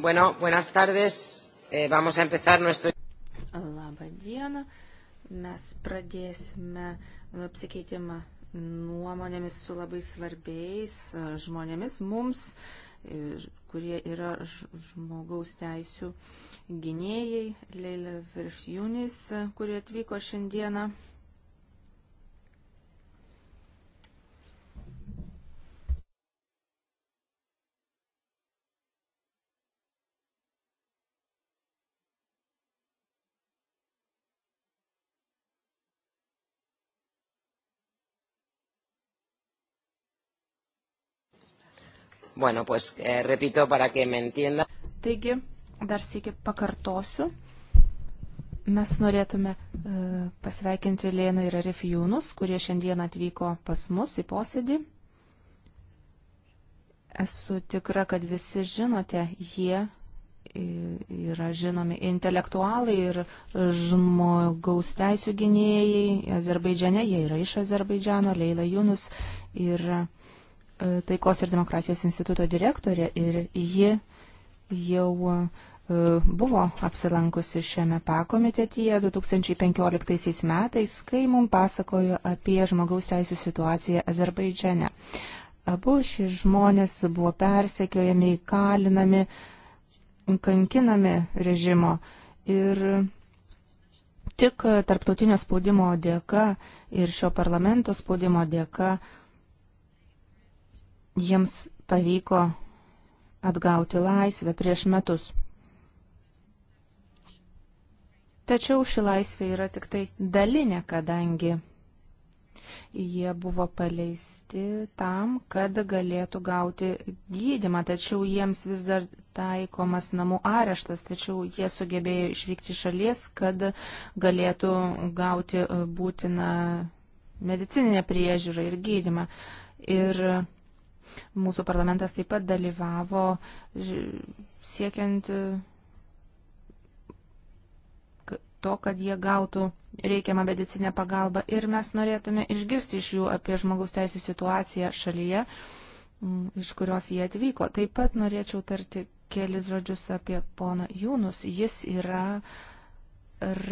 Bueno, buenas tardes. Eh, vamos a empezar nuestro. Labą dieną. Mes pradėsime apsikeitimą nuomonėmis su labai svarbiais e, žmonėmis mums, e, kurie yra žmogaus teisų gynėjai. Leila Virfjunis, e, kurie atvyko šiandieną Bueno, pues eh, repito para que me entienda. Taigi, dar sėki pakartosiu. Mes norėtume e, pasveikinti Lėną ir Arifijūnus, kurie šiandien atvyko pas mus į posėdį. Esu tikra, kad visi žinote, jie e, yra žinomi intelektualai ir žmogaus teisų gynėjai Azerbaidžiane, jie yra iš Azerbaidžiano, Leila Junus yra taikos ir demokratijos instituto direktorė ir ji jau e, buvo apsilankusi šiame pakomitetyje 2015 metais, kai mums pasakojo apie žmogaus teisų situaciją Azerbaidžiane. Abu šie žmonės buvo persekiojami, kalinami, kankinami režimo ir tik tarptautinio spaudimo dėka ir šio parlamento spaudimo dėka uh, jiems pavyko atgauti laisvę prieš metus. Tačiau ši laisvė yra tik tai dalinė, kadangi jie buvo paleisti tam, kad galėtų gauti gydimą, tačiau jiems vis dar taikomas namų areštas, tačiau jie sugebėjo išvykti šalies, kad galėtų gauti būtiną medicininę priežiūrą ir gydimą. Ir Mūsų parlamentas taip pat dalyvavo siekiant e, to, kad jie gautų reikiamą medicinę pagalbą ir mes norėtume išgirsti iš jų apie žmogaus teisų situaciją šalyje, iš kurios jie atvyko. Taip pat norėčiau tarti kelis žodžius apie poną Jūnus. Jis yra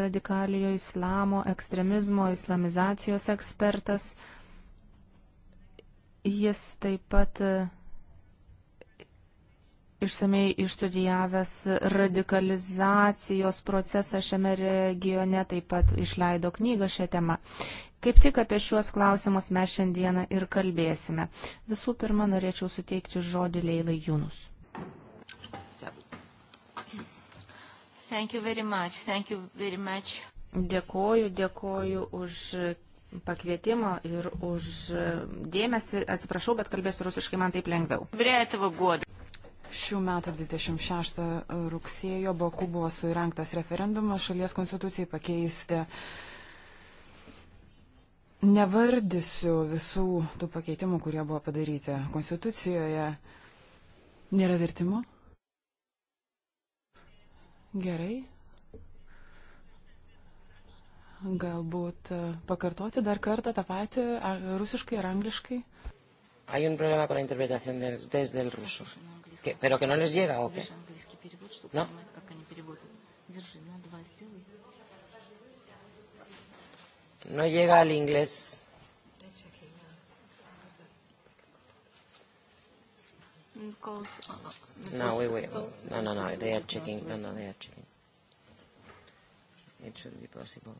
radikaliojo islamo, ekstremizmo, islamizacijos ekspertas. Jis taip pat e, išsamei išstudijavęs radikalizacijos procesą šiame regione, taip pat išleido knygą šią temą. Kaip tik apie šiuos klausimus mes šiandieną ir kalbėsime. Visų pirma, norėčiau suteikti žodį Leilai Junus. Dėkoju, dėkoju už pakvietimą ir už dėmesį. Atsiprašau, bet kalbėsiu rusiškai, man taip lengviau. Šių metų 26 rugsėjo Baku buvo suirinktas referendumas šalies konstitucijai pakeisti. Nevardysiu visų tų pakeitimų, kurie buvo padaryti konstitucijoje. Nėra vertimo? Gerai galbūt e, pakartoti dar kartą tą patį rusiškai ir angliškai? Hay un problema con la interpretación del, desde el ruso. Que, ¿Pero que no les llega o qué? ¿No? No llega al inglés. No, we, we, no, no, no, they are checking. No, no, they are checking. It should be possible.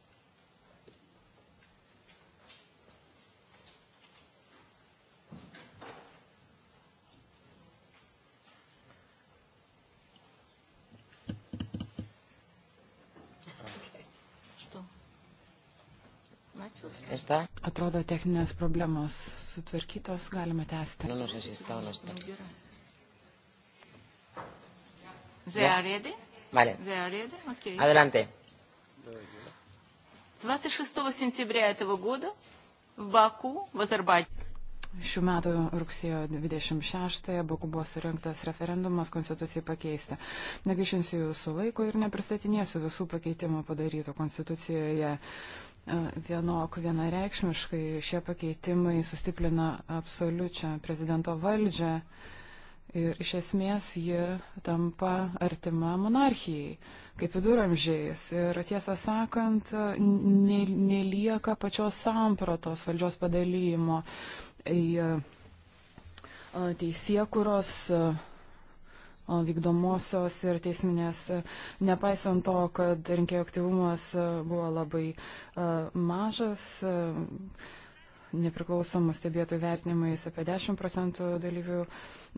Está? Atrodo, techninės problemos sutvarkytos, galime tęsti. No, no sé si está o no está. They are ready? Vale. They are ready? Okay. Adelante. 26 сентября этого года в Баку, в Азербайджане. Šių metų rugsėjo 26-ąją Baku buvo surinktas referendumas konstitucijai pakeisti. Negaišinsiu jūsų laiko ir nepristatinėsiu visų pakeitimų padarytų konstitucijoje. Uh, vienok vienareikšmiškai šie pakeitimai sustiprina absoliučią prezidento valdžią ir iš esmės ji tampa artima monarchijai, kaip viduramžiais. Ir tiesą sakant, nelieka pačios sampratos valdžios padalymo į teisėkuros. Tai vykdomosios ir teisminės, e, nepaisant to, kad rinkėjų aktyvumas e, buvo labai e, mažas. Uh, nepriklausomų stebėtojų vertinimais apie 10 procentų dalyvių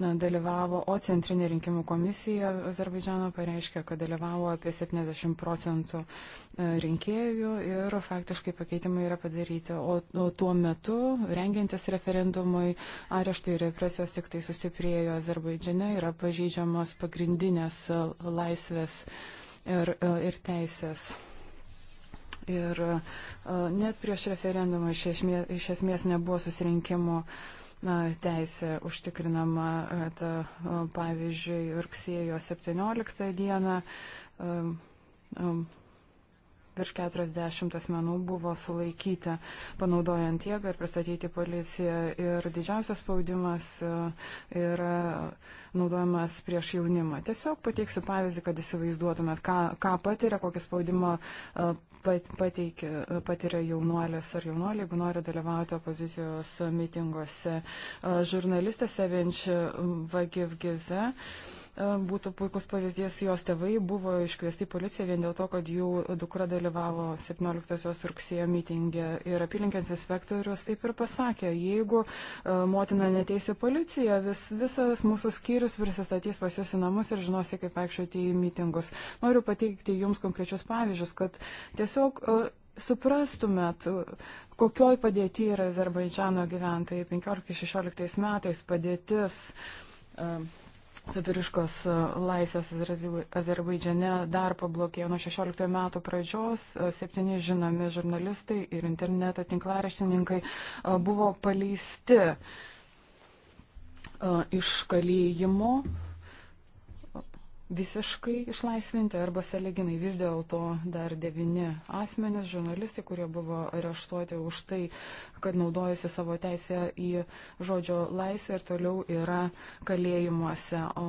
na, dalyvavo, o Centrinė rinkimų komisija Azerbaidžiano pareiškė, kad dalyvavo apie 70 procentų e, rinkėjų ir faktiškai pakeitimai yra padaryti. O, o tuo metu, rengiantis referendumui, areštai ir represijos tik tai sustiprėjo Azerbaidžiane, yra pažydžiamos pagrindinės laisvės ir, e, ir teisės. Ir net prieš referendumą iš esmės, iš esmės nebuvo susirinkimo teisė užtikrinama, kad pavyzdžiui rugsėjo 17 dieną virš 40 asmenų buvo sulaikyti, panaudojant jėgą ir pristatyti policiją. Ir didžiausias spaudimas yra naudojamas prieš jaunimą. Tiesiog pateiksiu pavyzdį, kad įsivaizduotumėt, ką, ką patiria, kokį spaudimą pateikia, patiria jaunuolės ar jaunuoliai, jeigu nori dalyvauti opozicijos mitinguose. Žurnalistas Evenči Vagivgize E, būtų puikus pavyzdys, jos tėvai buvo iškviesti į policiją vien dėl to, kad jų dukra dalyvavo 17-osios rugsėjo mitingė ir apylinkės inspektorius taip ir pasakė, jeigu e, motina neteisė policiją, vis, visas mūsų skyrius prisistatys pas jūs į namus ir žinosi, kaip vaikščioti į mitingus. Noriu pateikti jums konkrečius pavyzdžius, kad tiesiog e, suprastumėt, kokioj padėti yra Azerbaidžiano gyventojai 15-16 metais padėtis. Uh, Satiriškos e, laisvės Azerbaidžiane dar pablokėjo nuo 16 metų pradžios. E, septyni žinomi žurnalistai ir interneto tinklaraštininkai e, buvo paleisti iš kalėjimo visiškai išlaisvinti arba seleginai. Vis dėlto dar devini asmenys, žurnalistai, kurie buvo areštuoti už tai, kad naudojusi savo teisę į žodžio laisvę ir toliau yra kalėjimuose. O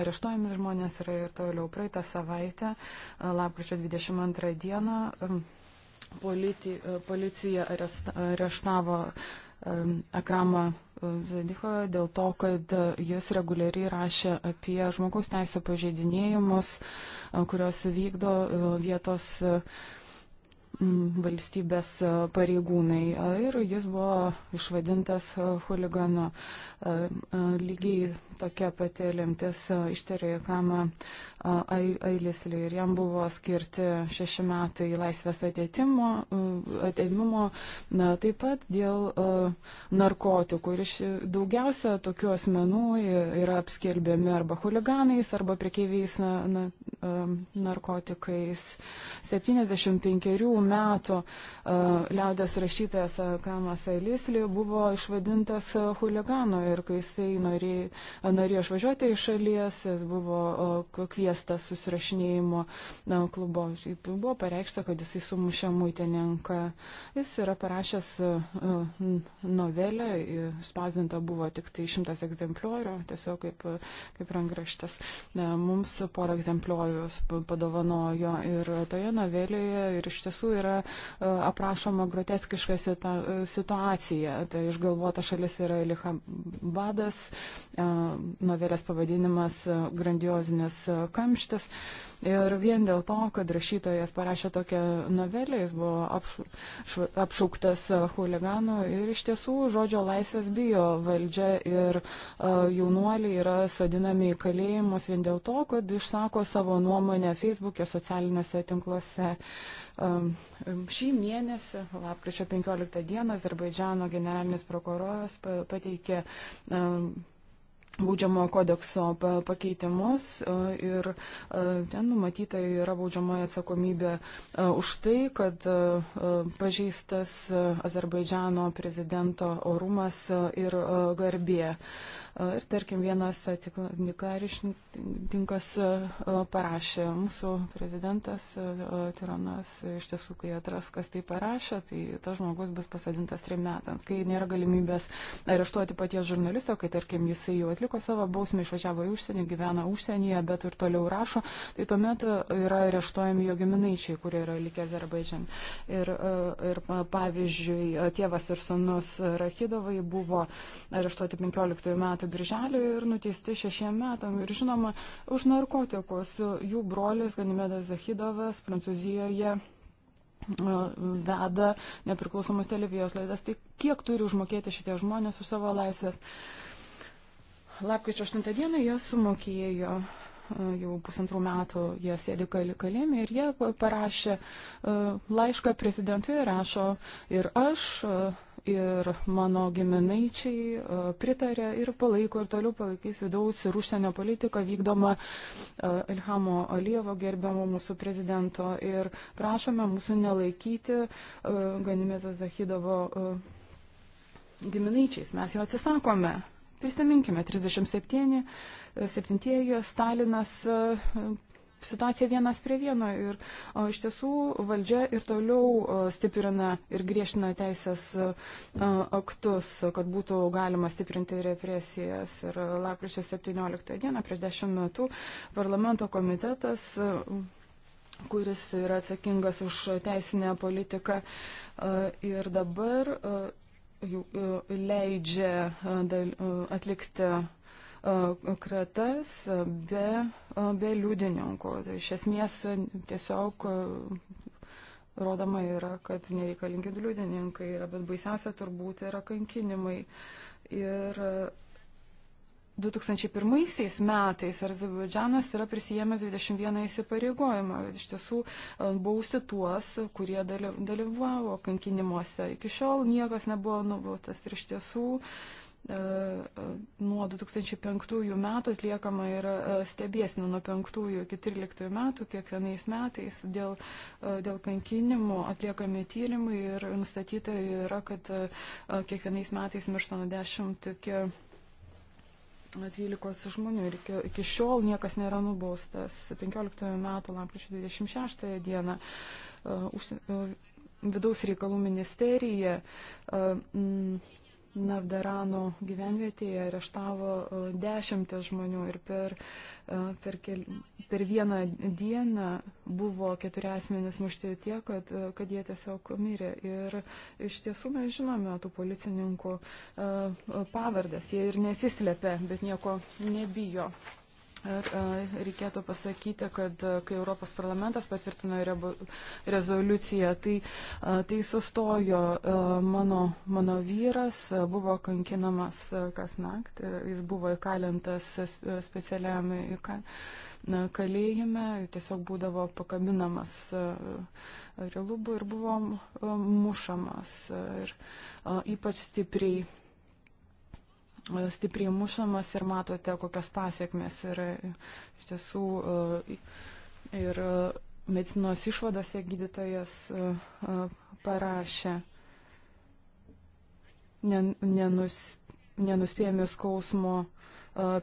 areštuojami žmonės yra ir toliau. Praeitą savaitę, lapkričio 22 dieną, politi, policija areštavo Akramą Zadihą dėl to, kad jis reguliariai rašė apie žmogaus teisų pažeidinėjimus, kurios vykdo vietos valstybės pareigūnai ir jis buvo išvadintas huliganu. Lygiai tokia pati lemtis e, ištarė Kamą e, Ailislį ir jam buvo skirti šeši metai laisvės atėtimo, e, atėmimo. Na, taip pat dėl narkotikų ir daugiausia tokių asmenų yra apskelbiami arba huliganais, arba priekyviais na, na, narkotikais. 75 metų liaudės rašytojas Kamas Ailislį buvo išvadintas huliganu ir kai jisai norėjo norėjo išvažiuoti iš šalies, jis buvo kviestas susirašinėjimo klubo. Buvo pareikšta, kad jisai sumušė muitininką. Jis yra parašęs novelę, spausdinta buvo tik tai šimtas egzempliorių, tiesiog kaip, kaip rankraštas. Mums porą egzempliorių padovanojo ir toje novelėje ir iš tiesų yra aprašoma groteskiška situa situacija. Tai išgalvota šalis yra Elihabadas, novelės pavadinimas e, Grandiozinis e, kamštis. Ir vien dėl to, kad rašytojas parašė tokią novelę, jis buvo apšauktas e, huliganu ir iš tiesų žodžio laisvės bijo valdžia ir jaunuoliai yra sodinami į kalėjimus vien dėl to, kad išsako savo nuomonę Facebook'e, socialiniuose tinkluose. Šį mėnesį, lapkričio 15 dieną, Azerbaidžiano generalinis prokuroras pateikė baudžiamojo kodekso pakeitimus e, ir e, ten numatyta yra baudžiamoja atsakomybė e, už tai, kad pažeistas Azerbaidžiano prezidento orumas ir garbė. Ir tarkim, vienas tinklarišninkas parašė, mūsų prezidentas Tiranas iš tiesų, kai atras, kas tai parašė, tai tas žmogus bus pasadintas trim metams. Kai nėra galimybės areštuoti paties žurnalisto, kai tarkim jisai jau atliko savo bausmę, išvažiavo į užsienį, gyvena užsienyje, bet ir toliau rašo, tai tuomet yra areštuojami jo giminaičiai, kurie yra likę Azerbaidžian. Ir, ir pavyzdžiui, tėvas ir sunus Rahidovai buvo areštuoti 15 metų metų birželį ir nuteisti šešiem metam. Ir žinoma, už narkotikus jų brolis Ganimedas Zahidovas Prancūzijoje veda nepriklausomas televizijos laidas. Tai kiek turi užmokėti šitie žmonės už savo laisvės? Lapkričio 8 dieną jie sumokėjo jau pusantrų metų jie sėdi kalėjime ir jie parašė laišką prezidentui ir rašo ir aš ir mano giminaičiai e, pritarė ir palaiko ir toliau palaikys vidaus ir užsienio politiką vykdomą Ilhamo e, Alievo gerbiamo mūsų prezidento ir prašome mūsų nelaikyti e, Ganimėzo Zahidovo giminaičiais. Mes jo atsisakome. Prisiminkime, 37 Septintieji Stalinas situacija vienas prie vieno ir o, iš tiesų valdžia ir toliau o, stiprina ir griežtina teisės o, aktus, kad būtų galima stiprinti represijas. Ir lapkričio 17 dieną prieš 10 metų parlamento komitetas. O, kuris yra atsakingas už teisinę politiką ir dabar leidžia atlikti kratas be, be liudininkų. Tai iš esmės tiesiog rodoma yra, kad nereikalingi liudininkai yra, bet baisiausia turbūt yra kankinimai. Ir 2001 metais Azerbaidžanas yra prisijėmęs 21 įsipareigojimą iš tiesų bausti tuos, kurie dalyvavo kankinimuose. Iki šiol niekas nebuvo nubautas ir iš tiesų uh, E, e, nuo 2005 metų atliekama yra e, stebėsina nuo 5 iki 13 metų kiekvienais metais dėl, dėl kankinimų atliekami tyrimai ir nustatyta yra, kad kiekvienais metais miršta nuo 10 iki 12 žmonių ir iki, iki šiol niekas nėra nubaustas. 15 metų lapkričio 26 dieną uh, už, uh, vidaus reikalų ministerija uh, mm, Nardarano gyvenvietėje areštavo e, dešimtis žmonių ir per, e, per, kel, per vieną dieną buvo keturi asmenys mušti tiek, kad, e, kad jie tiesiog mirė. Ir iš tiesų mes žinome tų policininkų pavardės, jie ir nesislėpia, bet nieko nebijo. Ir reikėtų pasakyti, kad kai Europos parlamentas patvirtino rezoliuciją, tai, tai sustojo mano, mano vyras, buvo kankinamas kas naktį, jis buvo įkalintas specialiam kalėjime, tiesiog būdavo pakabinamas prie lubų ir buvo mušamas ir ypač stipriai stipriai mušamas ir matote, kokios pasiekmes yra iš tiesų e, ir e, medicinos išvadose gydytojas e, parašė nenus, nenuspėjami skausmo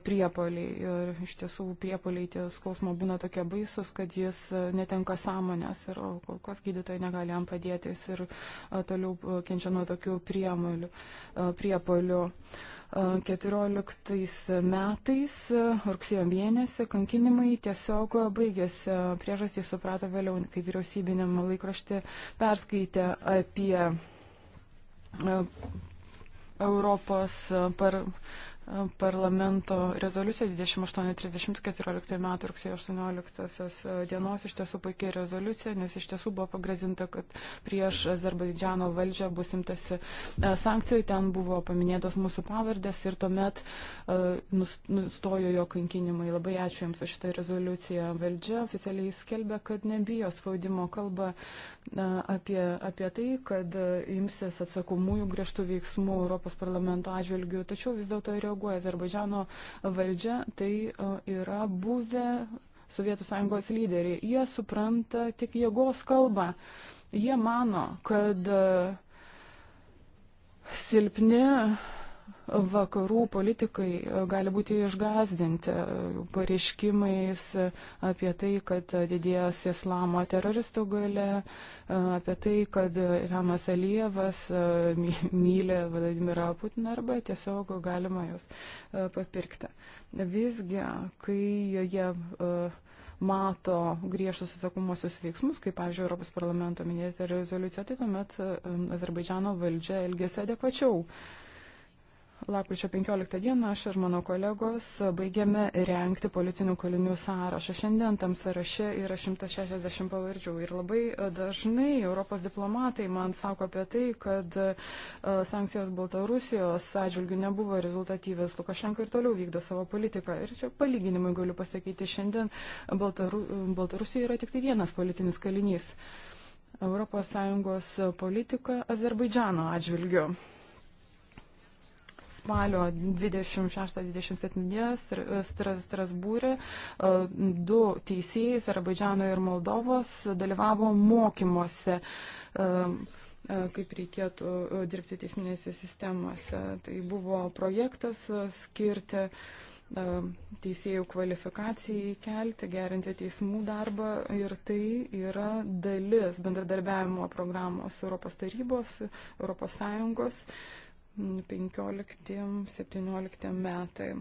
priepoliai. Ir iš tiesų priepoliai tie skausmo būna tokie baisus, kad jis netenka sąmonės ir kol kas gydytojai negali jam padėti, jis ir toliau kenčia nuo tokių priemolių, priepolių. 14 metais, e, rugsėjo mėnesį, kankinimai tiesiog baigėsi. Priežastį suprato vėliau, kai vyriausybinėm laikraštį perskaitė apie e, Europos par, parlamento rezoliucija 28.30.14 metų rugsėjo 18 e, dienos iš tiesų puikiai rezoliucija, nes iš tiesų buvo pagrazinta, kad prieš Azerbaidžiano valdžią bus imtasi e, sankcijų, ten buvo paminėtos mūsų pavardės ir tuomet e, nustojo jo kankinimai. Labai ačiū Jums už šitą rezoliuciją. Valdžia oficialiai skelbia, kad nebijo spaudimo kalba apie, apie tai, kad imsės atsakomųjų griežtų veiksmų Europos parlamento atžvilgių, tačiau vis dėlto yra reaguoja Azerbaidžiano valdžia, tai e, yra buvę Sovietų sąjungos lyderiai. Jie supranta tik jėgos kalbą. Jie mano, kad e, silpni vakarų politikai e, gali būti išgazdinti e, pareiškimais e, apie tai, kad didės islamo teroristų gale, apie tai, kad Ramas Alievas mylė Vladimirą Putiną arba tiesiog galima juos papirkti. Visgi, kai jie mato griežtus atsakomosius veiksmus, kaip, pavyzdžiui, Europos parlamento minėta rezoliucija, tai tuomet Azerbaidžiano valdžia elgėsi adekvačiau. Uh, Lapkričio 15 dieną aš ir mano kolegos baigėme renkti politinių kalinių sąrašą. Šiandien tam sąraše yra 160 pavardžių. Ir labai dažnai Europos diplomatai man sako apie tai, kad e, sankcijos Baltarusijos atžvilgių nebuvo rezultatyvės. Lukašenka ir toliau vykdo savo politiką. Ir čia palyginimui galiu pasakyti, šiandien Baltaru, Baltarusijoje yra tik tai vienas politinis kalinys. ES politika Azerbaidžiano atžvilgiu spalio 26-27 dienas Strasbūrė du teisėjai Azerbaidžiano ir Moldovos dalyvavo mokymuose e, e, kaip reikėtų e, dirbti teisminėse sistemose. Tai buvo projektas skirti teisėjų kvalifikacijai kelti, gerinti teismų darbą ir tai yra dalis bendradarbiavimo programos Europos tarybos, Europos Sąjungos 15-17 metai.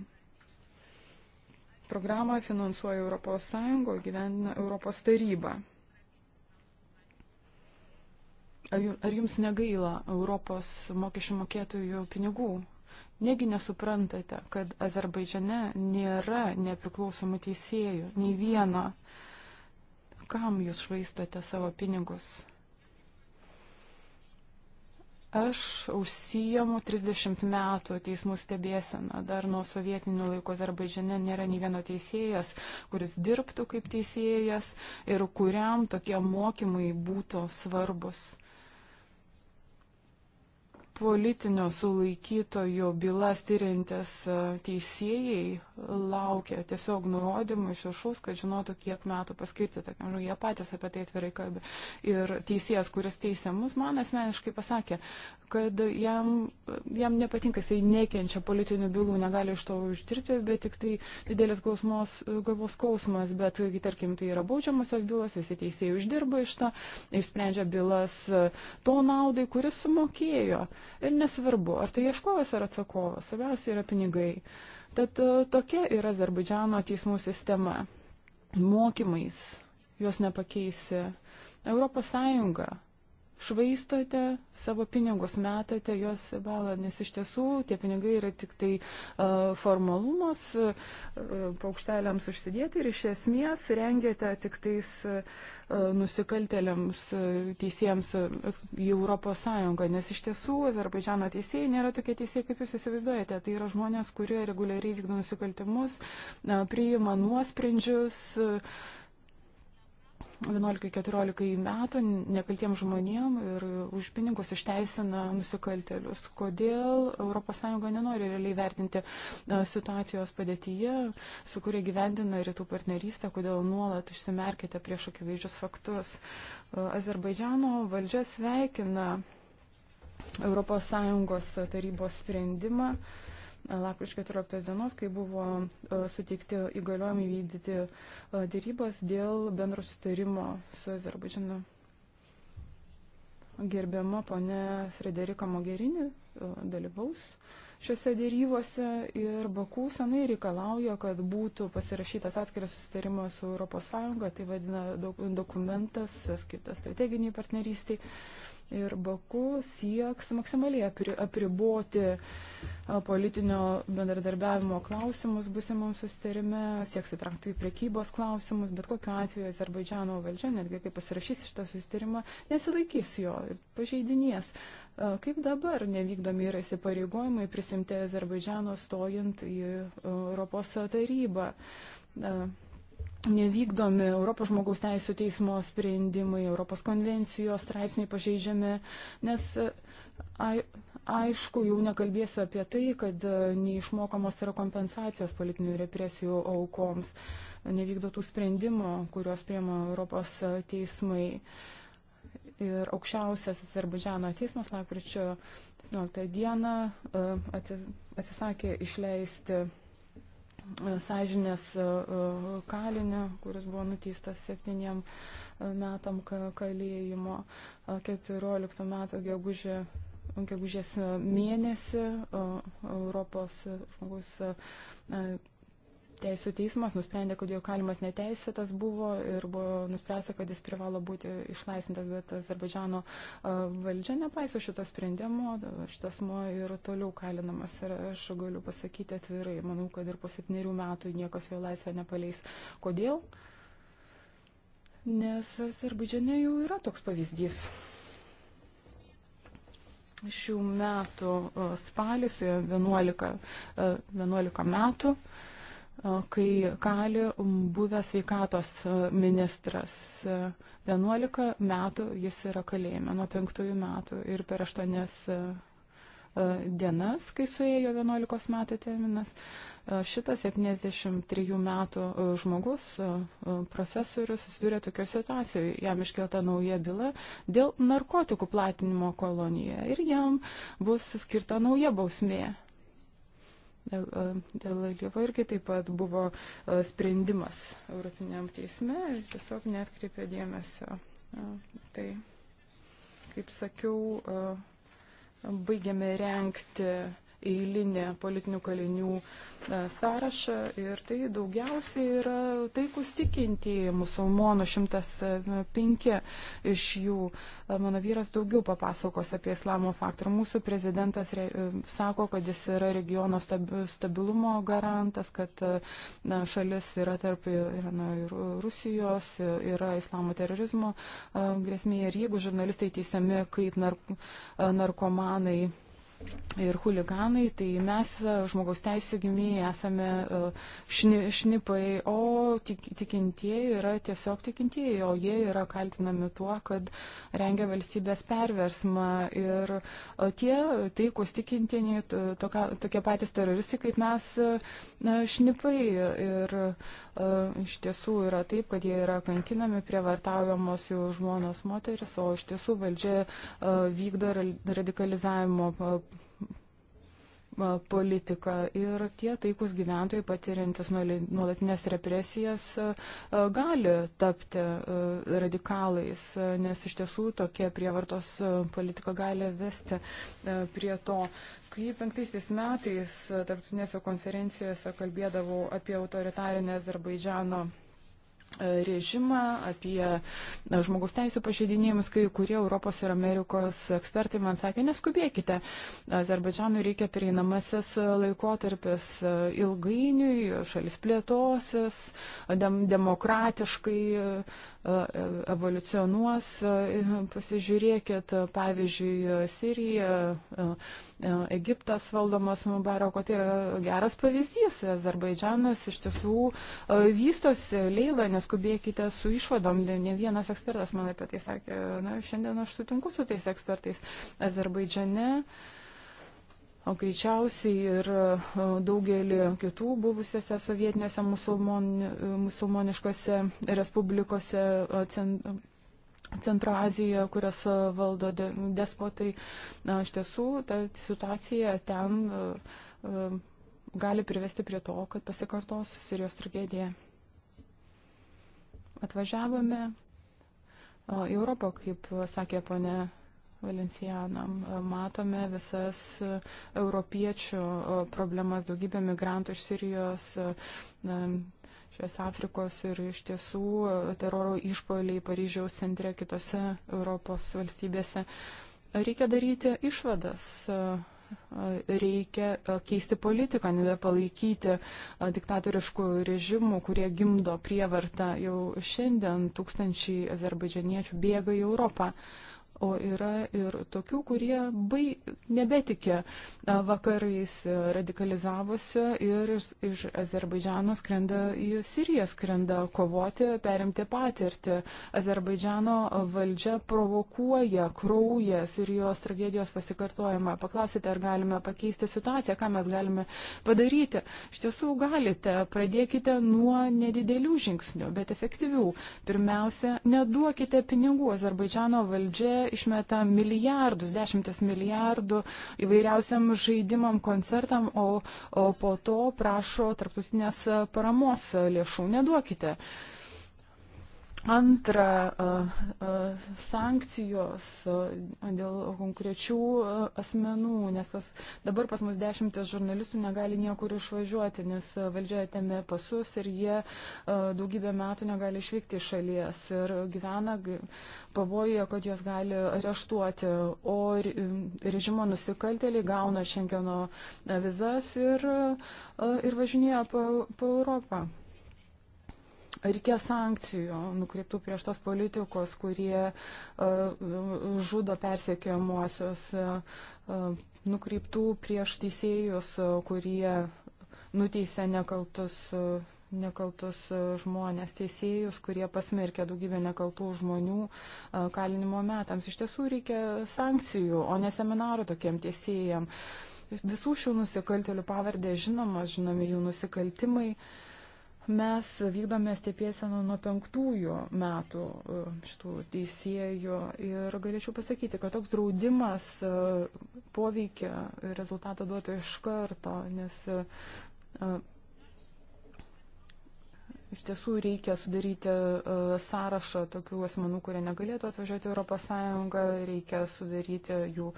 Programą finansuoja Europos Sąjungo, gyvendina Europos taryba. Ar jums negaila Europos mokesčių mokėtojų pinigų? Negi nesuprantate, kad Azerbaidžiane nėra nepriklausomų teisėjų, nei vieno. Kam jūs švaistote savo pinigus? Aš užsijamu 30 metų teismų stebėseną. Dar nuo sovietinių laikų Azerbaidžiane nėra nei vieno teisėjas, kuris dirbtų kaip teisėjas ir kuriam tokie mokymai būtų svarbus. Politinio sulaikytojo bylas tyrintis e, teisėjai laukia tiesiog nurodymų iš viršaus, kad žinotų, kiek metų paskirti tokiam žmogui. Jie patys apie tai atvirai kalbė. Ir teisėjas, kuris teisė mus, man asmeniškai pasakė, kad jam, jam nepatinka, jisai nekenčia politinių bylų, negali iš to uždirbti, bet tik tai didelis gausmos, galvos skausmas. Bet, tarkim, tai yra baudžiamusios bylos, visi teisėjai uždirba iš to, išsprendžia bylas to naudai, kuris sumokėjo. Ir nesvarbu, ar tai ieškovas ar atsakovas, svarbiausia yra pinigai. Uh, Tad e, tokia yra Azerbaidžiano teismų sistema. Mokymais jos nepakeisi. Europos Sąjunga švaistote savo pinigus, metate juos į balą, nes iš tiesų tie pinigai yra tik tai uh, formalumas uh, paukšteliams užsidėti ir iš esmės rengiate tik tais uh, nusikaltėliams teisėjams į Europos Sąjungą, nes iš tiesų Azerbaidžiano teisėjai nėra tokie teisėjai, kaip jūs įsivaizduojate. Tai yra žmonės, kurie reguliariai vykdo nusikaltimus, priima nuosprendžius. Uh, 11-14 metų nekaltiem žmonėm ir už pinigus išteisina nusikaltelius. Kodėl ES nenori realiai vertinti e, situacijos padėtyje, su kuria gyvendina rytų partnerystę, kodėl nuolat užsimerkite prieš akivaizdžius faktus. E, Azerbaidžiano valdžia sveikina ES tarybos sprendimą. Uh, lapkričio 14 dienos, kai buvo e, suteikti įgaliojimai vykdyti e, dėrybas dėl bendro sutarimo su Azerbaidžanu. Gerbiama ponė Frederika Mogherini e, dalyvaus šiuose dėrybose ir Bakų senai reikalauja, kad būtų pasirašytas atskiras susitarimas su ES, tai vadina dokumentas skirtas strateginiai partnerystiai ir Baku sieks maksimaliai apriboti politinio bendradarbiavimo klausimus busimam susitarime, sieks įtraukti į priekybos klausimus, bet kokiu atveju Azerbaidžiano valdžia, netgi kai pasirašys šitą susitarimą, nesilaikys jo ir pažeidinės. Kaip dabar nevykdomi yra įsipareigojimai prisimti Azerbaidžiano stojant į Europos tarybą? nevykdomi Europos žmogaus teisų teismo sprendimai, Europos konvencijos straipsniai pažeidžiami, nes aišku, jau nekalbėsiu apie tai, kad e, neišmokamos yra kompensacijos politinių represijų aukoms, nevykdo tų sprendimų, kuriuos priema Europos e, teismai. Ir aukščiausias Azerbaidžiano teismas lapkričio 19 dieną e, atsisakė išleisti sąžinės e, e, kalinio, kuris buvo nuteistas septyniem e, metam kalėjimo 14 metų gegužė. Gegužės mėnesį Europos žmogus teisų teismas nusprendė, kad jo kalimas neteisėtas buvo ir buvo nuspręsta, kad jis privalo būti išlaisvintas, bet Azerbaidžiano valdžia nepaiso šito sprendimo, šitas mo ir toliau kalinamas. Ir aš galiu pasakyti atvirai, manau, kad ir po septynerių metų niekas jo laisvę nepaleis. Kodėl? Nes Azerbaidžiane jau yra toks pavyzdys. Šių metų spalį, su 11, 11 metų, kai kali buvęs veikatos e, ministras. 11 e, metų jis yra kalėjime nuo 5 metų ir per 8 e, dienas, kai suėjo 11 metų terminas. Šitas 73 metų žmogus, profesorius, susidūrė tokio situacijoje. Jam iškelta nauja byla dėl narkotikų platinimo kolonijoje ir jam bus skirta nauja bausmė. Dėl, e, dėl Lietuvo irgi taip pat buvo e, sprendimas Europiniam teisme ir tiesiog netkreipė dėmesio. E, tai, kaip sakiau, baigiame renkti eilinį politinių kalinių e, sąrašą ir tai daugiausiai yra taikus tikintieji musulmonų 105 e, iš jų. E, mano vyras daugiau papasakos apie islamo faktorių. Mūsų prezidentas sako, kad jis yra regiono stabilumo garantas, kad na, šalis yra tarp na, ir Rusijos, yra islamo terorizmo grėsmė ir jeigu žurnalistai teisiami kaip nark narkomanai ir huliganai, tai mes e, žmogaus teisų gimėjai esame e, šni, šnipai, o tik, tikintieji yra tiesiog tikintieji, o jie yra kaltinami tuo, kad rengia valstybės perversmą. Ir e, tie taikus tikintieji, tokie patys teroristai kaip mes, šnipai. Ir E, iš tiesų yra taip, kad jie yra kankinami, prievartaujamos jų žmonos moteris, o iš tiesų valdžia e, vykdo radikalizavimo politiką ir tie taikus gyventojai patiriantis nuolatinės represijas gali tapti radikalais, nes iš tiesų tokia prievartos politika gali vesti prie to. Kai penktaisiais metais tarptautinėse konferencijose kalbėdavau apie autoritarinę Azerbaidžiano režimą, apie žmogaus teisų pažeidinėjimus, kai kurie Europos ir Amerikos ekspertai man sakė, neskubėkite, Azerbaidžanui reikia prieinamasis laikotarpis ilgainiui, šalis plėtosis, dem, demokratiškai e, evoliucionuos, e, pasižiūrėkit, pavyzdžiui, Sirija, e, Egiptas valdomas Mubarako, tai yra geras pavyzdys, Azerbaidžanas iš tiesų vystosi, leila, nes neskubėkite su išvadom, ne vienas ekspertas man apie tai sakė, na, šiandien aš sutinku su tais ekspertais Azerbaidžiane. O greičiausiai ir daugelį kitų buvusiose sovietinėse musulmon, musulmoniškose respublikose Centro Azijoje, kurias e, valdo despotai, na, iš tiesų ta situacija ten e, e, gali privesti prie to, kad pasikartos Sirijos tragedija atvažiavome į Europą, kaip sakė ponė Valencijanam. Matome visas europiečių problemas, daugybę migrantų iš Sirijos, šios Afrikos ir iš tiesų teroro išpoliai Paryžiaus centre kitose Europos valstybėse. Reikia daryti išvadas reikia e, keisti politiką, nebepalaikyti e, diktatoriškų režimų, kurie gimdo prievartą. Jau šiandien tūkstančiai azerbaidžianiečių bėga į Europą. Uh, o yra ir tokių, kurie bai, nebetikė vakarais e, radikalizavusi ir iš, iš Azerbaidžiano skrenda į Siriją, skrenda kovoti, perimti patirtį. Azerbaidžiano valdžia provokuoja kraują Sirijos tragedijos pasikartojimą. Paklausite, ar galime pakeisti situaciją, ką mes galime padaryti. Iš tiesų galite, pradėkite nuo nedidelių žingsnių, bet efektyvių. Pirmiausia, neduokite pinigų. Azerbaidžiano valdžia išmeta milijardus, dešimtis milijardų įvairiausiam žaidimam, koncertam, o, o po to prašo tarptautinės paramos lėšų. Neduokite. Uh, Antra, sankcijos dėl konkrečių asmenų, nes pas, dabar pas mus dešimtis žurnalistų negali niekur išvažiuoti, nes valdžia atėmė pasus ir jie daugybę metų negali išvykti iš šalies ir gyvena pavojoje, kad juos gali areštuoti, o režimo nusikaltėliai gauna šengeno vizas ir, ir važinėja po, po Europą reikės sankcijų nukreiptų prieš tos politikos, kurie e, žudo persiekiamuosius, e, e, nukreiptų prieš teisėjus, kurie nuteisė nekaltus, nekaltus žmonės, teisėjus, kurie pasmerkė daugybę nekaltų žmonių kalinimo metams. Iš tiesų reikia sankcijų, o ne seminarų tokiem teisėjam. Visų šių nusikaltelių pavardė žinomas, žinomi jų nusikaltimai. Uh, Mes vykdome stebėseną nuo penktųjų metų e, šitų teisėjų ir galėčiau pasakyti, kad toks draudimas e, poveikia rezultatą duotų iš karto, nes e, Iš tiesų reikia sudaryti e, sąrašą tokių asmenų, kurie negalėtų atvažiuoti Europos Sąjungą, reikia sudaryti jų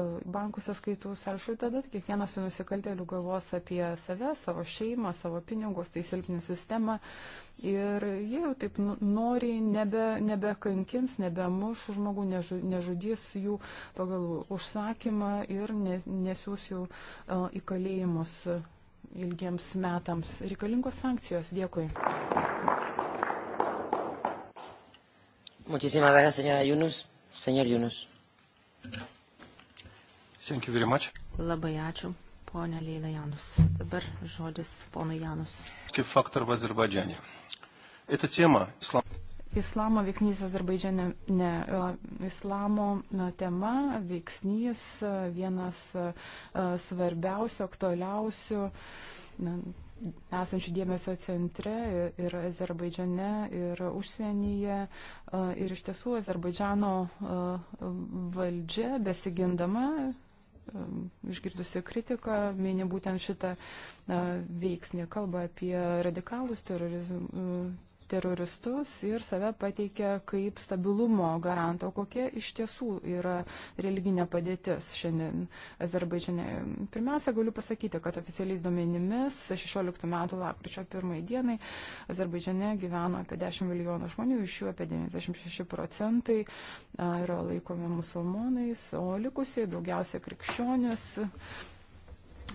e, bankų sąskaitų sąrašą ir tada kiekvienas jų nusikaltėlių galvos apie save, savo šeimą, savo pinigus, tai silpni sistema. Ir jie jau taip noriai nebe, nebekankins, nebemuš žmogų, nežu, nežudys jų pagal užsakymą ir nesiūs jų e, į kalėjimus ilgiems metams. Reikalingos sankcijos. Dėkui. Muchísimas gracias, señora Yunus. Señor Yunus. Thank you very much. Labai ačiū, ponia Leila Janus. Dabar žodis ponui Janus. Kaip faktor v Azerbaidžiane. Эта тема ислам islamo veiksnys Azerbaidžiane, ne, e, islamo tema, veiksnys e, vienas e, svarbiausių, aktualiausių. Na, esančių dėmesio centre ir Azerbaidžiane, ir užsienyje. Ir iš tiesų Azerbaidžiano valdžia besigindama išgirdusi kritiką, mini būtent šitą veiksnį, kalba apie radikalus terorizm, teroristus ir save pateikia kaip stabilumo garanto. Kokia iš tiesų yra religinė padėtis šiandien Azerbaidžiane? Pirmiausia, galiu pasakyti, kad oficialiais duomenimis 16 metų lapkričio 1 dienai Azerbaidžiane gyveno apie 10 milijonų žmonių, iš jų apie 96 procentai yra laikomi musulmonais, o likusiai daugiausia krikščionis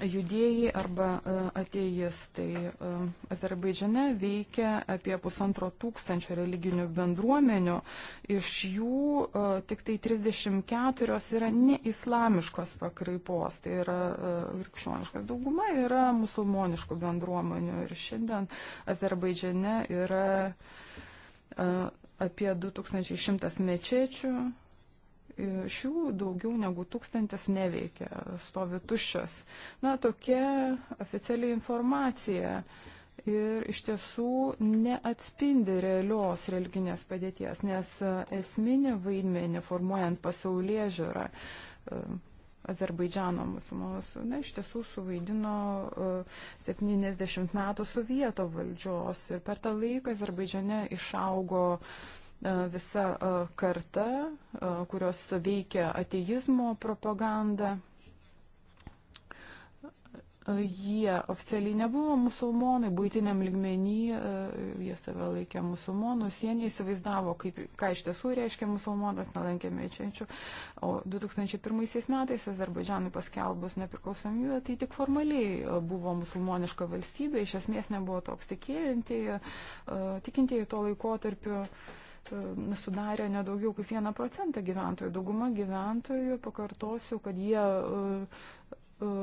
judėjai arba e, ateistai. E, Azerbaidžiane veikia apie pusantro tūkstančio religinių bendruomenių, iš jų e, tik tai 34 yra neislamiškos pakraipos, tai yra krikščioniškas dauguma yra musulmoniškų bendruomenių ir šiandien Azerbaidžiane yra apie 2100 mečečių Šių daugiau negu tūkstantis neveikia, stovi tuščios. Na, tokia oficialiai informacija ir iš tiesų neatspindi realios religinės padėties, nes e, esminį vaidmenį formuojant pasaulyje žiūrą e, Azerbaidžiano musulmonus, na, iš tiesų suvaidino 70 e, metų sovieto valdžios ir per tą laiką Azerbaidžiane išaugo uh, visa karta, kurios veikia ateizmo propagandą. Jie oficialiai nebuvo musulmonai, būtiniam ligmenį jie save laikė musulmonus, jie neįsivaizdavo, kaip, ką iš tiesų reiškia musulmonas, nelankė mečečių. O 2001 metais Azerbaidžanui paskelbus nepriklausomybę, tai tik formaliai buvo musulmoniška valstybė, iš esmės nebuvo toks tikėjantieji, tikintieji tuo laikotarpiu. tarpiu E, sudarė nedaugiau kaip 1 procentą gyventojų. Dauguma gyventojų, pakartosiu, kad jie e, e,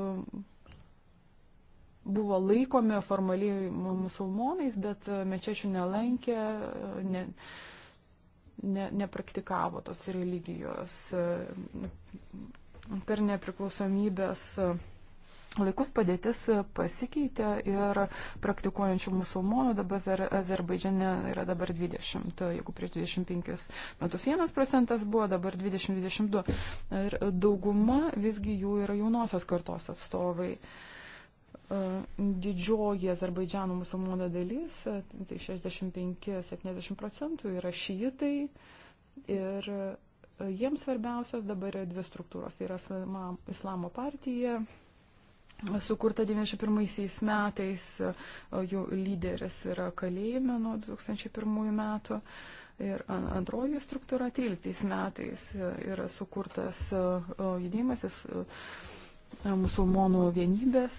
buvo laikomi formaliai musulmonais, bet mečečių nelankė, ne, ne, nepraktikavo tos religijos. Per nepriklausomybės Laikus padėtis pasikeitė ir praktikuojančių musulmonų dabar Azerbaidžiane yra dabar 20, jeigu prieš 25 metus 1 procentas buvo, dabar 20-22. Ir dauguma visgi jų yra jaunosios kartos atstovai. E, didžioji Azerbaidžiano musulmonų dalis, e, tai 65-70 procentų, yra šyitai. Ir e, jiems svarbiausios dabar yra dvi struktūros. Tai yra Islamo partija sukurta 91 metais, jų lyderis yra kalėjime nuo 2001 metų. Ir antroji struktūra 13 metais yra sukurtas judėjimas, jis musulmonų vienybės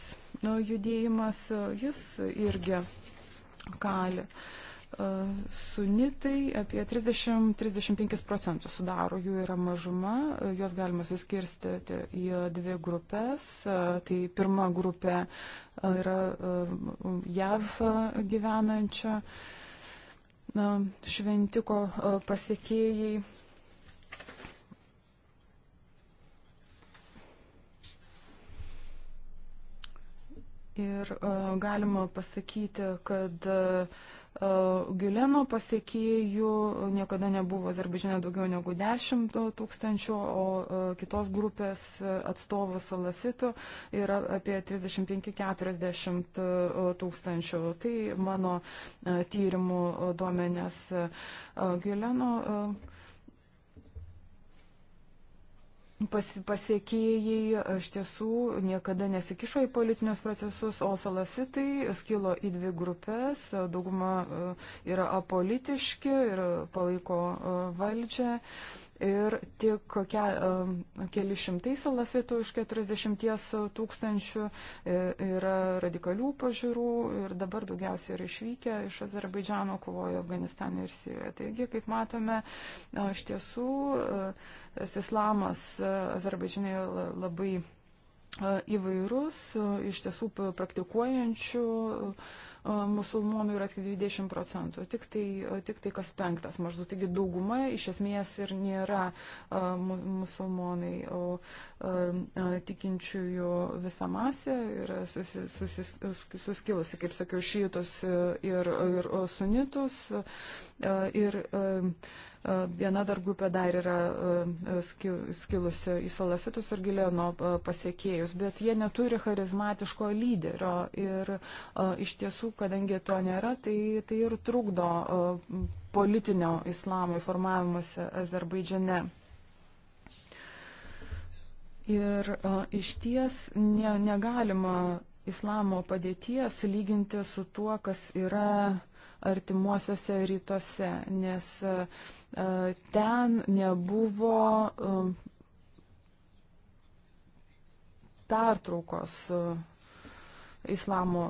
judėjimas, jis irgi kali. Uh, E, sunitai apie 30-35 procentus sudaro, jų yra mažuma, e, juos galima suskirstyti į dvi grupės. E, tai pirma grupė yra JAV gyvenančia šventiko pasiekėjai. Ir uh, galima pasakyti, kad uh, E, Giuleno pasiekėjų niekada nebuvo Azerbaidžiane daugiau negu 10 tūkstančių, o e, kitos grupės atstovų salafitų yra apie 35-40 e, tūkstančių. Tai mano tyrimų duomenės Giuleno pasiekėjai iš tiesų niekada nesikišo į politinius procesus, o salafitai skilo į dvi grupės. Dauguma e, yra apolitiški ir palaiko e, valdžią ir tik ke, keli šimtai salafitų iš 40 tūkstančių e, yra radikalių pažiūrų ir dabar daugiausiai yra išvykę iš Azerbaidžiano, kovojo Afganistane ir Sirijoje. Taigi, kaip matome, iš tiesų tas e, islamas e, Azerbaidžiane labai įvairus, iš tiesų praktikuojančių musulmonų yra tik 20 procentų, tik tai, tik tai kas penktas maždaug. Taigi dauguma iš esmės ir nėra musulmonai, o tikinčiųjų visa masė yra susi, susi, suskilusi, kaip sakiau, šytus ir, ir sunitus. Ir, ir e, E, viena dar grupė dar yra e, skilusi į salafitus ir gileno e, pasiekėjus, bet jie neturi charizmatiško lyderio. Ir iš tiesų, kadangi to nėra, tai, tai ir trukdo politinio islamo formavimuose Azerbaidžiane. Ir iš ties ne, negalima islamo padėties lyginti su tuo, kas yra artimuosiuose rytuose, nes uh, E, ten nebuvo e, pertraukos e, islamo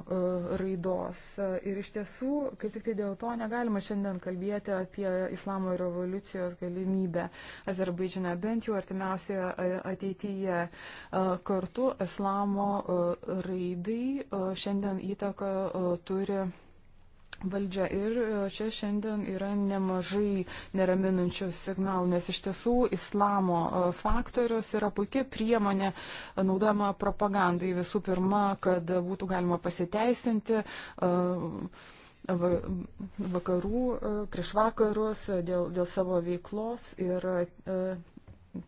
raidos. Ir iš tiesų, kaip tik tai dėl to negalima šiandien kalbėti apie islamo revoliucijos galimybę Azerbaidžiane, bent jau artimiausioje ateityje. Kartu islamo raidai šiandien įtaką turi valdžia. Ir e, čia šiandien yra nemažai neraminančių signalų, nes iš tiesų islamo e, faktorius yra puikia priemonė e, naudama propagandai. Visų pirma, kad būtų galima pasiteisinti. Uh, vakarų, prieš vakarus dėl, dėl savo veiklos ir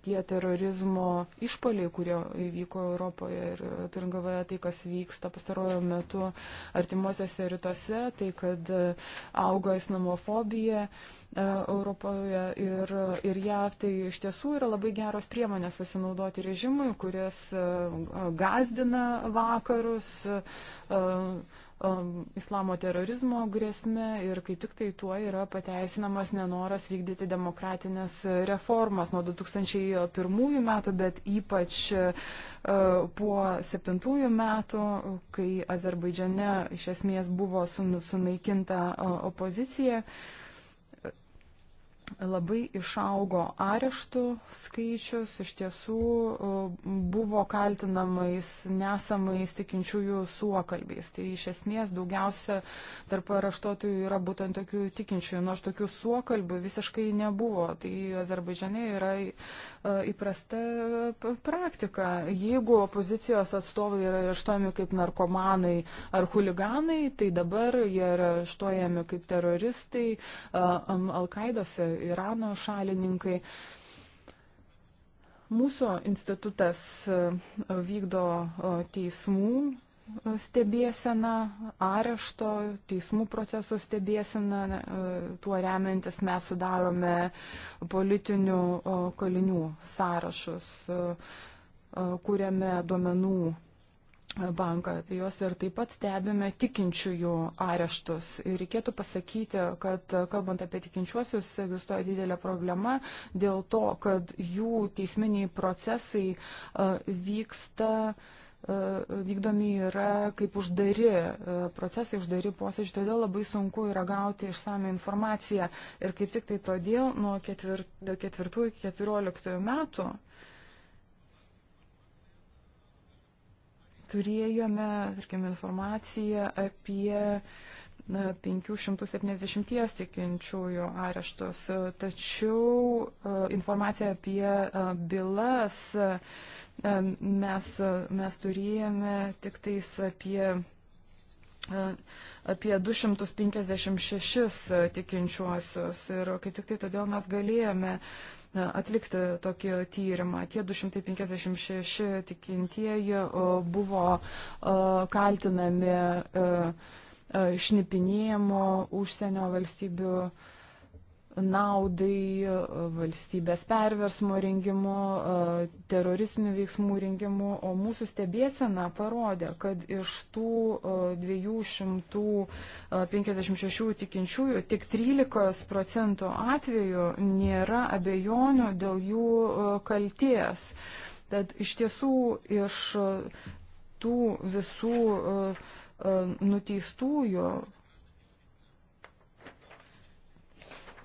tie terorizmo išpaliai, kurie įvyko Europoje ir turint galvoje tai, kas vyksta pastarojo metu artimuosiuose rytuose, tai kad e, auga islamofobija e, Europoje ir, ir JAV, tai iš tiesų yra labai geros priemonės pasinaudoti režimui, kuris e, gazdina vakarus. Uh, um, islamo terorizmo grėsme ir kaip tik tai tuo yra pateisinamas nenoras vykdyti demokratinės reformas nuo 2001 metų, bet ypač uh, po 2007 metų, kai Azerbaidžiane iš esmės buvo sunaikinta uh, opozicija. Uh, labai išaugo areštų skaičius, iš tiesų e, buvo kaltinamais nesamais tikinčiųjų suokalbiais. Tai iš esmės daugiausia tarp areštuotojų yra būtent tokių tikinčiųjų, nors tokių suokalbių visiškai nebuvo. Tai Azerbaidžiane yra e, įprasta praktika. Jeigu opozicijos atstovai yra areštuojami kaip narkomanai ar huliganai, tai dabar jie yra areštuojami kaip teroristai, Al-Qaidos Irano šalininkai. Mūsų institutas e, vykdo e, teismų e, stebėseną, arešto, teismų procesų stebėseną, tuo remiantis mes sudarome politinių kalinių sąrašus, kuriame duomenų banką apie juos ir taip pat stebime tikinčiųjų areštus. Ir reikėtų pasakyti, kad kalbant apie tikinčiuosius, egzistuoja didelė problema dėl to, kad jų teisminiai procesai vyksta vykdomi yra kaip uždari procesai, uždari posėdžiai, todėl labai sunku yra gauti išsame informaciją. Ir kaip tik tai todėl nuo ketvirtų iki keturioliktųjų metų uh, turėjome, tarkim, informaciją apie na, 570 tikinčiųjų areštus. Tačiau e, informacija apie e, bylas e, mes, mes turėjome tik tais apie apie 256 tikinčiuosius ir kaip tik tai todėl mes galėjome uh, atlikti tokį tyrimą. Tie 256 tikintieji buvo kaltinami e, e, šnipinėjimo užsienio valstybių naudai, valstybės perversmo rengimu, teroristinių veiksmų rengimu, o mūsų stebėsena parodė, kad iš tų 256 e, e, tikinčiųjų tik 13 procentų atveju nėra abejonių dėl jų e, kalties. Tad iš tiesų iš tų visų nuteistųjų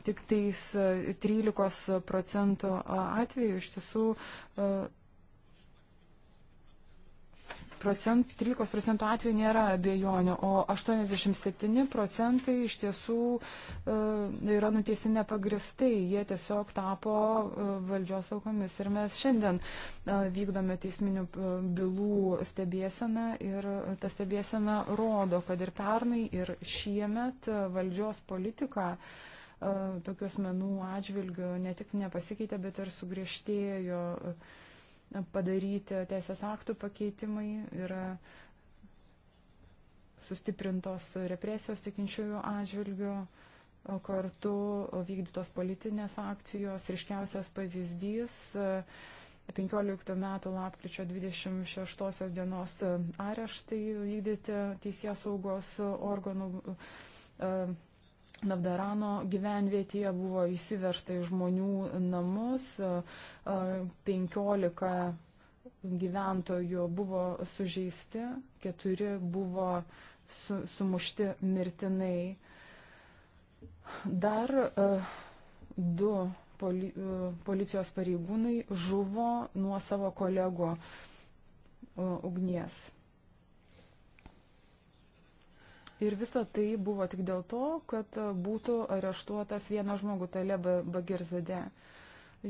tik tais 13 e, procentų atveju iš tiesų e, procent, 13 procentų atveju nėra abejonių, o 87 procentai iš tiesų e, yra nutiesi nepagristai, jie tiesiog tapo valdžios aukomis. Ir mes šiandien vykdome teisminių bylų stebėseną ir ta stebėsena rodo, kad ir pernai, ir šiemet valdžios politika uh, tokių asmenų atžvilgių ne tik nepasikeitė, bet ir sugriežtėjo padaryti teisės aktų pakeitimai. Yra sustiprintos represijos tikinčiųjų atžvilgių, kartu vykdytos politinės akcijos, ryškiausias pavyzdys 15 metų lapkričio 26 dienos areštai vykdyti teisės saugos organų Navdarano gyvenvietėje buvo įsiveršta į žmonių namus, 15 gyventojų buvo sužeisti, 4 buvo su, sumušti mirtinai. Dar 2 poli, policijos pareigūnai žuvo nuo savo kolego ugnies. Ir visa tai buvo tik dėl to, kad būtų areštuotas vienas žmogus, Taleb Bagirzadė.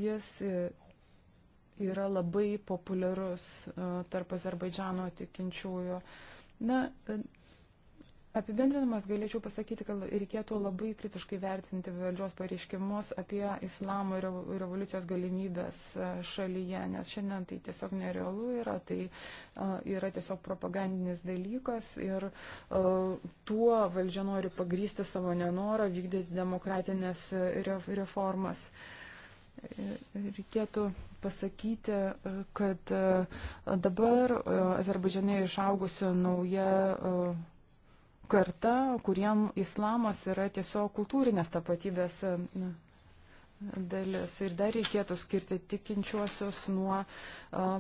Jis e, yra labai populiarus e, tarp Azerbaidžiano tikinčiųjų. Na, e, Apibendrinamas galėčiau pasakyti, kad reikėtų labai kritiškai vertinti valdžios pareiškimus apie islamo revoliucijos galimybės e, šalyje, nes šiandien tai tiesiog nerealu yra, tai e, yra tiesiog propagandinis dalykas ir e, tuo valdžia nori pagrysti savo nenorą vykdyti demokratinės reformas. Reikėtų pasakyti, kad dabar Azerbaidžiane išaugusi nauja karta, kuriem islamas yra tiesiog kultūrinės tapatybės dalis. Ir dar reikėtų skirti tikinčiuosius nuo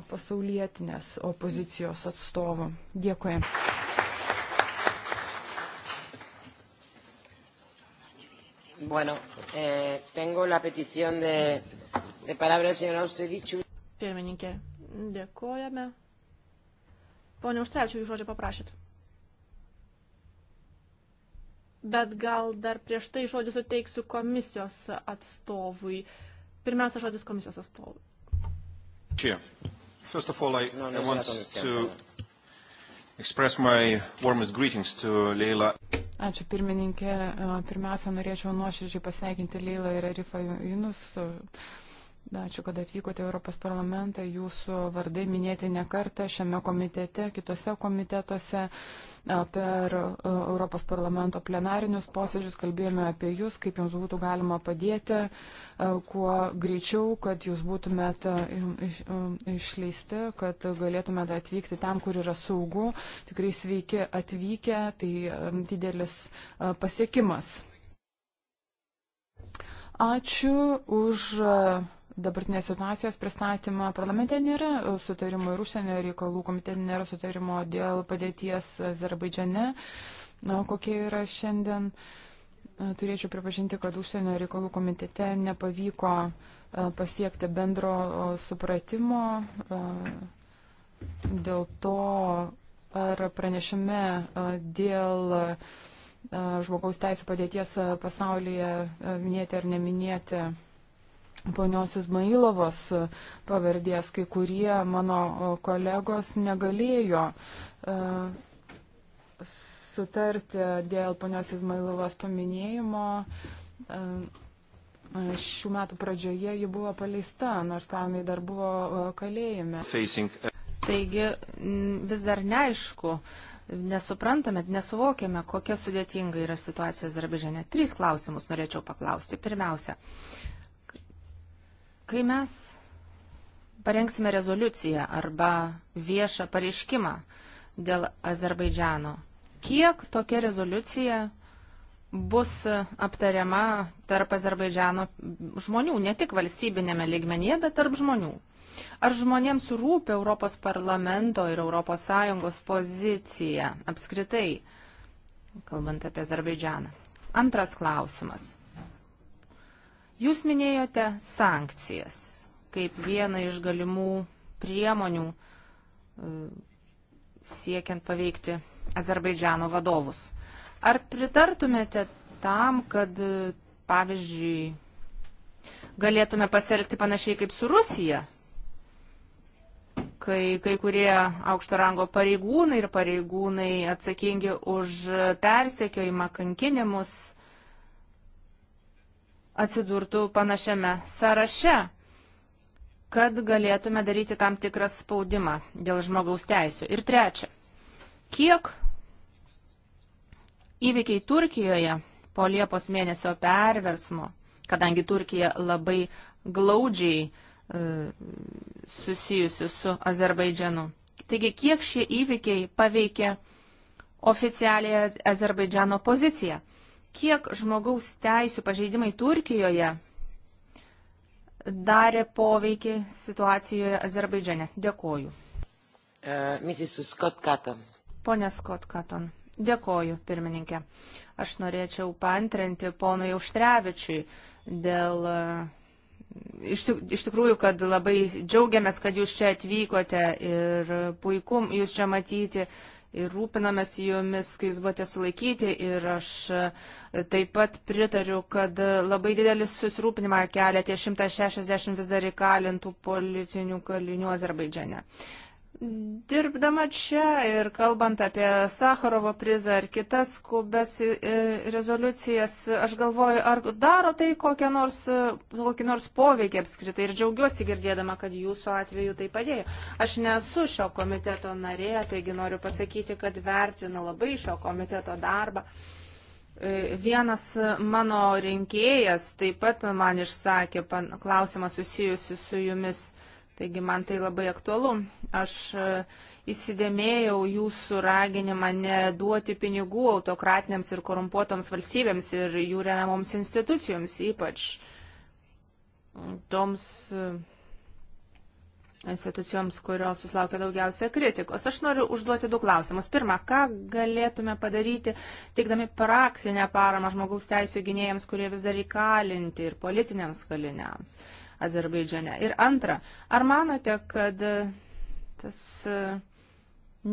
pasaulietinės opozicijos atstovų. Dėkui. Bueno, eh, tengo la petición de, de palabra del señor Ausevičių. Pirmininkė, dėkojame. Pone Austravičių, jūs žodžio paprašyt bet gal dar prieš tai žodį suteiksiu komisijos atstovui. Pirmiausia, žodis komisijos atstovui. Čia. First of all, I, no, no, I want to express my warmest greetings to Leila. Ačiū pirmininkė. Pirmiausia, norėčiau nuoširdžiai pasveikinti Leilą ir Arifą Junus. Ačiū, kad atvykote į Europos parlamentą. Jūsų vardai minėti ne kartą šiame komitete, kitose komitetuose. Uh, per Europos parlamento plenarinius posėdžius, kalbėjome apie jūs, kaip jums būtų galima padėti, kuo greičiau, kad jūs būtumėt išleisti, kad galėtumėt atvykti ten, kur yra saugu. Tikrai sveiki atvykę, tai didelis pasiekimas. Ačiū už dabartinės situacijos pristatymą. Parlamente nėra sutarimo ir užsienio reikalų komitete nėra sutarimo dėl padėties Azerbaidžiane, kokie yra šiandien. Turėčiau pripažinti, kad užsienio reikalų komitete nepavyko e, pasiekti bendro supratimo e, dėl to, ar pranešime e, dėl žmogaus teisų padėties pasaulyje minėti ar neminėti ponios Izmailovos pavardės, kai kurie mano kolegos negalėjo e, sutarti dėl ponios Izmailovos paminėjimo. E, šių metų pradžioje ji buvo paleista, nors pernai dar buvo e, kalėjime. Facing. Taigi vis dar neaišku, nesuprantame, nesuvokiame, kokia sudėtinga yra situacija Azerbaidžiane. Trys klausimus norėčiau paklausti. Pirmiausia, Kai mes parengsime rezoliuciją arba viešą pareiškimą dėl Azerbaidžiano, kiek tokia rezoliucija bus aptariama tarp Azerbaidžiano žmonių, ne tik valstybinėme ligmenyje, bet tarp žmonių? Ar žmonėms rūpi Europos parlamento ir ES pozicija apskritai, kalbant apie Azerbaidžianą? Antras klausimas. Jūs minėjote sankcijas kaip vieną iš galimų priemonių e, siekiant paveikti Azerbaidžiano vadovus. Ar pritartumėte tam, kad, e, pavyzdžiui, galėtume pasielgti panašiai kaip su Rusija, kai kai kurie aukšto rango pareigūnai ir pareigūnai atsakingi už persekiojimą, kankinimus, atsidurtų panašiame sąraše, kad galėtume daryti tam tikrą spaudimą dėl žmogaus teisų. Ir trečia, kiek įvykiai Turkijoje po Liepos mėnesio perversmo, kadangi Turkija labai glaudžiai e, susijusi su Azerbaidžianu. Taigi, kiek šie įvykiai paveikė oficialią Azerbaidžiano poziciją? kiek žmogaus teisų pažeidimai Turkijoje darė poveikį situacijoje Azerbaidžiane. Dėkoju. Uh, e, Mrs. Scott Caton. Pone Scott Caton. Dėkoju, pirmininkė. Aš norėčiau pantrinti ponui Užtrevičiui dėl. E, iš, iš tikrųjų, kad labai džiaugiamės, kad jūs čia atvykote ir puikum jūs čia matyti. Uh, ir rūpinamės jomis, kai jūs buvote sulaikyti. Ir aš e, taip pat pritariu, kad e, labai didelis susirūpinimą kelia tie 160 vis dar įkalintų politinių kalinių Azerbaidžiane. Dirbdama čia ir kalbant apie Sakarovo prizą ar kitas skubes rezoliucijas, aš galvoju, ar daro tai kokį nors, kokį nors poveikį apskritai ir džiaugiuosi girdėdama, kad jūsų atveju tai padėjo. Aš nesu šio komiteto narė, taigi noriu pasakyti, kad vertinu labai šio komiteto darbą. E, vienas mano rinkėjas taip pat man išsakė klausimą susijusiu su jumis Taigi man tai labai aktualu. Aš e, įsidėmėjau jūsų raginimą neduoti pinigų autokratiniams ir korumpuotoms valstybėms ir jų remiamoms institucijoms, ypač toms e, institucijoms, kurios susilaukia daugiausia kritikos. Aš noriu užduoti du klausimus. Pirma, ką galėtume padaryti, teikdami praktinę paramą žmogaus teisų gynėjams, kurie vis dar įkalinti ir politiniams kaliniams? Uh, Azerbaidžiane. Ir antra, ar manote, kad tas e,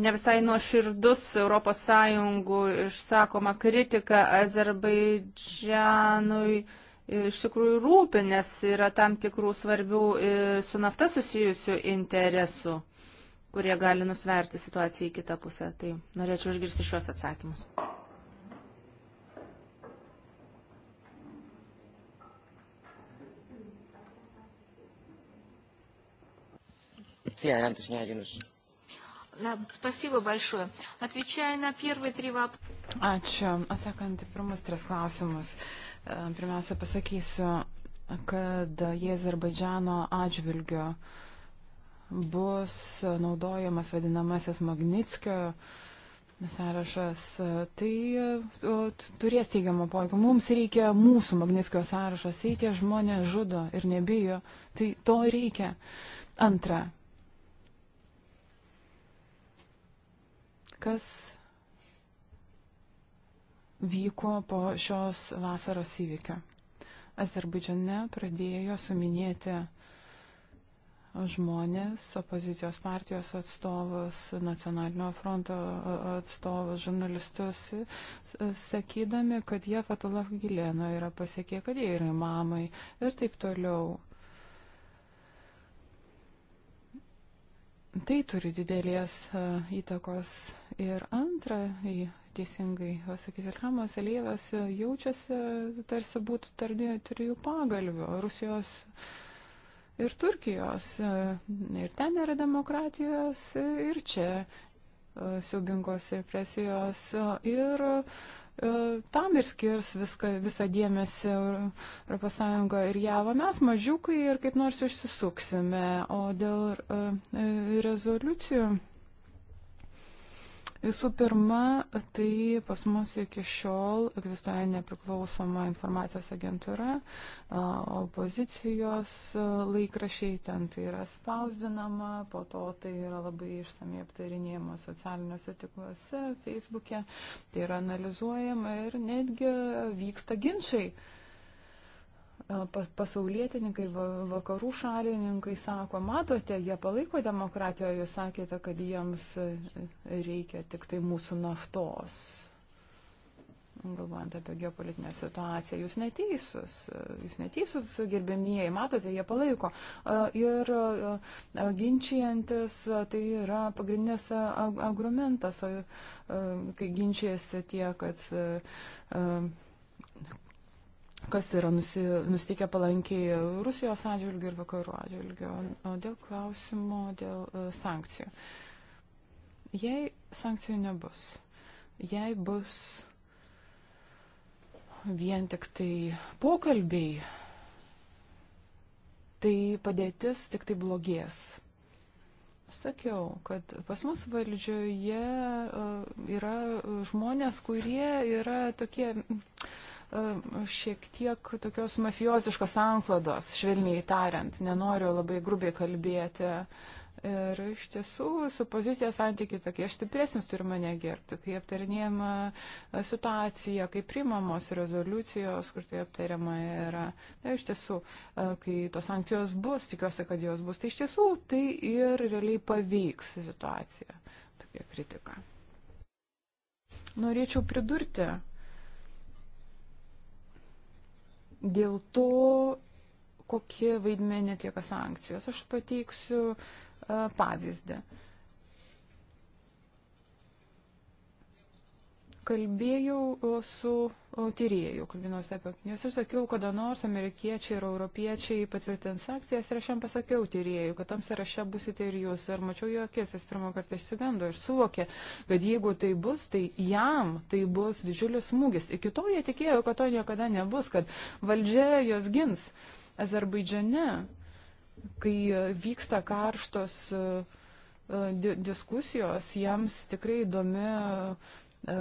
ne visai nuoširdus ES išsakoma kritika Azerbaidžianui iš tikrųjų rūpi, nes yra tam tikrų svarbių e, su nafta susijusių interesų, kurie gali nusverti situaciją į kitą pusę. Tai norėčiau išgirsti šios atsakymus. Sí, adelante, señora Yunus. Lab, spasibo balšuoju. Atvyčiai na pirmai tri vap. Ačiū. Atsakant į pirmus tris klausimus. E, pirmiausia, pasakysiu, kad jie Azerbaidžiano atžvilgio bus naudojamas vadinamasis Magnitskio sąrašas, tai e, turės teigiamą poveikį. Mums reikia mūsų Magnitskio sąrašas, reikia žmonės žudo ir nebijo, tai to reikia. Antra, kas vyko po šios vasaros įvykio. Azerbaidžiane pradėjo suminėti žmonės, opozicijos partijos atstovus, nacionalinio fronto atstovus, žurnalistus, sakydami, kad jie Fatulah Gileno yra pasiekę, kad jie yra mamai ir taip toliau. Tai turi didelės e, įtakos Ir antra, teisingai, sakys Ilhamas Alievas, jaučiasi tarsi būtų tarnėjo trijų pagalvių Rusijos ir Turkijos. Ir ten yra demokratijos, ir čia e, siubingos represijos. E, ir e, tam ir skirs viską, visą dėmesį ES ir JAV. Mes mažiukai ir kaip nors išsisuksime. O dėl rezoliucijų Visų pirma, tai pas mus iki šiol egzistuoja nepriklausoma informacijos agentūra, opozicijos laikrašiai ten tai yra spausdinama, po to tai yra labai išsamei aptarinėjama socialiniuose tinkluose, feisbuke, tai yra analizuojama ir netgi vyksta ginčiai pasaulietininkai, vakarų šalininkai sako, matote, jie palaiko demokratiją, jūs sakėte, kad jiems reikia tik tai mūsų naftos. Galvojant apie geopolitinę situaciją, jūs neteisus, jūs neteisus, gerbėmieji, matote, jie palaiko. Ir ginčiantis, tai yra pagrindinis argumentas, o kai ginčijasi tie, kad kas yra nusi, nusiteikę palankiai Rusijos atžvilgių ir vakarų atžvilgių. O dėl klausimo, dėl uh, sankcijų. Jei sankcijų nebus, jei bus vien tik tai pokalbiai, tai padėtis tik tai blogės. Sakiau, kad pas mus valdžioje e, yra žmonės, kurie yra tokie E, šiek tiek tokios mafijoziškos anklodos, švelniai tariant, nenoriu labai grubiai kalbėti. Ir iš tiesų su pozicija santykiai tokie, aš stipresnis turi mane gerbti, kai aptarinėjama e, situacija, kai primamos rezoliucijos, kur tai aptariama yra. Na, iš tiesų, e, kai tos sankcijos bus, tikiuosi, kad jos bus, tai iš tiesų tai ir realiai paveiks situaciją. Tokia kritika. Norėčiau pridurti, dėl to, kokie vaidmenį atlieka sankcijos. Aš pateiksiu e, pavyzdį. Uh, Kalbėjau su tyrėjų, kalbinausi apie juos ir sakiau, kada nors amerikiečiai ir europiečiai patvirtins sankcijas ir aš jam pasakiau tyrėjų, kad tam sąraše busite ir jūs. Ir mačiau jo akis, jis pirmą kartą išsigando ir suvokė, kad jeigu tai bus, tai jam tai bus didžiulis smūgis. Iki to jie tikėjo, kad to niekada nebus, kad valdžia jos gins. Azerbaidžiane, kai vyksta karštos e, diskusijos, jiems tikrai įdomi E,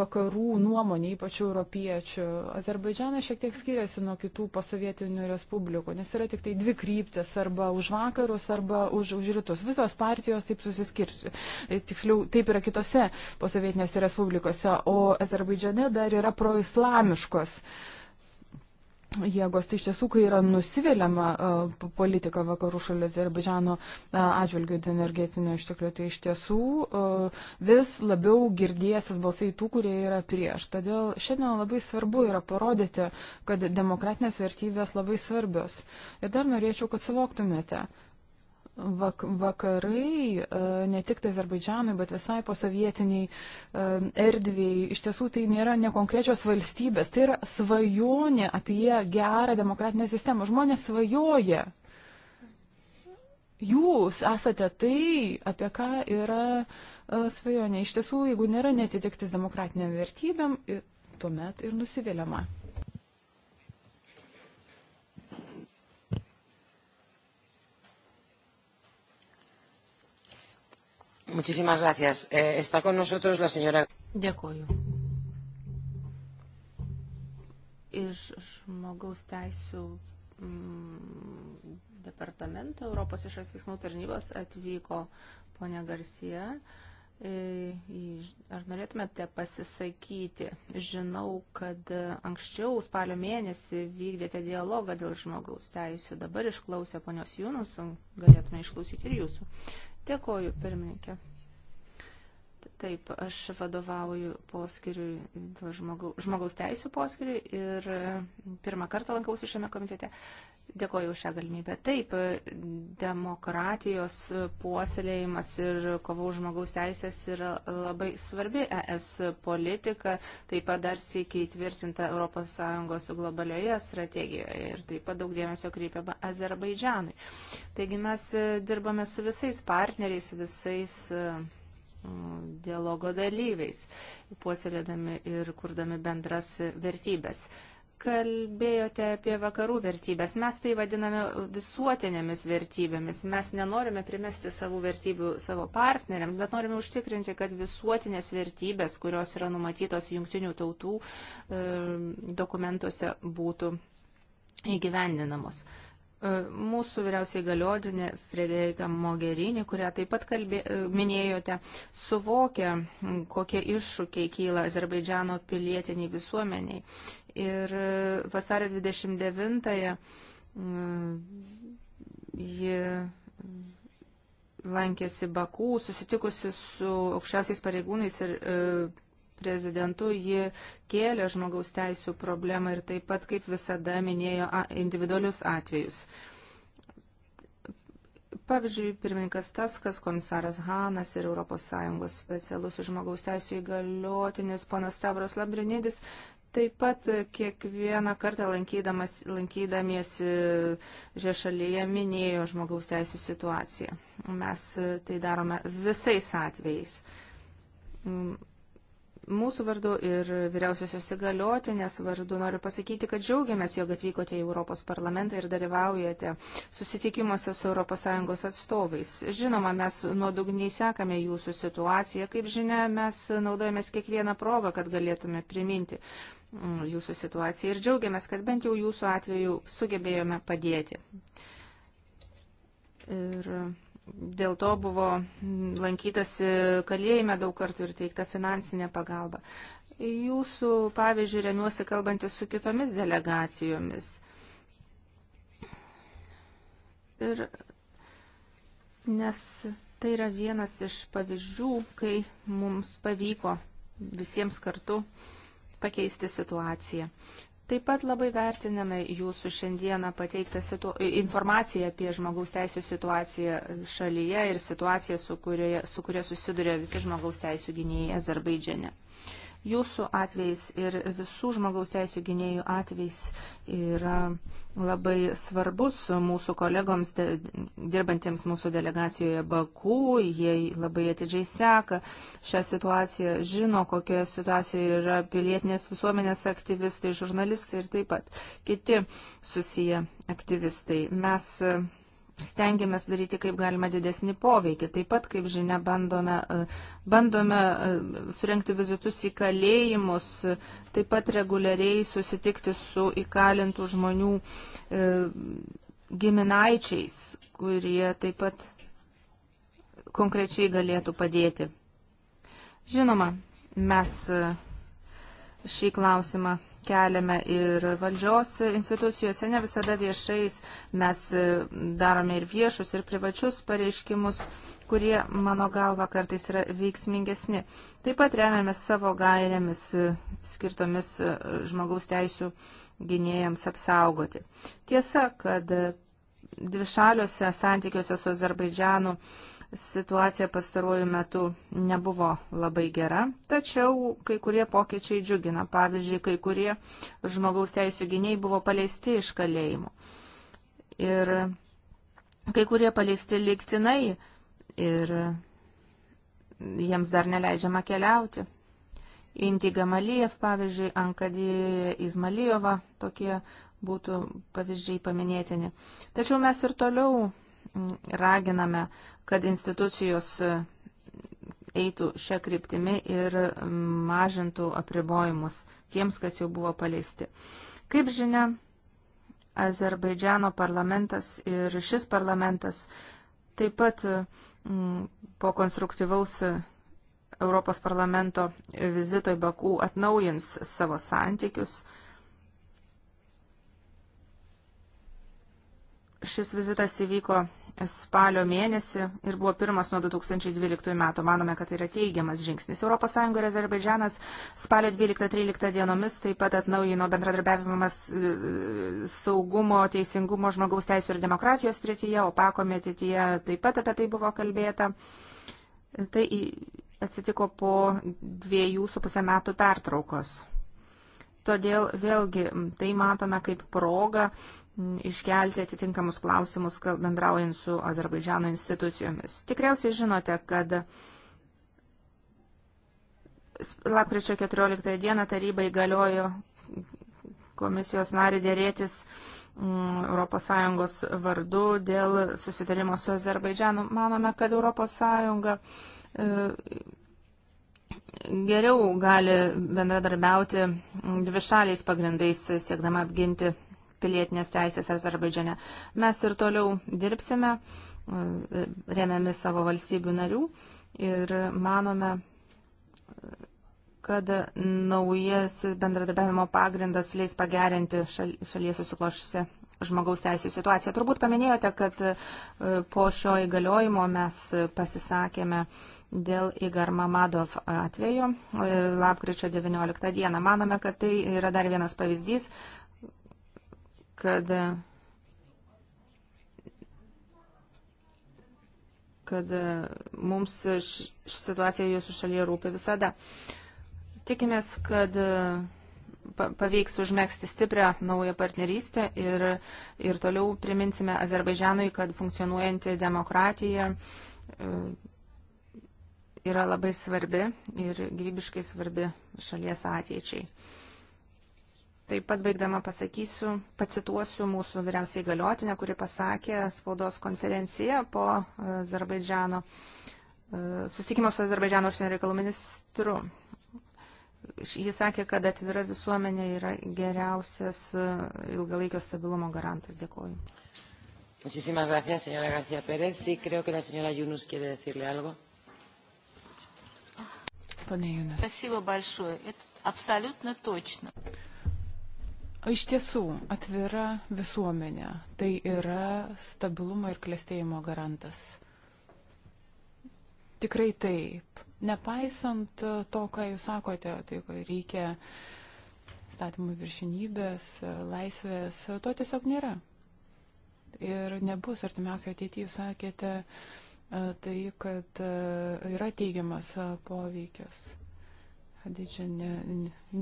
vakarų nuomonė, ypač europiečių. Azerbaidžianas šiek tiek skiriasi nuo kitų pasovietinių respublikų, nes yra tik tai dvi kryptis, arba už vakarus, arba už, už rytus. Visos partijos taip susiskirsi. E, tiksliau, taip yra kitose posovietinėse respublikose, o Azerbaidžiane dar yra proislamiškos. Uh, jėgos. Tai iš tiesų, kai yra nusiviliama politika vakarų šalių Azerbaidžiano atžvilgių dėl energetinio išteklių, tai iš tiesų vis labiau girdėsis balsai tų, kurie yra prieš. Todėl šiandien labai svarbu yra parodyti, kad demokratinės vertybės labai svarbios. Ir dar norėčiau, kad suvoktumėte, vak vakarai, e, ne tik tai Azerbaidžianui, bet visai posovietiniai e, erdvėjai, iš tiesų tai nėra nekonkrečios valstybės, tai yra svajonė apie gerą demokratinę sistemą. Žmonės svajoja. Jūs esate tai, apie ką yra e, svajonė. Iš tiesų, jeigu nėra netitiktis demokratiniam vertybėm, tuomet ir nusiviliama. Muchísimas gracias. Eh, está con nosotros la señora. Dėkoju. Iš žmogaus teisų mm, departamento Europos išorės veiksmų tarnybos atvyko ponia Garcia. E, ar norėtumėte pasisakyti? Žinau, kad anksčiau spalio mėnesį vykdėte dialogą dėl žmogaus teisų, dabar išklausė ponios Jūnus, galėtume išklausyti ir jūsų. Dėkoju, pirmininkė. Taip, aš vadovauju poskiriui, žmogaus, žmogaus teisų poskiriui ir pirmą kartą lankausi šiame komitete. Dėkoju už šią galimybę. Taip, demokratijos puoselėjimas ir kovų žmogaus teisės yra labai svarbi ES politika, taip pat dar sėkiai įtvirtinta ES globalioje strategijoje ir taip pat daug dėmesio kreipiama Azerbaidžianui. Taigi mes dirbame su visais partneriais, visais dialogo dalyviais, puoselėdami ir kurdami bendras vertybės kalbėjote apie vakarų vertybės. Mes tai vadiname visuotinėmis vertybėmis. Mes nenorime primesti savo vertybių savo partneriams, bet norime užtikrinti, kad visuotinės vertybės, kurios yra numatytos jungtinių tautų e, dokumentuose, būtų įgyvendinamos. E, mūsų vyriausiai galiodinė Frederika Mogherini, kurią taip pat kalbė, e, minėjote, suvokia, kokie iššūkiai kyla Azerbaidžiano pilietiniai visuomeniai ir e, vasario 29-ąją e, ji lankėsi Bakų, susitikusi su aukščiausiais pareigūnais ir e, prezidentu, ji kėlė žmogaus teisų problemą ir taip pat, kaip visada, minėjo a, individualius atvejus. Pavyzdžiui, pirmininkas Taskas, komisaras Hanas ir ES specialus žmogaus teisų įgaliotinis ponas Stavros Labrinidis Taip pat kiekvieną kartą lankydamiesi žešalyje minėjo žmogaus teisų situaciją. Mes tai darome visais atvejais. Mm, Mūsų vardu ir vyriausiosios įgaliotinės vardu noriu pasakyti, kad džiaugiamės, jog atvykote į Europos parlamentą ir dalyvaujate susitikimuose su ES atstovais. Žinoma, mes nuodugniai sekame jūsų situaciją. Kaip žinia, mes naudojame kiekvieną progą, kad galėtume priminti mm, jūsų situaciją ir džiaugiamės, kad bent jau jūsų atveju sugebėjome padėti. Ir dėl to buvo lankytasi kalėjime daug kartų ir teikta finansinė pagalba. Jūsų pavyzdžių remiuosi kalbantis su kitomis delegacijomis. Ir nes tai yra vienas iš pavyzdžių, kai mums pavyko visiems kartu pakeisti situaciją. Taip pat labai vertiname jūsų šiandieną pateiktą situ... informaciją apie žmogaus teisų situaciją šalyje ir situaciją, su kuria, su kuria susiduria visi žmogaus teisų gynėjai Azerbaidžiane. Jūsų atvejais ir visų žmogaus teisų gynėjų atvejais yra labai svarbus mūsų kolegoms de, dirbantiems mūsų delegacijoje Baku. Jie labai atidžiai seka šią situaciją, žino, kokioje situacijoje yra pilietinės visuomenės aktyvistai, žurnalistai ir taip pat kiti susiję aktyvistai. Mes stengiamės daryti kaip galima didesnį poveikį. Taip pat, kaip žinia, bandome, e, bandome e, surenkti vizitus į kalėjimus, taip pat reguliariai susitikti su įkalintų žmonių e, giminaičiais, kurie taip pat konkrečiai galėtų padėti. Žinoma, mes e, šį klausimą keliame ir valdžios institucijose, ne visada viešais, mes e, darome ir viešus, ir privačius pareiškimus, kurie, mano galva, kartais yra veiksmingesni. Taip pat remiamės savo gairėmis e, skirtomis e, žmogaus teisų gynėjams apsaugoti. Tiesa, kad dvišaliuose santykiuose su Azerbaidžianu uh, situacija pastaruoju metu nebuvo labai gera, tačiau kai kurie pokyčiai džiugina. Pavyzdžiui, kai kurie žmogaus teisų gyniai buvo paleisti iš kalėjimų. Ir kai kurie paleisti liktinai ir jiems dar neleidžiama keliauti. Intiga Malijev, pavyzdžiui, Ankadija Izmalijova, tokie būtų pavyzdžiai paminėtini. Tačiau mes ir toliau raginame kad institucijos e, eitų šią kryptimį ir mažintų apribojimus tiems, kas jau buvo paleisti. Kaip žinia, Azerbaidžiano parlamentas ir šis parlamentas taip pat e, po konstruktyvaus e, Europos parlamento vizito į Bakų atnaujins savo santykius. Šis vizitas įvyko spalio mėnesį ir buvo pirmas nuo 2012 metų. Manome, kad tai yra teigiamas žingsnis. ES ir Azerbaidžianas spalio 12-13 dienomis taip pat atnaujino bendradarbiavimas e, saugumo, teisingumo, žmogaus teisų ir demokratijos srityje, o pakomėtytyje taip pat apie tai buvo kalbėta. Tai atsitiko po dviejų su pusę metų pertraukos. Todėl vėlgi tai matome kaip progą iškelti atitinkamus klausimus, bendraujant su Azerbaidžiano institucijomis. Tikriausiai žinote, kad lapkričio 14 dieną tarybai galiojo komisijos narių dėrėtis ES vardu dėl susitarimo su Azerbaidžianu. Manome, kad ES e, geriau gali bendradarbiauti dvišaliais pagrindais, siekdama apginti pilietinės teisės Azerbaidžiane. Mes ir toliau dirbsime, remiami savo valstybių narių ir manome, kad naujas bendradarbiavimo pagrindas leis pagerinti šalyje susiklošusią žmogaus teisų situaciją. Turbūt paminėjote, kad e, po šio įgaliojimo mes pasisakėme dėl Igar Mamadov atveju e, lapkričio 19 dieną. Manome, kad tai yra dar vienas pavyzdys, kad kad mums ši situacija jūsų šalyje rūpi visada. Tikimės, kad pavyks užmėgsti stiprią naują partnerystę ir, ir toliau priminsime Azerbaidžianui, kad funkcionuojanti demokratija e, yra labai svarbi ir gyvybiškai svarbi šalies ateičiai. Taip pat baigdama pasakysiu, pacituosiu mūsų vyriausiai galiotinę, kuri pasakė spaudos konferenciją po e, Azerbaidžiano, e, susitikimo su Azerbaidžiano užsienio reikalų ministru. Jis sakė, kad atvira visuomenė yra geriausias e, ilgalaikio stabilumo garantas. Dėkuoju. Muchísimas gracias, señora García Pérez. Sí, creo que la señora Yunus quiere decirle algo. Pane Yunus. Спасибо большое. Это абсолютно точно. Iš tiesų, atvira visuomenė tai yra stabilumo ir klėstėjimo garantas. Tikrai taip. Nepaisant to, ką jūs sakote, tai reikia statymų viršinybės, laisvės, to tiesiog nėra. Ir nebus artimiausioje ateityje, jūs sakėte, e, tai, kad e, yra teigiamas e, poveikis. Hadidžia ne,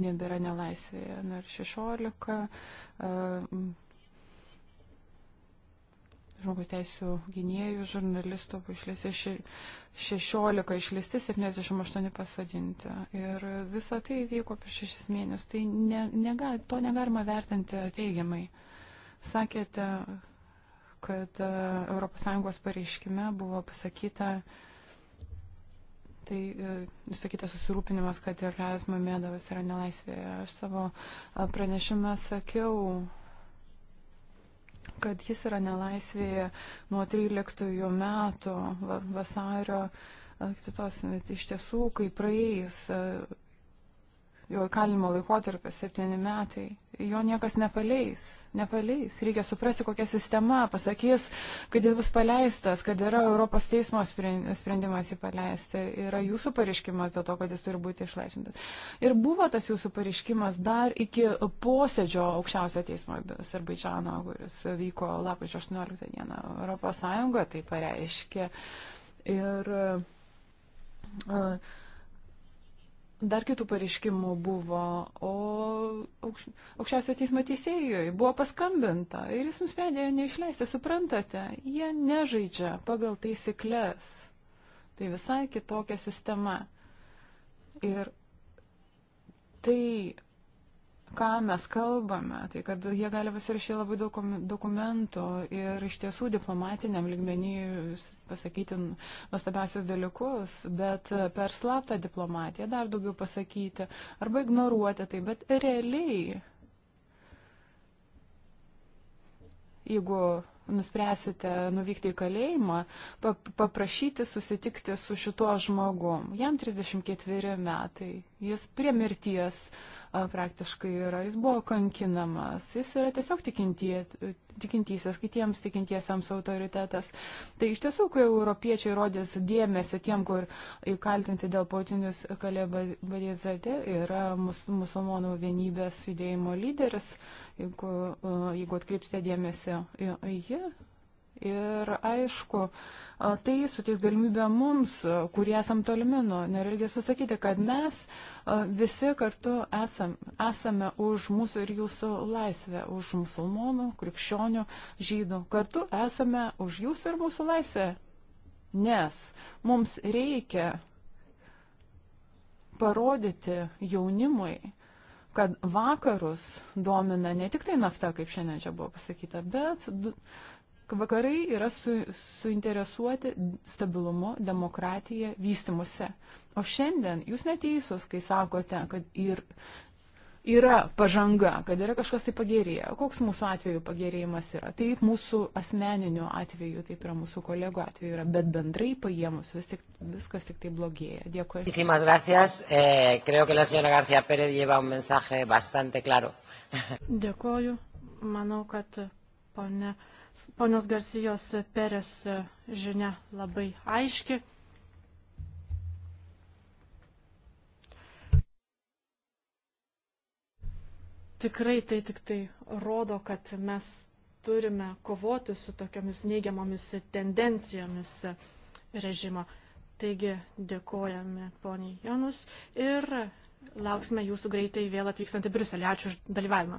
nebėra nelaisvėje. Na ir 16 e, žmogus teisų gynėjų, žurnalistų buvo išlisti, 16 išlisti, 78 pasodinti. Ir visa tai vyko prieš 6 mėnesius. Tai ne, nega, to negalima vertinti teigiamai. Sakėte, kad ES pareiškime buvo pasakyta, uh, Tai e, išsakytas susirūpinimas, kad ir Rajas Mamėdavas yra nelaisvėje. Aš savo pranešime sakiau, kad jis yra nelaisvėje nuo 13 metų vasario kitos, iš tiesų, kai praeis jo įkalinimo laikotarpis - septyni metai. Jo niekas nepaleis, nepaleis. Reikia suprasti, kokia sistema pasakys, kad jis bus paleistas, kad yra Europos teismo sprendimas jį paleisti, yra jūsų pareiškimas dėl to, kad jis turi būti išlaisvintas. Ir buvo tas jūsų pareiškimas dar iki posėdžio aukščiausio teismo Azerbaidžano, kuris vyko lapkričio 18 dieną Europos Sąjungoje, tai pareiškė. Ir, uh, Dar kitų pareiškimų buvo, o aukščiausio teismo teisėjui buvo paskambinta ir jis nusprendė jo neišleisti, suprantate, jie nežaidžia pagal taisyklės. Tai visai kitokia sistema. Ir tai ką mes kalbame, tai kad jie gali pasirašyti labai daug dokumentų ir iš tiesų diplomatiniam ligmenį pasakyti nuostabiausius dalykus, bet per slaptą diplomatiją dar daugiau pasakyti arba ignoruoti tai, bet realiai, jeigu nuspręsite nuvykti į kalėjimą, paprašyti susitikti su šituo žmogum. Jam 34 metai, jis prie mirties uh, praktiškai yra, jis buvo kankinamas, jis yra tiesiog tikintie, tikintysis, kitiems tikintiesiems autoritetas. Tai iš tiesų, kai europiečiai rodės dėmesį tiem, kur įkaltinti dėl potinius kalėbadėzadė, yra mus, musulmonų vienybės judėjimo lyderis, jeigu, jeigu atkreipsite dėmesį į jį. Ir aišku, tai suteiks galimybę mums, kurie esam tolimi nuo nereligijos, pasakyti, kad mes visi kartu esam, esame už mūsų ir jūsų laisvę, už musulmonų, krikščionių, žydų. Kartu esame už jūsų ir mūsų laisvę. Nes mums reikia parodyti jaunimui, kad vakarus domina ne tik tai nafta, kaip šiandien čia buvo pasakyta, bet Vakarai yra su, suinteresuoti stabilumu, demokratija, vystimuose. O šiandien jūs neteisus, kai sakote, kad ir yra pažanga, kad yra kažkas tai pagerėja. Koks mūsų atveju pagerėjimas yra? Taip mūsų asmeniniu atveju, taip yra mūsų kolegų atveju yra, bet bendrai paėmus vis tik, viskas tik tai blogėja. Dėkui. Muchísimas gracias. Eh, creo que la señora García Pérez lleva un mensaje bastante claro. Dėkoju. Manau, kad ponia Ponios Garcijos Perės žinia labai aiški. Tikrai tai tik tai rodo, kad mes turime kovoti su tokiamis neigiamomis tendencijomis režimo. Taigi dėkojame poniai Jonus ir lauksime jūsų greitai vėl atvykstant į Briuselį. Ačiū už dalyvavimą.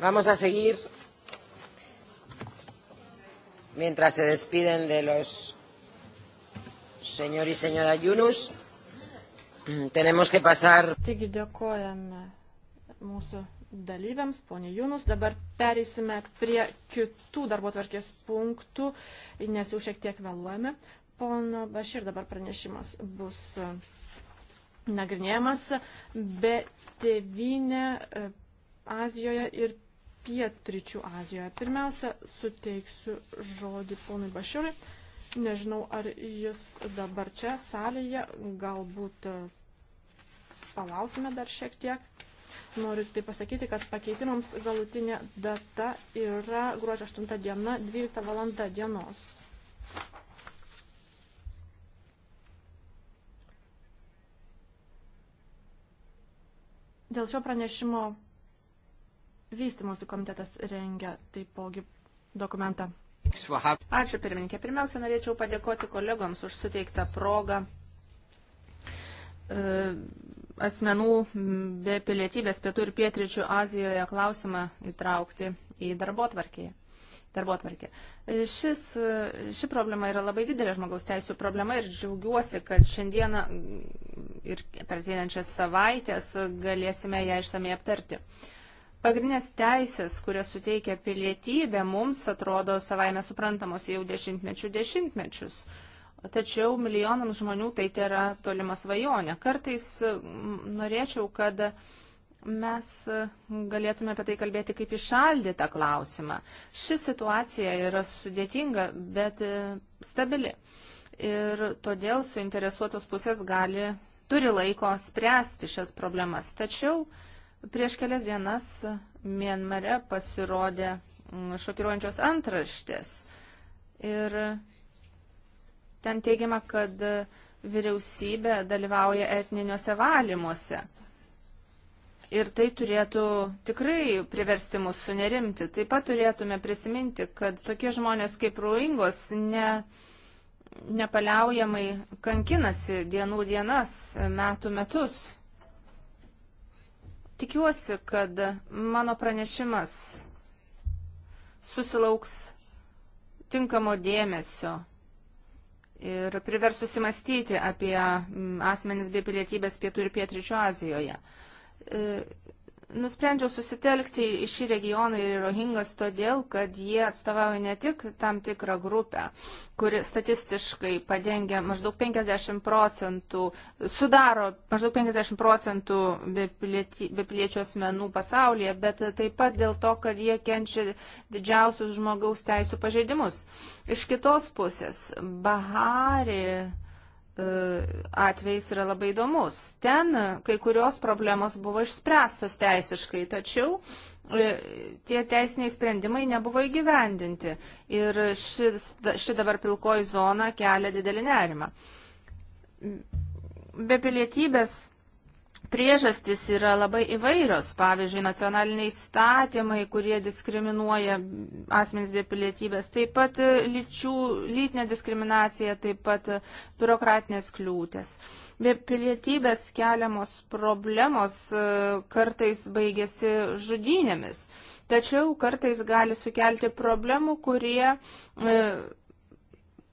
Vamos a seguir mientras se despiden de los señor y señora Yunus. Tenemos que pasar. Taigi dėkojame mūsų dalyviams, poniai Junus. Dabar pereisime prie kitų darbo tvarkės punktų, nes jau šiek tiek vėluojame. Pono Bašir dabar pranešimas bus nagrinėjamas be tevinė e, Azijoje ir pietryčių Azijoje. Pirmiausia, suteiksiu žodį ponui Bašiūrui. Nežinau, ar jis dabar čia salėje, galbūt e, palaukime dar šiek tiek. Noriu tai pasakyti, kad pakeitimams galutinė data yra gruodžio 8 diena, 12 valanda dienos. Dėl šio pranešimo Vystimosi komitetas rengia taipogi dokumentą. Ačiū pirmininkė. Pirmiausia, norėčiau padėkoti kolegoms už suteiktą progą e, asmenų be pilietybės pietų ir pietryčių Azijoje klausimą įtraukti į darbo tvarkėje. Darbotvarkė. E, šis, e, ši problema yra labai didelė žmogaus teisų problema ir džiaugiuosi, kad šiandieną ir per ateinančias savaitės galėsime ją išsamei aptarti. Uh, Pagrindinės teisės, kurias suteikia pilietybė, mums atrodo savaime suprantamos jau dešimtmečių dešimtmečius. Tačiau milijonams žmonių tai yra tolima svajonė. Kartais norėčiau, kad mes galėtume apie tai kalbėti kaip išaldytą klausimą. Ši situacija yra sudėtinga, bet e, stabili. Ir todėl suinteresuotos pusės gali, turi laiko spręsti šias problemas. Tačiau uh, Prieš kelias dienas Mienmare pasirodė mm, šokiruojančios antraštės ir ten teigiama, kad vyriausybė dalyvauja etniniuose valymuose. Ir tai turėtų tikrai priversti mus sunerimti. Taip pat turėtume prisiminti, kad tokie žmonės kaip Ruingos ne, nepaliaujamai kankinasi dienų dienas, metų metus. Tikiuosi, kad mano pranešimas susilauks tinkamo dėmesio ir privers susimastyti apie mm, asmenis bei pilietybės pietų ir pietryčių Azijoje. E, Nusprendžiau susitelkti į šį regioną ir Rohingas todėl, kad jie atstovauja ne tik tam tikrą grupę, kuri statistiškai padengia maždaug 50 procentų, sudaro maždaug 50 procentų bepiliečių asmenų pasaulyje, bet taip pat dėl to, kad jie kenčia didžiausius žmogaus teisų pažeidimus. Iš kitos pusės, Bahari E, atvejs yra labai įdomus. Ten e, kai kurios problemos buvo išspręstos teisiškai, tačiau e, tie teisiniai sprendimai nebuvo įgyvendinti ir ši, ši dabar pilkoji zona kelia didelį nerimą. Be pilietybės priežastys yra labai įvairios. Pavyzdžiui, nacionaliniai statymai, kurie diskriminuoja asmenys be pilietybės, taip pat lyčių, lytinė diskriminacija, taip pat biurokratinės kliūtės. Be pilietybės keliamos problemos e, kartais baigėsi žudynėmis, tačiau kartais gali sukelti problemų, kurie e,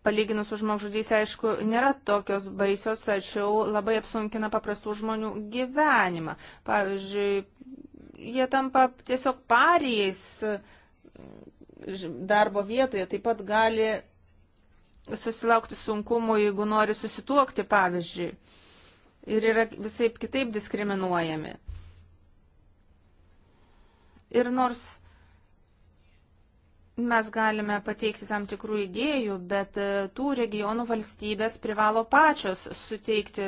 palyginus su žmogžudys, aišku, nėra tokios baisios, tačiau labai apsunkina paprastų žmonių gyvenimą. Pavyzdžiui, jie tampa tiesiog parijais darbo vietoje, taip pat gali susilaukti sunkumų, jeigu nori susituokti, pavyzdžiui, ir yra visai kitaip diskriminuojami. Ir nors Mes galime pateikti tam tikrų idėjų, bet e, tų regionų valstybės privalo pačios suteikti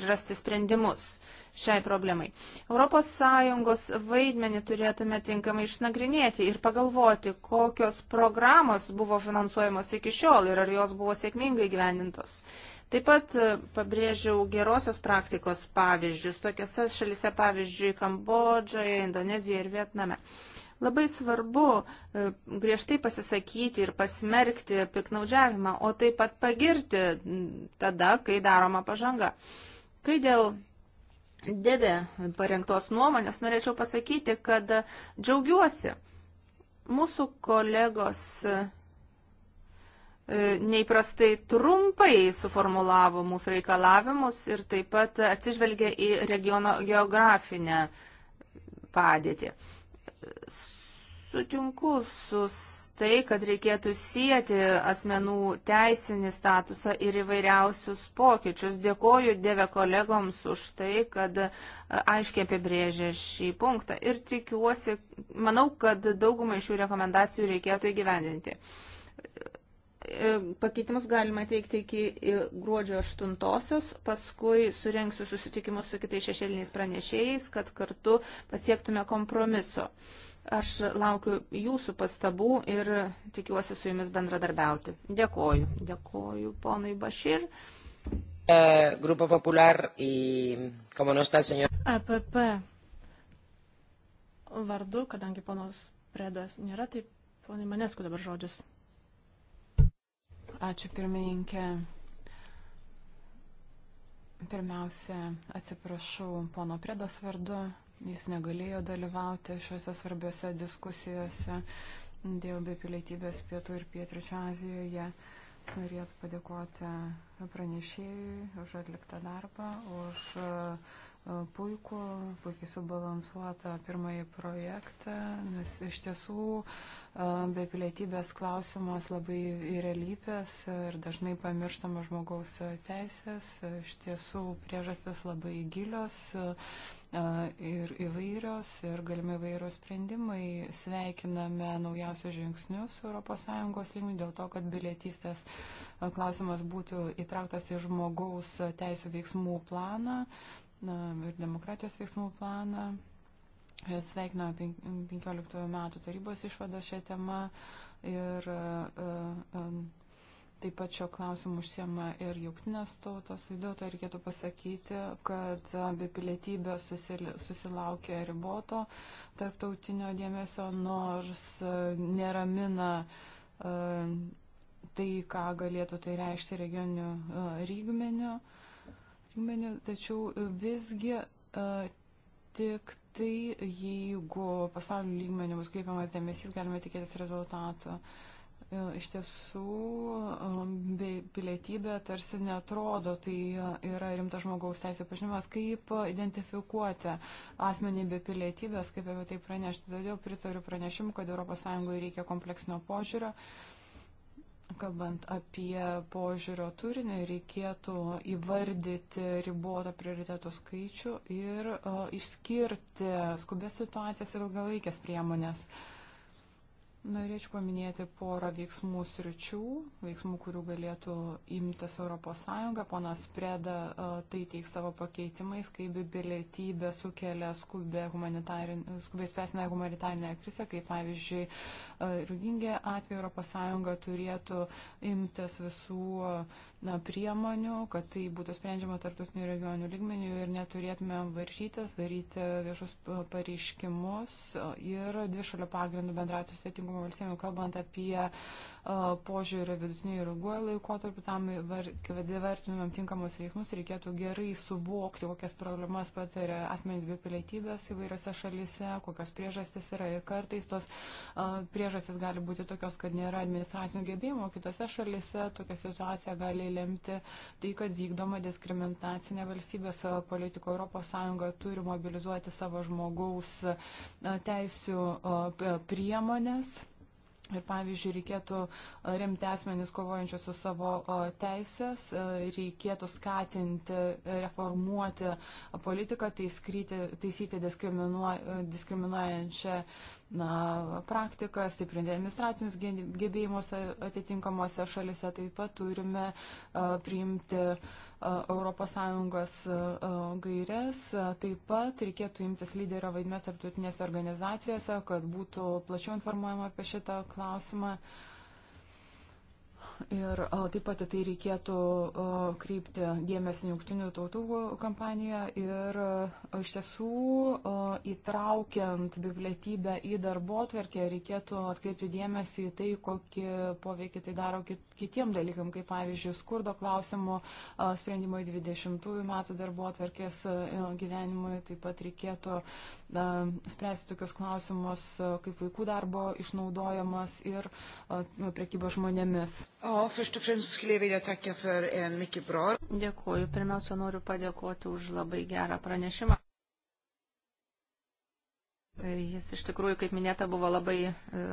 ir rasti sprendimus šiai problemai. ES vaidmenį turėtume tinkamai išnagrinėti ir pagalvoti, kokios programos buvo finansuojamos iki šiol ir ar jos buvo sėkmingai gyvenintos. Taip pat e, pabrėžiau gerosios praktikos pavyzdžius, tokiose šalise pavyzdžiui Kambodžoje, Indonezijoje ir Vietname. Labai svarbu e, griežtai pasisakyti ir pasmerkti piknaudžiavimą, o taip pat pagirti tada, kai daroma pažanga. Kai dėl dėdė parengtos nuomonės norėčiau pasakyti, kad džiaugiuosi. Mūsų kolegos e, neįprastai trumpai suformulavo mūsų reikalavimus ir taip pat atsižvelgia į regiono geografinę padėtį sutinku su tai, kad reikėtų sieti asmenų teisinį statusą ir įvairiausius pokyčius. Dėkoju Dieve kolegoms už tai, kad e, aiškiai apibrėžė šį punktą ir tikiuosi, manau, kad daugumą iš šių rekomendacijų reikėtų įgyvendinti. E, pakeitimus galima teikti iki e, gruodžio 8-osios, paskui surenksiu susitikimus su kitais šešėliniais pranešėjais, kad kartu pasiektume kompromiso. Aš laukiu jūsų pastabų ir tikiuosi su jumis bendradarbiauti. Dėkoju. Dėkoju ponui Bašir. E, Grupo Popular y, como no está el señor. APP vardu, kadangi ponos Predas nėra, tai ponai Manesku dabar žodis. Ačiū pirmininkė. Pirmiausia, atsiprašau pono Priedos vardu. Jis negalėjo dalyvauti šiuose svarbiose diskusijose dėl bepilietybės pietų ir pietričio Azijoje. Norėtų padėkoti pranešėjui už atliktą darbą, už uh, E, puikų, puikiai subalansuotą pirmąjį projektą, nes iš tiesų e, be pilietybės klausimas labai įrelypės ir dažnai pamirštama žmogaus teisės, iš tiesų priežastis labai gilios e, ir įvairios ir galimi įvairios sprendimai. Sveikiname naujausius žingsnius ES lygių dėl to, kad bilietystės klausimas būtų įtrauktas į žmogaus teisų veiksmų planą ir demokratijos veiksmų planą. Sveikina 15 metų tarybos išvados šią temą ir e, e, e, taip pat šio klausimu užsiema ir jauktinės tautos. Vis dėlto reikėtų pasakyti, kad be pilietybės susilaukia riboto tarptautinio dėmesio, nors neramina tai, ką galėtų tai reikšti regioniniu lygmeniu. Uh, lygmeniu, tačiau visgi e, tik tai, jeigu pasaulio lygmeniu bus kreipiamas dėmesys, galime tikėtis rezultatų. E, iš tiesų, pilietybė tarsi netrodo, tai yra rimtas žmogaus teisė pažinimas, kaip identifikuoti asmenį be pilietybės, kaip apie tai pranešti. Todėl pritariu pranešimu, kad ES reikia kompleksinio požiūrio. Uh, Kalbant apie požiūrio turinį, reikėtų įvardyti ribotą prioritetų skaičių ir o, e, išskirti skubės situacijas ir ilgalaikės priemonės. O, Norėčiau paminėti porą veiksmų sričių, veiksmų, kurių galėtų imtis ES. Ponas Preda e, tai teiks savo pakeitimais, kaip bilietybė sukelia skubę spręsinę humanitarinę krizę, kaip pavyzdžiui, e, rūdingė atveju ES turėtų imtis visų na, priemonių, kad tai būtų sprendžiama tarptautinių regionių lygmenių ir neturėtume varžytis, daryti viešus pareiškimus e, ir dvišalio pagrindų bendratų svetingumo valstybių, kalbant apie požiūrio vidutinio ir ilguoju laikotarpiu, tam, kad vertinumėm tinkamus veiksmus, reikėtų gerai suvokti, kokias problemas patiria asmenys be pilietybės įvairiose šalyse, kokios priežastis yra ir kartais tos priežastis gali būti tokios, kad nėra administracinių gebėjimų, kitose šalyse tokia situacija gali lemti tai, kad vykdoma diskriminacinė valstybės politika Europos Sąjunga turi mobilizuoti savo žmogaus teisų priemonės Ir pavyzdžiui, reikėtų remti asmenys kovojančius su savo teisės, reikėtų skatinti, reformuoti politiką, taiskyti, taisyti diskriminuojančią na, praktiką, stiprinti administracinius gebėjimus atitinkamuose šalise. Taip pat turime priimti ES gairias. Taip pat reikėtų imtis lyderio vaidmės tarptautinėse organizacijose, kad būtų plačiau informuojama apie šitą klausimą. Uh, Ir taip pat tai reikėtų kreipti dėmesį jungtinių tautų kampaniją ir iš tiesų įtraukiant bibliotybę į darbo atverkę reikėtų atkreipti dėmesį į tai, kokį poveikį tai daro kitiem dalykam, kaip pavyzdžiui, skurdo klausimų sprendimo į 20-ųjų metų darbo atverkės gyvenimui. Taip pat reikėtų spręsti tokius klausimus, kaip vaikų darbo išnaudojamas ir prekybo žmonėmis. O, first of all, skulle jag vilja tacka för en mycket bra. Dėkuoju. Pirmiausia, noriu padėkoti už labai gerą pranešimą. E, jis iš tikrųjų, kaip minėta, buvo labai e,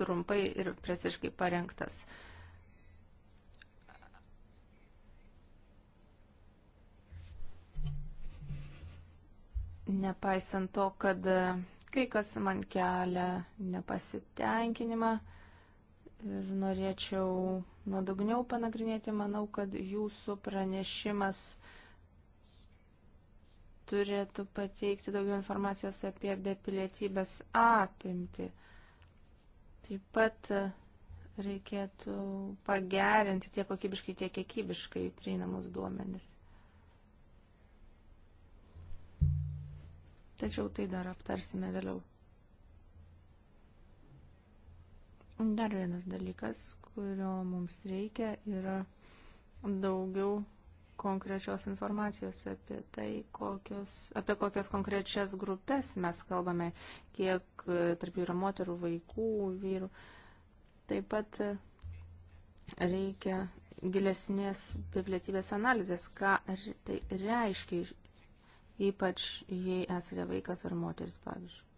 trumpai ir presiškai parengtas. Nepaisant to, kad e, kai kas man kelia nepasitenkinimą, ir norėčiau nuodugniau panagrinėti. Manau, kad jūsų pranešimas turėtų pateikti daugiau informacijos apie bepilietybės apimti. Taip pat e, reikėtų pagerinti tiek kokybiškai, tiek kiekybiškai prieinamus duomenis. Tačiau tai dar aptarsime vėliau. Dar vienas dalykas, kurio mums reikia, yra daugiau konkrečios informacijos apie tai, kokios, apie kokias konkrečias grupės mes kalbame, kiek e, tarp jų yra moterų, vaikų, vyrų. Taip pat e, reikia gilesnės pilietybės analizės, ką tai reiškia, ypač jei esate vaikas ar moteris, pavyzdžiui.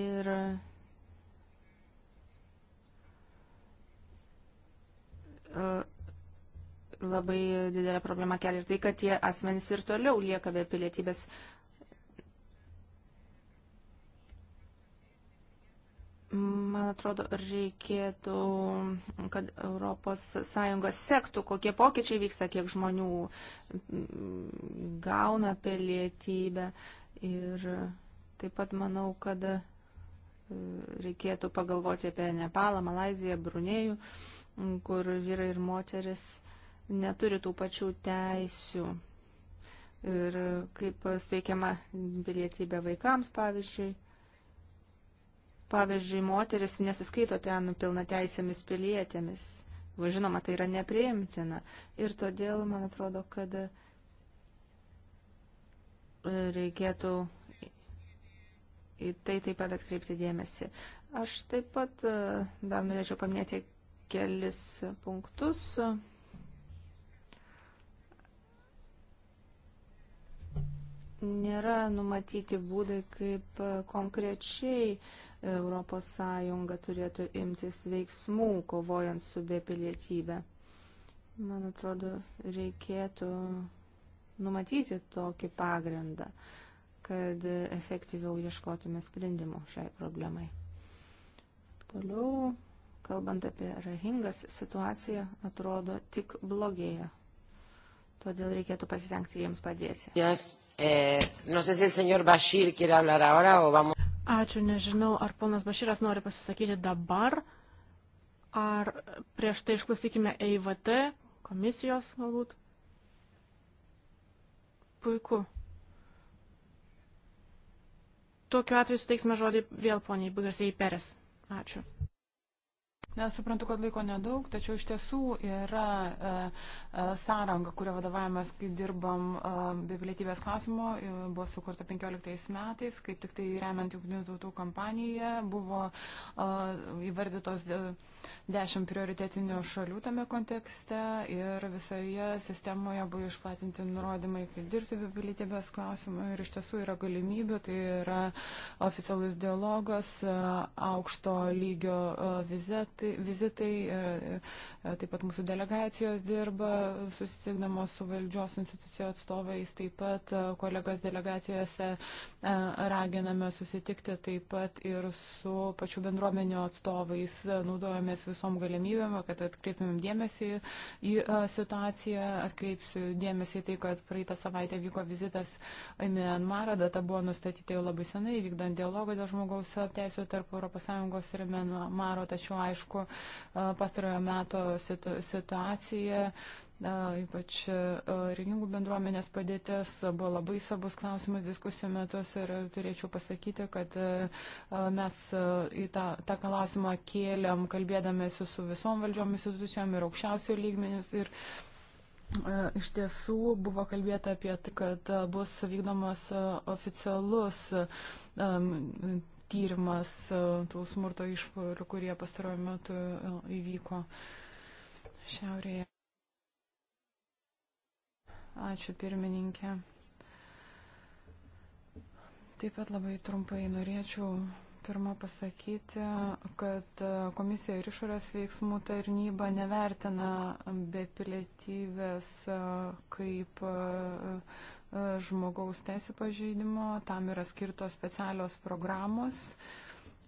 ir e, labai didelę problemą kelia ir tai, kad tie asmenys ir toliau lieka be pilietybės. Man atrodo, reikėtų, kad ES sektų, kokie pokyčiai vyksta, kiek žmonių gauna pilietybę. Ir taip pat manau, kad reikėtų pagalvoti apie Nepalą, Malaziją, Brunėjų, kur vyrai ir moteris neturi tų pačių teisių. Ir kaip suteikiama pilietybė vaikams, pavyzdžiui. Pavyzdžiui, moteris nesiskaito ten pilna teisėmis pilietėmis. Žinoma, tai yra nepriimtina. Ir todėl, man atrodo, kad reikėtų į tai taip pat atkreipti dėmesį. Aš taip pat e, dar norėčiau paminėti kelis punktus. Nėra numatyti būdai, kaip konkrečiai ES turėtų imtis veiksmų, kovojant su bepilietybė. Man atrodo, reikėtų numatyti tokį pagrindą. Uh, kad efektyviau ieškotume sprendimų šiai problemai. Toliau, kalbant apie Rahingas, situacija atrodo tik blogėja. Todėl reikėtų pasitengti jiems padėti. Yes. Eh, no sé si el señor Bashir quiere hablar ahora o vamos. Ačiū, nežinau, ar ponas Baširas nori pasisakyti dabar, ar prieš tai išklausykime EIVT, komisijos galbūt. Puiku. Tokiu atveju suteiksime žodį vėl poniai Bugasėjai Peres. Ačiū. Nesuprantu, kad laiko nedaug, tačiau iš tiesų yra e, e, sąranga, kurio vadovavimas, kai dirbam e, bibliotybės klausimo, buvo sukurta 15 metais, kaip tik tai remiant jungtinių tautų kampaniją, buvo įvardytos 10 prioritetinių šalių tame kontekste ir visoje sistemoje buvo išplatinti nurodymai, kaip dirbti bibliotybės klausimu ir iš tiesų yra galimybių, tai yra oficialus dialogas, aukšto lygio vizetai vizitai, vizitai e, e, taip pat mūsų delegacijos dirba, susitikdamos su valdžios institucijų atstovais, taip pat e, kolegas delegacijose raginame susitikti taip pat ir su pačių bendruomenio atstovais, naudojamės visom galimybėm, kad atkreipimėm dėmesį į situaciją, atkreipsiu dėmesį į tai, kad praeitą savaitę vyko vizitas į Mianmarą, data buvo nustatyta jau labai senai, vykdant dialogą dėl žmogaus teisų tarp ES ir Mianmaro, tačiau aišku, aišku, pastarojo meto situacija, ypač rinkimų bendruomenės padėtis buvo labai svarbus klausimas diskusijų metus ir turėčiau pasakyti, kad mes į tą, tą klausimą kėlėm, kalbėdamėsi su visom valdžiom institucijom ir aukščiausių lygmenius. Ir, Iš tiesų buvo kalbėta apie tai, kad bus vykdomas oficialus tyrimas e, tų smurto išpolių, kurie pastarojame metu e, įvyko Šiaurėje. Ačiū pirmininkė. Taip pat labai trumpai norėčiau pirmą pasakyti, kad e, komisija ir išorės veiksmų tarnyba nevertina be pilietybės kaip E, žmogaus teisų pažeidimo, tam yra skirtos specialios programos,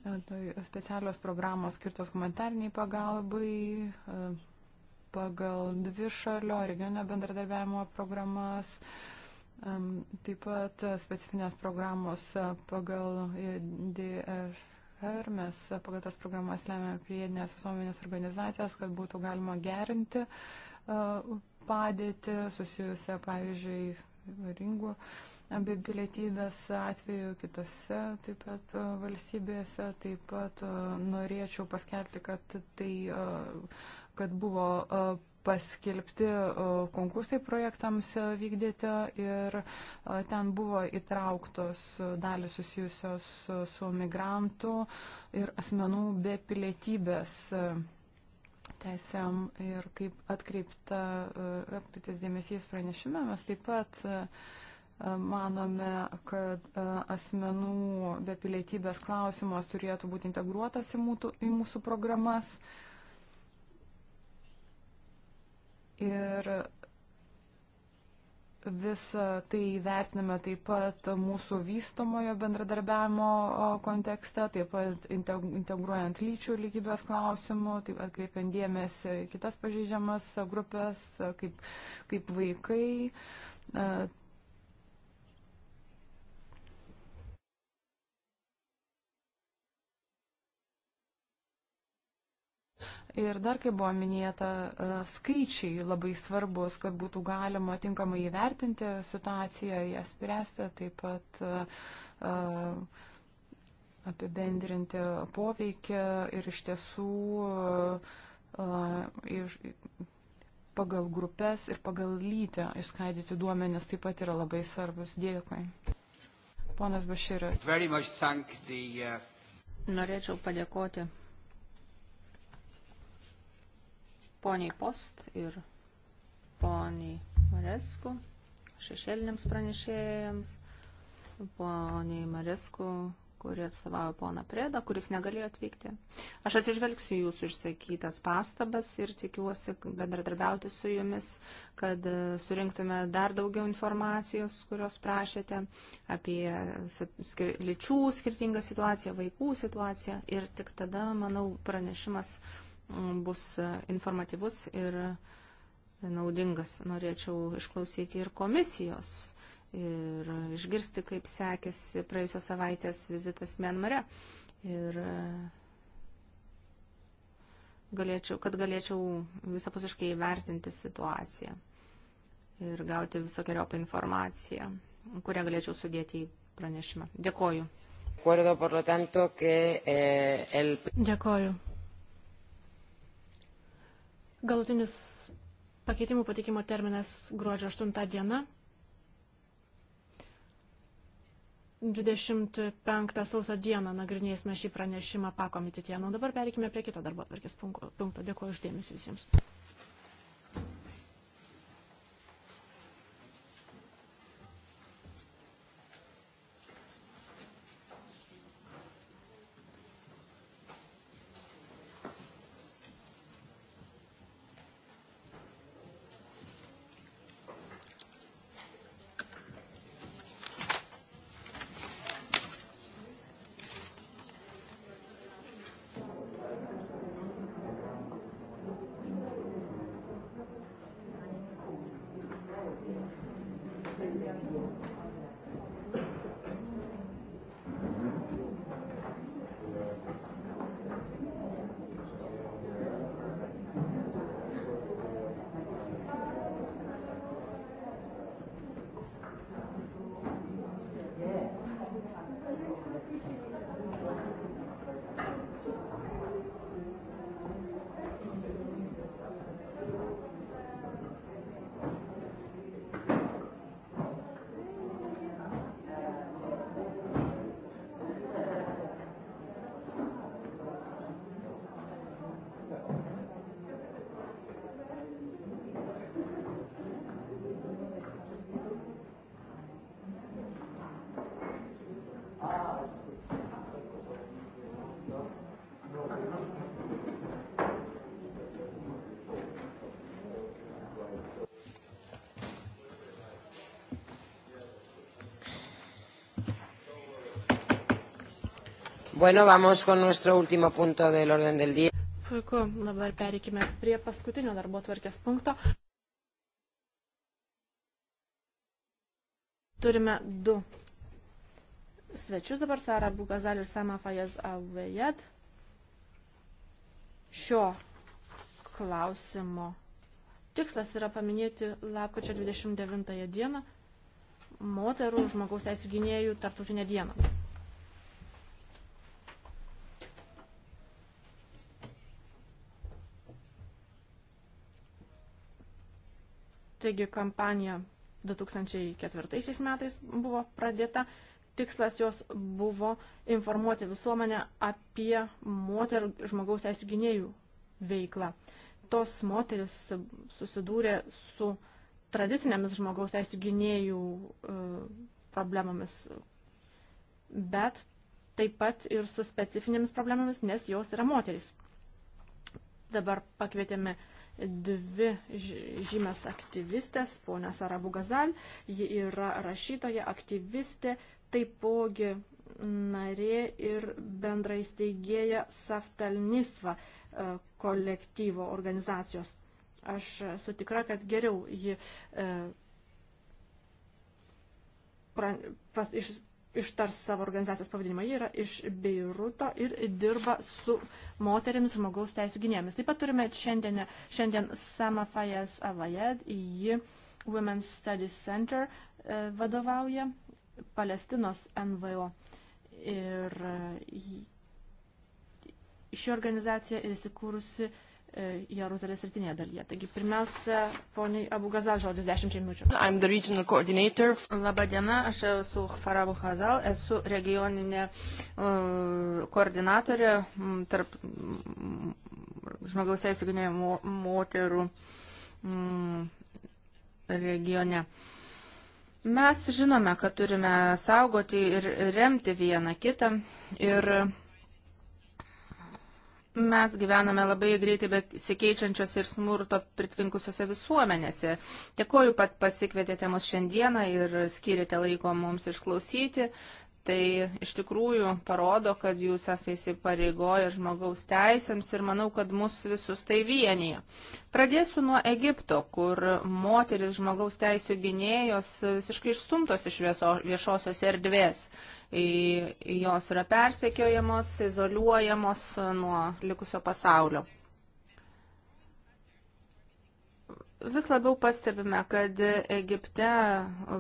e, tai specialios programos skirtos humanitarniai pagalbai e, pagal dvi šalio regioninio bendradarbiavimo programas, taip pat specifinės programos pagal DF ir mes pagal tas programas lemiame priedinės visuomenės organizacijas, kad būtų galima gerinti padėti susijusią, pavyzdžiui, ringų abi pilietybės atveju, kitose taip pat e, valstybėse. Taip pat e, norėčiau paskelbti, kad, tai, e, kad buvo paskelbti konkursai projektams vykdyti ir ten buvo įtrauktos dalis susijusios su migrantų ir asmenų be pilietybės teisėm ir kaip atkreipta, e, atkreiptas dėmesys pranešime, mes taip pat e, manome, kad e, asmenų be pilietybės klausimas turėtų būti integruotas į mūsų, į mūsų programas. Ir Visą tai vertiname taip pat mūsų vystomojo bendradarbiavimo kontekste, taip pat integruojant lyčių lygybės klausimų, taip pat kreipiant dėmesį kitas pažeidžiamas grupės, kaip, kaip vaikai. Ir dar, kaip buvo minėta, e, skaičiai labai svarbus, kad būtų galima tinkamai įvertinti situaciją, ją spręsti, taip pat e, e, apibendrinti poveikį ir iš tiesų iš, pagal grupės ir pagal lytę išskaidyti duomenis taip pat yra labai svarbus. Dėkui. Ponas Baširas. Uh, Norėčiau padėkoti poniai Post ir poniai Maresku, šešėliniams pranešėjams, poniai Maresku, kuri atstovauja poną Predą, kuris negalėjo atvykti. Aš atsižvelgsiu jūsų išsakytas pastabas ir tikiuosi bendradarbiauti su jumis, kad e, surinktume dar daugiau informacijos, kurios prašėte apie lyčių skirtingą situaciją, vaikų situaciją ir tik tada, manau, pranešimas bus informatyvus ir naudingas. Norėčiau išklausyti ir komisijos ir išgirsti, kaip sekėsi praėjusios savaitės vizitas Mianmare. Ir e, galėčiau, kad galėčiau visapusiškai įvertinti situaciją ir gauti visokiojopą informaciją, kurią galėčiau sudėti į pranešimą. Dėkoju. Eh, Dėkoju. Galutinis pakeitimų patikimo terminas gruodžio 8 diena. 25 sausio dieną nagrinėsime šį pranešimą pakomititėje. Na, dabar perikime prie kito darbo atvarkės punkto. Dėkuoju uždėmesi visiems. Bueno, vamos con nuestro último punto del orden del día. Puiku, dabar pereikime prie paskutinio darbo tvarkės punkto. Turime du svečius dabar, Sara Bukazal ir Sama Fayez Avejad. Šio klausimo tikslas yra paminėti lapkričio 29 dieną moterų žmogaus teisų gynėjų tarptautinę dieną. Taigi kampanija 2004 metais buvo pradėta. Tikslas jos buvo informuoti visuomenę apie moterų žmogaus teisų gynėjų veiklą. Tos moteris susidūrė su tradicinėmis žmogaus teisų gynėjų e, problemomis, bet taip pat ir su specifinėmis problemomis, nes jos yra moteris. Dabar pakvietėme uh, dvi žymės aktyvistės, ponė Sarabu Gazal, ji yra rašytoja, aktyvistė, taipogi narė ir bendraįsteigėja Saftalnisva e, kolektyvo organizacijos. Aš sutikra, kad geriau ji e, pra, pas, iš, ištars savo organizacijos pavadinimą. Ji yra iš Beiruto ir dirba su moterims žmogaus teisų gynėjomis. Taip pat turime šiandien, šiandien Sama Fayez Avayed, ji Women's Studies Center e, vadovauja Palestinos NVO. Ir e, ši organizacija įsikūrusi E, Jeruzalės rytinėje dalyje. Taigi pirmiausia, poniai Abu Gazal žodis 10 minučių. Labą dieną, aš esu Hfar Abu Hazal, esu regioninė uh, koordinatorė m, tarp m, žmogaus teisų gynėjų moterų m, regione. Mes žinome, kad turime saugoti ir remti vieną kitą ir uh, Mes gyvename labai greitai besikeičiančios ir smurto pritvinkusiose visuomenėse. Dėkoju, pat pasikvietėte mus šiandieną ir skirite laiko mums išklausyti. Tai iš tikrųjų parodo, kad jūs esate įsipareigoję žmogaus teisėms ir manau, kad mus visus tai vienyje. Pradėsiu nuo Egipto, kur moteris žmogaus teisų gynėjos visiškai išstumtos iš viešosios erdvės jos yra persekiojamos, izoliuojamos nuo likusio pasaulio. Vis labiau pastebime, kad Egipte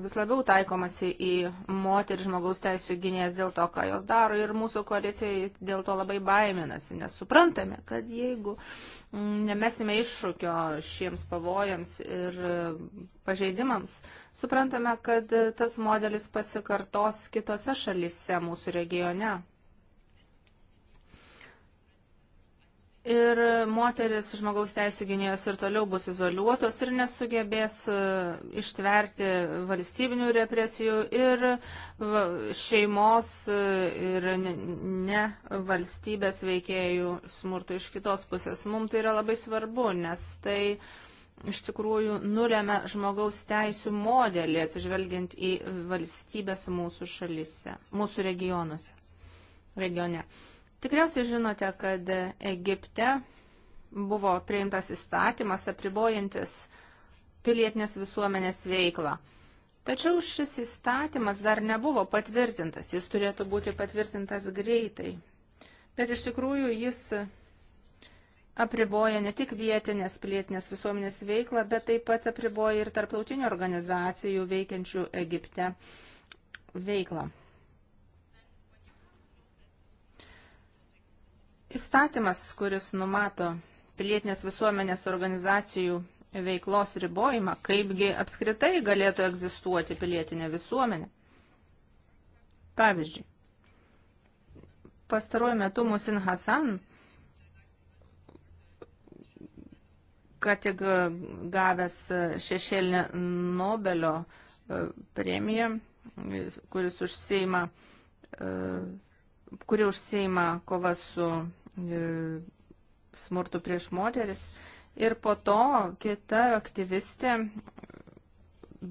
vis labiau taikomasi į moterį žmogaus teisų gynėjas dėl to, ką jos daro ir mūsų koalicija dėl to labai baiminasi, nes suprantame, kad jeigu nemesime iššūkio šiems pavojams ir pažeidimams, suprantame, kad tas modelis pasikartos kitose šalise mūsų regione. Ir moteris žmogaus teisų gynėjos ir toliau bus izoliuotos ir nesugebės e, ištverti valstybinių represijų ir šeimos e, ir ne valstybės veikėjų smurto iš kitos pusės. Mums tai yra labai svarbu, nes tai iš tikrųjų nulėmė žmogaus teisų modelį atsižvelgiant į valstybės mūsų šalise, mūsų regionuose, regione. Tikriausiai žinote, kad Egipte buvo priimtas įstatymas apribojantis pilietinės visuomenės veiklą. Tačiau šis įstatymas dar nebuvo patvirtintas, jis turėtų būti patvirtintas greitai. Bet iš tikrųjų jis apriboja ne tik vietinės pilietinės visuomenės veiklą, bet taip pat apriboja ir tarptautinių organizacijų veikiančių Egipte veiklą. Įstatymas, kuris numato pilietinės visuomenės organizacijų veiklos ribojimą, kaipgi apskritai galėtų egzistuoti pilietinė visuomenė. Pavyzdžiui, pastaruoju metu Musin Hasan, kad tik gavęs šešėlinę Nobelio e, premiją, kuris užseima, e, kuri užseima kova su E, smurtų prieš moteris. Ir po to kita aktyvistė,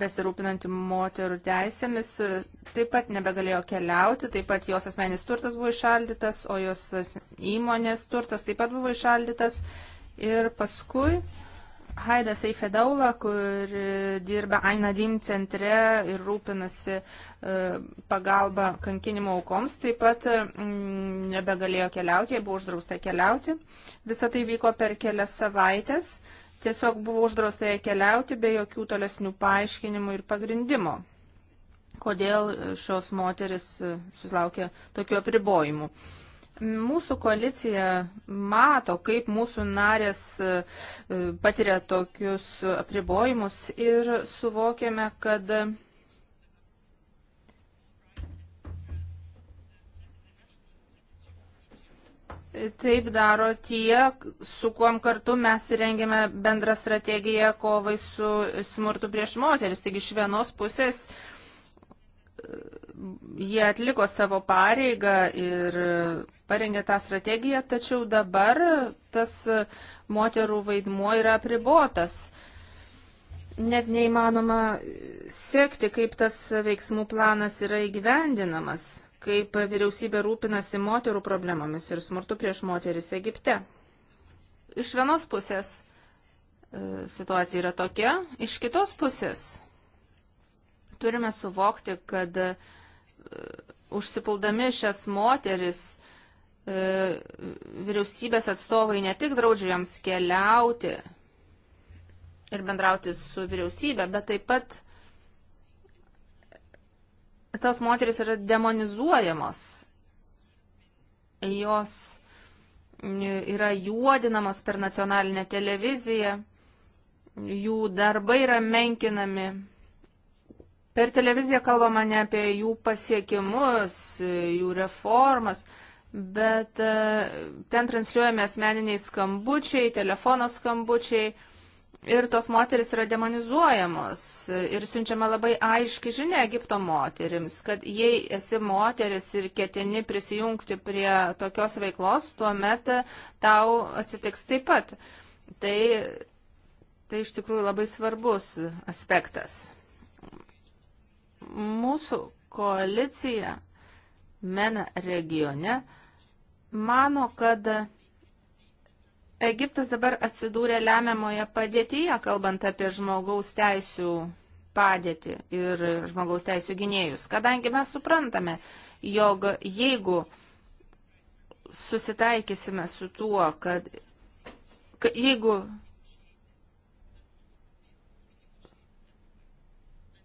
besirūpinanti moterų teisėmis, taip pat nebegalėjo keliauti, taip pat jos asmenis turtas buvo išaldytas, o jos įmonės turtas taip pat buvo išaldytas. Ir paskui Haida Seifedaula, kur dirba Ainadim centre ir rūpinasi e, pagalba kankinimo aukoms, taip pat mm, nebegalėjo keliauti, jie buvo uždrausta keliauti. Visą tai vyko per kelias savaitės, tiesiog buvo uždrausta keliauti be jokių tolesnių paaiškinimų ir pagrindimo, kodėl šios moteris e, susilaukė tokių apribojimų. Mūsų koalicija mato, kaip mūsų narės e, patiria tokius apribojimus ir suvokiame, kad Taip daro tie, su kuom kartu mes rengėme bendrą strategiją kovai su smurtu prieš moteris. Taigi iš vienos pusės uh, jie atliko savo pareigą ir parengė tą strategiją, tačiau dabar tas moterų vaidmuo yra apribotas. Net neįmanoma sekti, kaip tas veiksmų planas yra įgyvendinamas, kaip vyriausybė rūpinasi moterų problemomis ir smurtu prieš moteris Egipte. Iš vienos pusės e, situacija yra tokia, iš kitos pusės Turime suvokti, kad e, užsipuldami šias moteris e, vyriausybės atstovai ne tik draudžia joms keliauti ir bendrauti su vyriausybė, bet taip pat tos moteris yra demonizuojamos. Jos yra juodinamos per nacionalinę televiziją, jų darbai yra menkinami, Per televiziją kalbama ne apie jų pasiekimus, jų reformas, bet e, ten transliuojami asmeniniai skambučiai, telefono skambučiai ir tos moteris yra demonizuojamos ir siunčiama labai aiški žinia Egipto moterims, kad jei esi moteris ir ketini prisijungti prie tokios veiklos, tuomet tau atsitiks taip pat. Tai, tai iš tikrųjų labai svarbus aspektas mūsų koalicija MENA regione mano, kad Egiptas dabar atsidūrė lemiamoje padėtyje, kalbant apie žmogaus teisų padėtį ir žmogaus teisų gynėjus. Kadangi mes suprantame, jog jeigu susitaikysime su tuo, kad, kad jeigu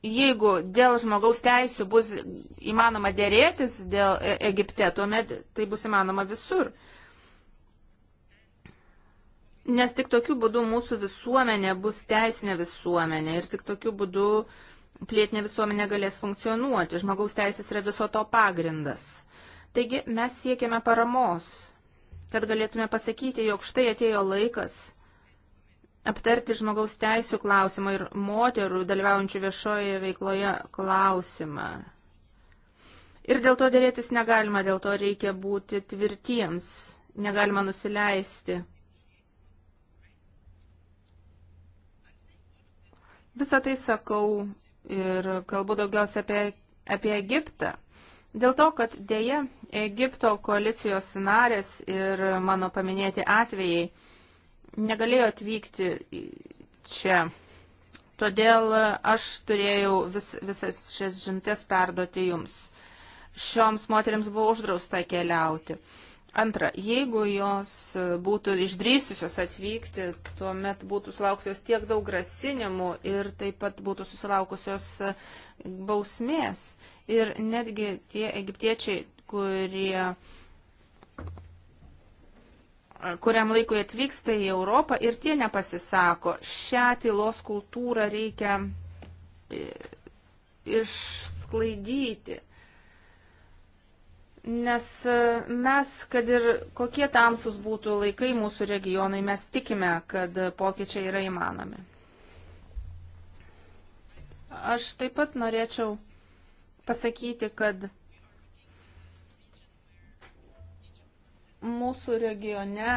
jeigu dėl žmogaus teisų bus įmanoma dėrėtis dėl e- Egipte, tuomet tai bus įmanoma visur. Nes tik tokiu būdu mūsų visuomenė bus teisinė visuomenė ir tik tokiu būdu plėtinė visuomenė galės funkcionuoti. Žmogaus teisės yra viso to pagrindas. Taigi mes siekiame paramos, kad galėtume pasakyti, jog štai atėjo laikas – aptarti žmogaus teisų klausimą ir moterų dalyvaujančių viešoje veikloje klausimą. Ir dėl to dėrėtis negalima, dėl to reikia būti tvirtiems, negalima nusileisti. Visą tai sakau ir kalbu daugiausia apie, apie Egiptą. Dėl to, kad dėja Egipto koalicijos narės ir mano paminėti atvejai negalėjo atvykti čia. Todėl aš turėjau vis, visas šias žintes perduoti jums. Šioms moteriams buvo uždrausta keliauti. Antra, jeigu jos būtų išdrysusios atvykti, tuomet būtų sulaukusios tiek daug grasinimų ir taip pat būtų susilaukusios bausmės. Ir netgi tie egiptiečiai, kurie kuriam laikui atvyksta į Europą ir tie nepasisako. Šią tylos kultūrą reikia e, išsklaidyti. Nes e, mes, kad ir kokie tamsus būtų laikai mūsų regionai, mes tikime, kad pokyčiai yra įmanomi. Aš taip pat norėčiau pasakyti, kad mūsų regione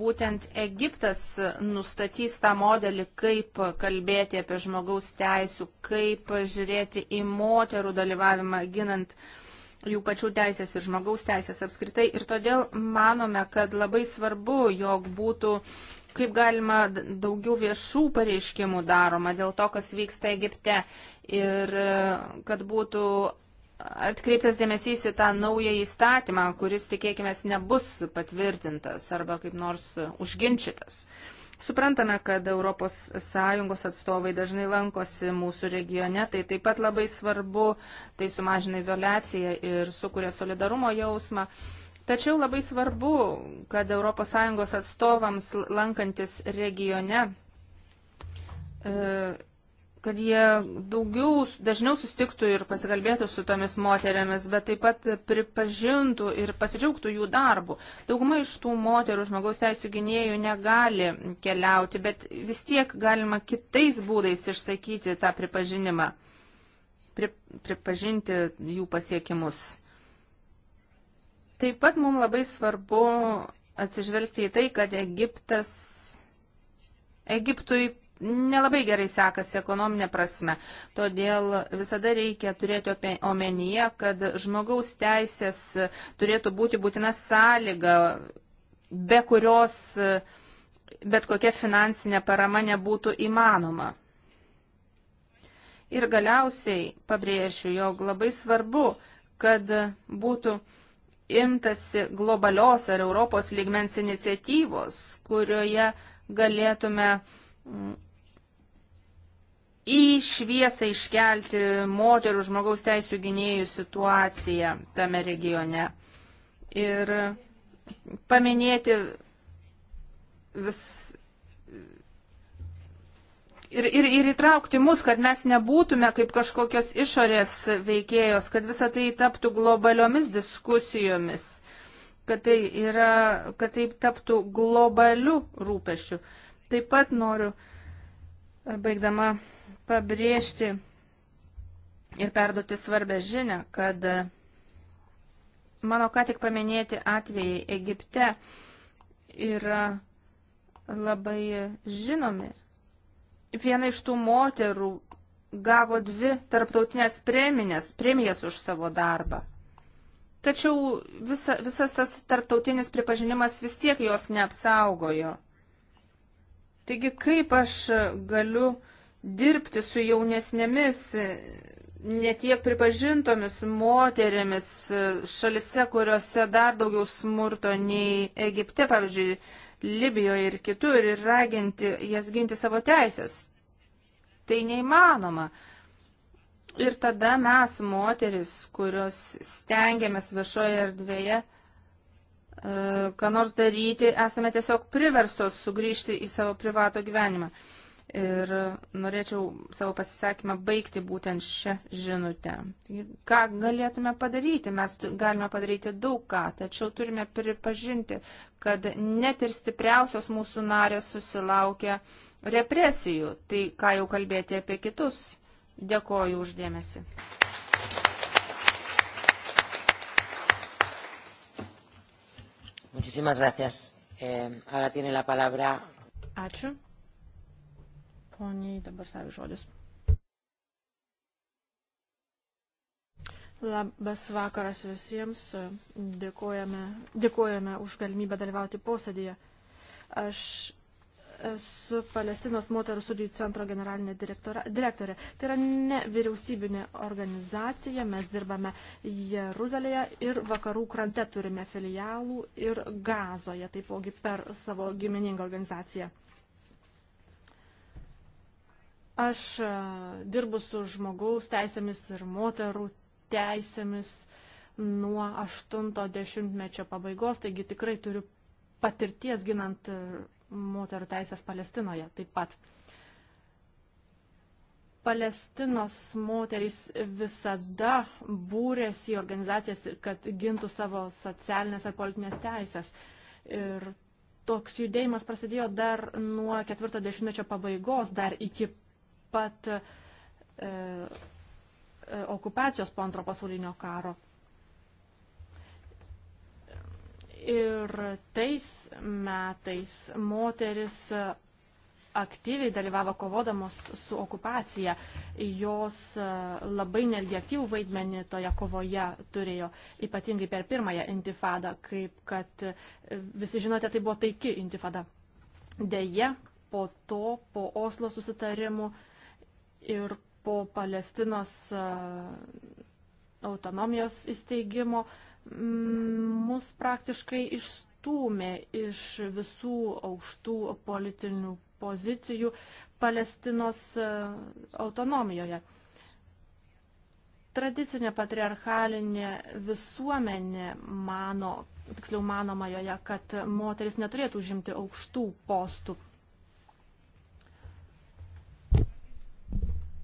būtent Egiptas nustatys tą modelį, kaip kalbėti apie žmogaus teisų, kaip žiūrėti į moterų dalyvavimą ginant jų pačių teisės ir žmogaus teisės apskritai. Ir todėl manome, kad labai svarbu, jog būtų kaip galima daugiau viešų pareiškimų daroma dėl to, kas vyksta Egipte ir kad būtų atkreiptas dėmesys į tą naują įstatymą, kuris tikėkime nebus patvirtintas arba kaip nors užginčytas. Suprantame, kad ES atstovai dažnai lankosi mūsų regione, tai taip pat labai svarbu, tai sumažina izolaciją ir sukuria solidarumo jausmą. Tačiau labai svarbu, kad ES atstovams lankantis regione e, kad jie daugiau, dažniau sustiktų ir pasikalbėtų su tomis moteriamis, bet taip pat pripažintų ir pasidžiaugtų jų darbu. Dauguma iš tų moterų žmogaus teisų gynėjų negali keliauti, bet vis tiek galima kitais būdais išsakyti tą pripažinimą, pri, pripažinti jų pasiekimus. Taip pat mums labai svarbu atsižvelgti į tai, kad Egiptas Egiptui nelabai gerai sekasi ekonominė prasme. Todėl visada reikia turėti omenyje, kad žmogaus teisės turėtų būti būtina sąlyga, be kurios bet kokia finansinė parama nebūtų įmanoma. Ir galiausiai pabrėšiu, jog labai svarbu, kad būtų imtasi globalios ar Europos lygmens iniciatyvos, kurioje galėtume į šviesą iškelti moterų žmogaus teisų gynėjų situaciją tame regione ir paminėti vis ir, ir, ir įtraukti mus, kad mes nebūtume kaip kažkokios išorės veikėjos, kad visa tai taptų globaliomis diskusijomis, kad tai, yra, kad tai taptų globaliu rūpešiu. Taip pat noriu, baigdama pabrėžti ir perduoti svarbę žinę, kad mano ką tik paminėti atvejai Egipte yra labai žinomi. Viena iš tų moterų gavo dvi tarptautinės premijas, premijas už savo darbą. Tačiau visa, visas tas tarptautinis pripažinimas vis tiek jos neapsaugojo. Taigi kaip aš galiu uh, dirbti su jaunesnėmis, netiek pripažintomis moterėmis šalise, kuriuose dar daugiau smurto nei Egipte, pavyzdžiui, Libijoje ir kitur, ir raginti jas ginti savo teisės. Tai neįmanoma. Ir tada mes, moteris, kurios stengiamės viešoje erdvėje, e, ką nors daryti, esame tiesiog priverstos sugrįžti į savo privato gyvenimą. Ir norėčiau savo pasisakymą baigti būtent šią žinutę. Ką galėtume padaryti? Mes galime padaryti daug ką, tačiau turime pripažinti, kad net ir stipriausios mūsų narės susilaukia represijų. Tai ką jau kalbėti apie kitus. Dėkoju uždėmesi. Muchísimas gracias. Eh, ahora tiene la palabra. Ačiū. Poniai dabar savi žodis. Labas vakaras visiems. Dėkojame, dėkojame už galimybę dalyvauti posėdėje. Aš esu Palestinos moterų studijų centro generalinė direktorė. Tai yra nevyriausybinė organizacija, mes dirbame Jeruzalėje ir vakarų krante turime filialų ir gazoje, taipogi per savo giminingą organizaciją. Aš e, dirbu su žmogaus teisėmis ir moterų teisėmis nuo 80-mečio pabaigos, taigi tikrai turiu patirties ginant e, moterų teisės Palestinoje taip pat. Palestinos moterys visada būrėsi į organizacijas, kad gintų savo socialinės ir politinės teisės. Ir toks judėjimas prasidėjo dar nuo ketvirto dešimtmečio pabaigos, dar iki pat e, e, okupacijos po antro pasaulinio karo. Ir tais metais moteris aktyviai dalyvavo kovodamos su okupacija. Jos e, labai netgi aktyvų vaidmenį toje kovoje turėjo, ypatingai per pirmąją intifadą, kaip kad e, visi žinote, tai buvo taiki intifada. Deja, po to, po Oslo susitarimų, uh, ir po Palestinos autonomijos įsteigimo mus praktiškai išstūmė iš visų aukštų politinių pozicijų Palestinos autonomijoje. Tradicinė patriarchalinė visuomenė mano, tiksliau manoma joje, kad moteris neturėtų užimti aukštų postų.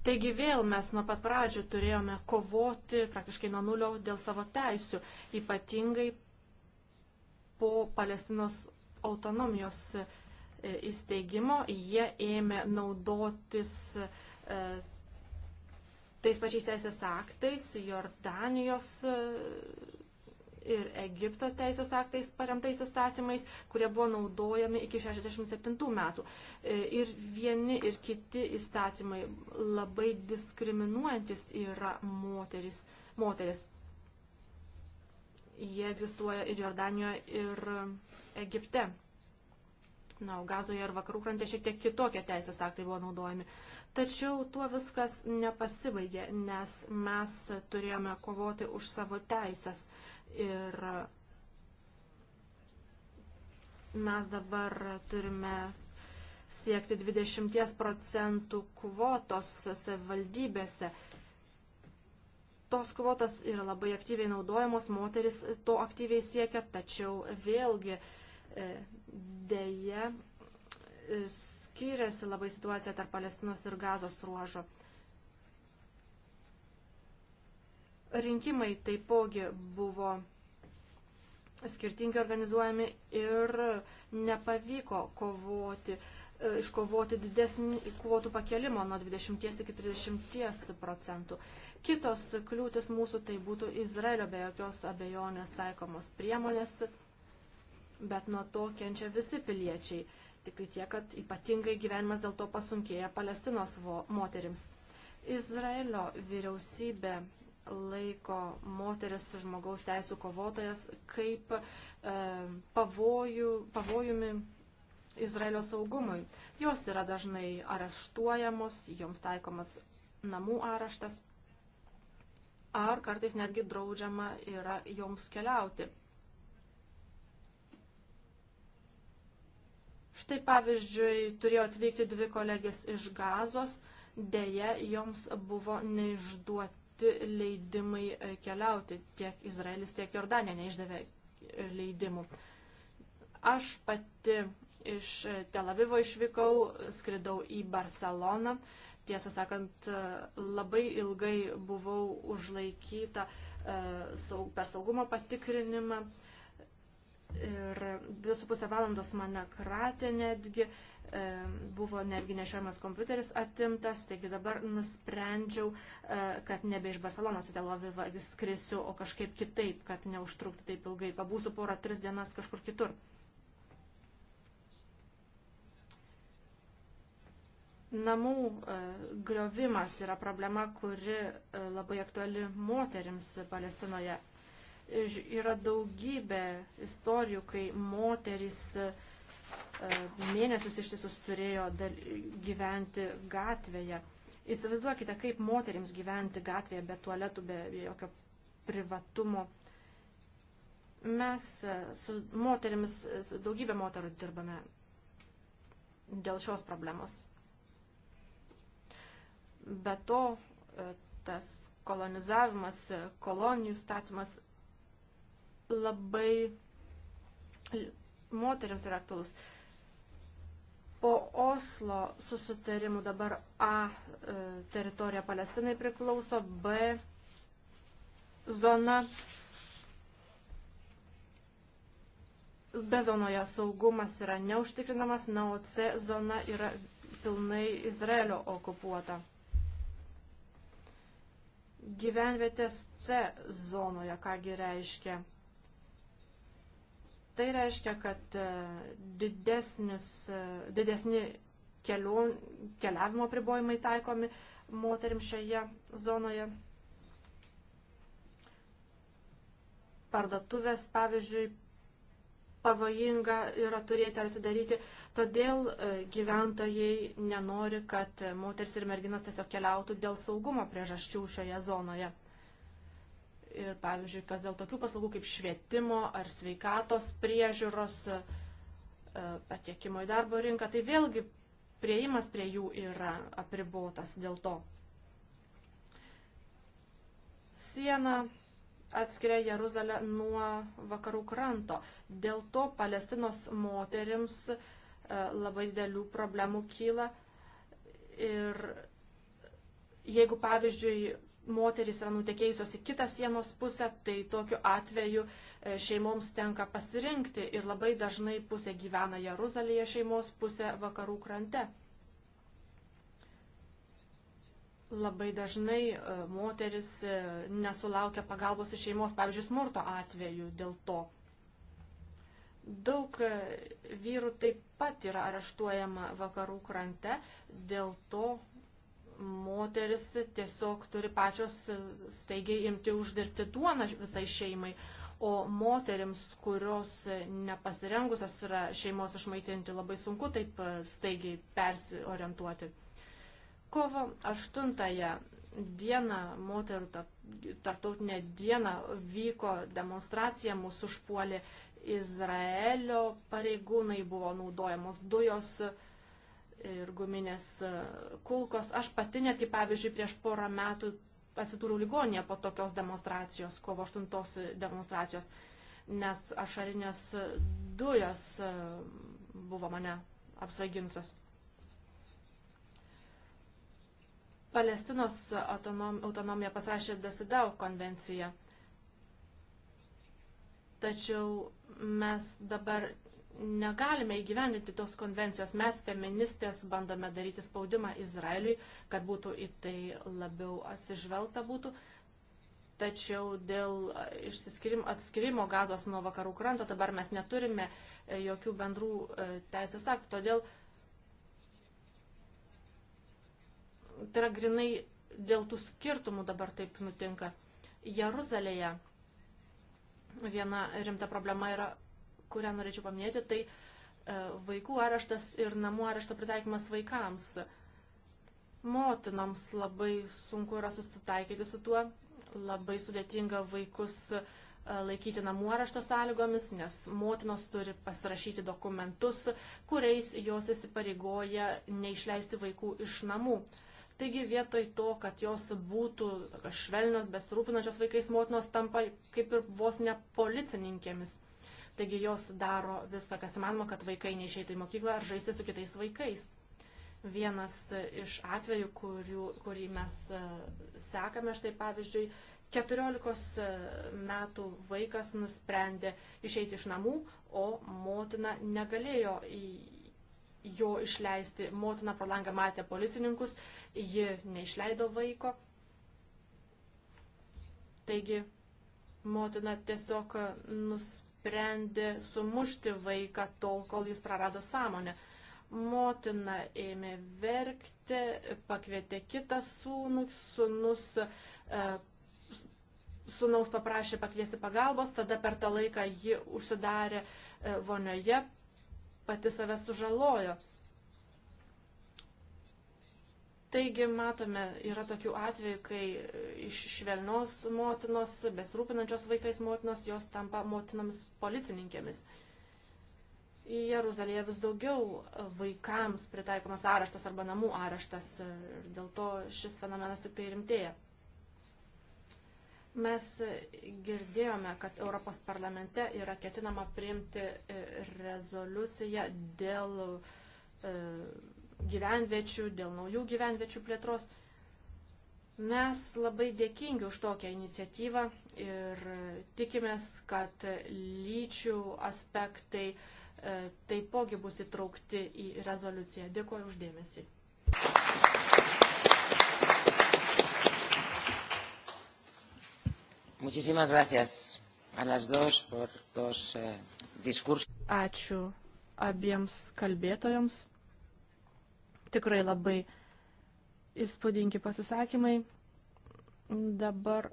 Taigi vėl mes nuo pat pradžių turėjome kovoti praktiškai nuo nulio dėl savo teisių, ypatingai po Palestinos autonomijos e, įsteigimo jie ėmė naudotis e, tais pačiais teisės aktais Jordanijos e, ir Egipto teisės aktais paremtais įstatymais, kurie buvo naudojami iki 67 metų. E, ir vieni ir kiti įstatymai labai diskriminuojantis yra moteris. moteris. Jie egzistuoja ir Jordanijoje, ir Egipte. Na, o gazoje ir vakarų krantė šiek tiek kitokie teisės aktai buvo naudojami. Tačiau tuo viskas nepasibaigė, nes mes turėjome kovoti už savo teisės. Ir mes dabar turime siekti 20 procentų kvotos savivaldybėse. Tos kvotos yra labai aktyviai naudojamos, moteris to aktyviai siekia, tačiau vėlgi e, dėje e, skiriasi labai situacija tarp Palestinos ir Gazos ruožo. Rinkimai taipogi buvo skirtingai organizuojami ir nepavyko kovoti, e, iškovoti didesnį kvotų pakelimo nuo 20 iki 30 procentų. Kitos kliūtis mūsų tai būtų Izraelio be jokios abejonės taikomos priemonės, bet nuo to kenčia visi piliečiai. Tik tai tiek, kad ypatingai gyvenimas dėl to pasunkėja Palestinos vo, moterims. Izraelio vyriausybė laiko moteris žmogaus teisų kovotojas kaip e, pavojų, pavojumi Izraelio saugumui. Jos yra dažnai areštuojamos, joms taikomas namų areštas ar kartais netgi draudžiama yra joms keliauti. Štai pavyzdžiui, turėjo atvykti dvi kolegės iš gazos, dėje joms buvo neišduoti išduoti leidimai e, keliauti. Tiek Izraelis, tiek Jordanija neišdavė e, leidimų. Aš pati iš e, Tel Avivo išvykau, skridau į Barceloną. Tiesą sakant, labai ilgai buvau užlaikyta per saugumo patikrinimą. Ir dvi su pusę valandos mane kratė netgi E, buvo netgi nešiojamas kompiuteris atimtas, taigi dabar nusprendžiau, e, kad nebe iš Barcelonos į Tel Avivą skrisiu, o kažkaip kitaip, kad neužtrukti taip ilgai. Pabūsiu porą, tris dienas kažkur kitur. Namų e, griovimas yra problema, kuri labai aktuali moterims Palestinoje. Yra daugybė istorijų, kai moteris uh, mėnesius ištisus turėjo gyventi gatvėje. Įsivaizduokite, kaip moterims gyventi gatvėje be tualetų, be jokio privatumo. Mes e, su moterimis, su e, daugybė moterų dirbame dėl šios problemos. Be to, e, tas kolonizavimas, kolonijų statymas labai moteriams yra aktualus. Po Oslo susitarimų dabar A e, teritorija Palestinai priklauso, B zona. B zonoje saugumas yra neužtikrinamas, na, o C zona yra pilnai Izraelio okupuota gyvenvietės C zonoje, kągi reiškia Tai reiškia, kad e, didesnis, e, didesni kelių, keliavimo pribojimai taikomi moterim šioje zonoje. Parduotuvės, pavyzdžiui, pavojinga yra turėti ar atidaryti, todėl e, gyventojai nenori, kad moteris ir merginos tiesiog keliautų dėl saugumo priežasčių šioje zonoje ir, pavyzdžiui, kas dėl tokių paslaugų kaip švietimo ar sveikatos priežiūros e, patiekimo į darbo rinką, tai vėlgi prieimas prie jų yra apribotas dėl to. Siena atskiria Jeruzalę nuo vakarų kranto. Dėl to Palestinos moterims e, labai dėlių problemų kyla. Ir jeigu, pavyzdžiui, moterys yra nutekėjusios į kitą sienos pusę, tai tokiu atveju e, šeimoms tenka pasirinkti ir labai dažnai pusė gyvena Jeruzalėje šeimos, pusė vakarų krante. Labai dažnai e, moteris e, nesulaukia pagalbos iš šeimos, pavyzdžiui, smurto atveju dėl to. Daug vyrų taip pat yra areštuojama vakarų krante dėl to, moteris tiesiog turi pačios staigiai imti uždirbti duoną visai šeimai. O moteriams, kurios nepasirengusios yra šeimos išmaitinti, labai sunku taip e, staigiai persiorientuoti. Kovo 8 dieną, moterų tarptautinę dieną, vyko demonstracija, mūsų užpuolė Izraelio pareigūnai, buvo naudojamos dujos, uh, ir guminės e, kulkos. Aš pati netgi, pavyzdžiui, prieš porą metų atsidūriau ligoninėje po tokios demonstracijos, kovo 8 demonstracijos, nes ašarinės dujos e, buvo mane apsvaiginusios. Palestinos autonomija pasirašė Dasidau konvenciją. Tačiau mes dabar negalime įgyvendinti tos konvencijos. Mes feministės bandome daryti spaudimą Izraeliui, kad būtų į tai labiau atsižvelgta būtų. Tačiau dėl atskirimo gazos nuo vakarų kranto dabar mes neturime e, jokių bendrų e, teisės aktų. Todėl tai yra grinai dėl tų skirtumų dabar taip nutinka. Jeruzalėje viena rimta problema yra kurią norėčiau paminėti, tai e, vaikų areštas ir namų arešto pritaikymas vaikams. Motinoms labai sunku yra susitaikyti su tuo, labai sudėtinga vaikus e, laikyti namų arešto sąlygomis, nes motinos turi pasirašyti dokumentus, kuriais jos įsipareigoja neišleisti vaikų iš namų. Taigi vietoj to, kad jos būtų švelnios, besirūpinančios vaikais motinos, tampa kaip ir vos ne policininkėmis. Taigi jos daro viską, kas įmanoma, kad vaikai neišeitų į mokyklą ar žaisti su kitais vaikais. Vienas iš atvejų, kurių, kurį mes e, sekame, štai pavyzdžiui, 14 e, metų vaikas nusprendė išeiti iš namų, o motina negalėjo į jo išleisti. Motina pro langą matė policininkus, ji neišleido vaiko. Taigi motina tiesiog e, nusprendė nusprendė sumušti vaiką tol, kol jis prarado sąmonę. Motina ėmė verkti, pakvietė kitą sūnų, sūnus e, sūnaus paprašė pakviesti pagalbos, tada per tą laiką ji užsidarė e, vonioje, pati save sužalojo. Taigi matome, yra tokių atvejų, kai iš švelnios motinos, besirūpinančios vaikais motinos, jos tampa motinams policininkėmis. Į Jeruzalėje vis daugiau vaikams pritaikomas areštas arba namų areštas ir dėl to šis fenomenas tik tai rimtėja. Mes girdėjome, kad Europos parlamente yra ketinama priimti e, rezoliuciją dėl e, gyvenviečių, dėl naujų gyvenviečių plėtros. Mes labai dėkingi už tokią iniciatyvą ir tikimės, kad lyčių aspektai e, taipogi bus įtraukti į rezoliuciją. Dėkuoju uždėmesi. Muchísimas gracias a las dos por los eh, discursos. Ačiū abiems kalbėtojams. Tikrai labai įspūdingi pasisakymai. Dabar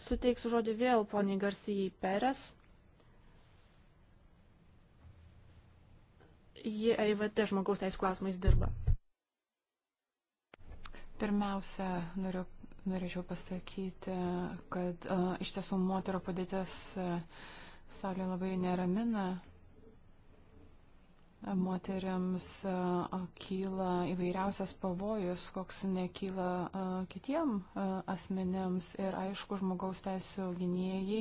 suteiksiu žodį vėl poniai Garsijai Peres. Ji EIVT žmogaus teisų klausimais dirba. Pirmiausia, noriu, norėčiau pasakyti, kad uh, iš tiesų moterio padėtis uh, saulė labai neramina moteriams kyla įvairiausias pavojus, koks nekyla kitiem asmenėms. Ir aišku, žmogaus teisų gynėjai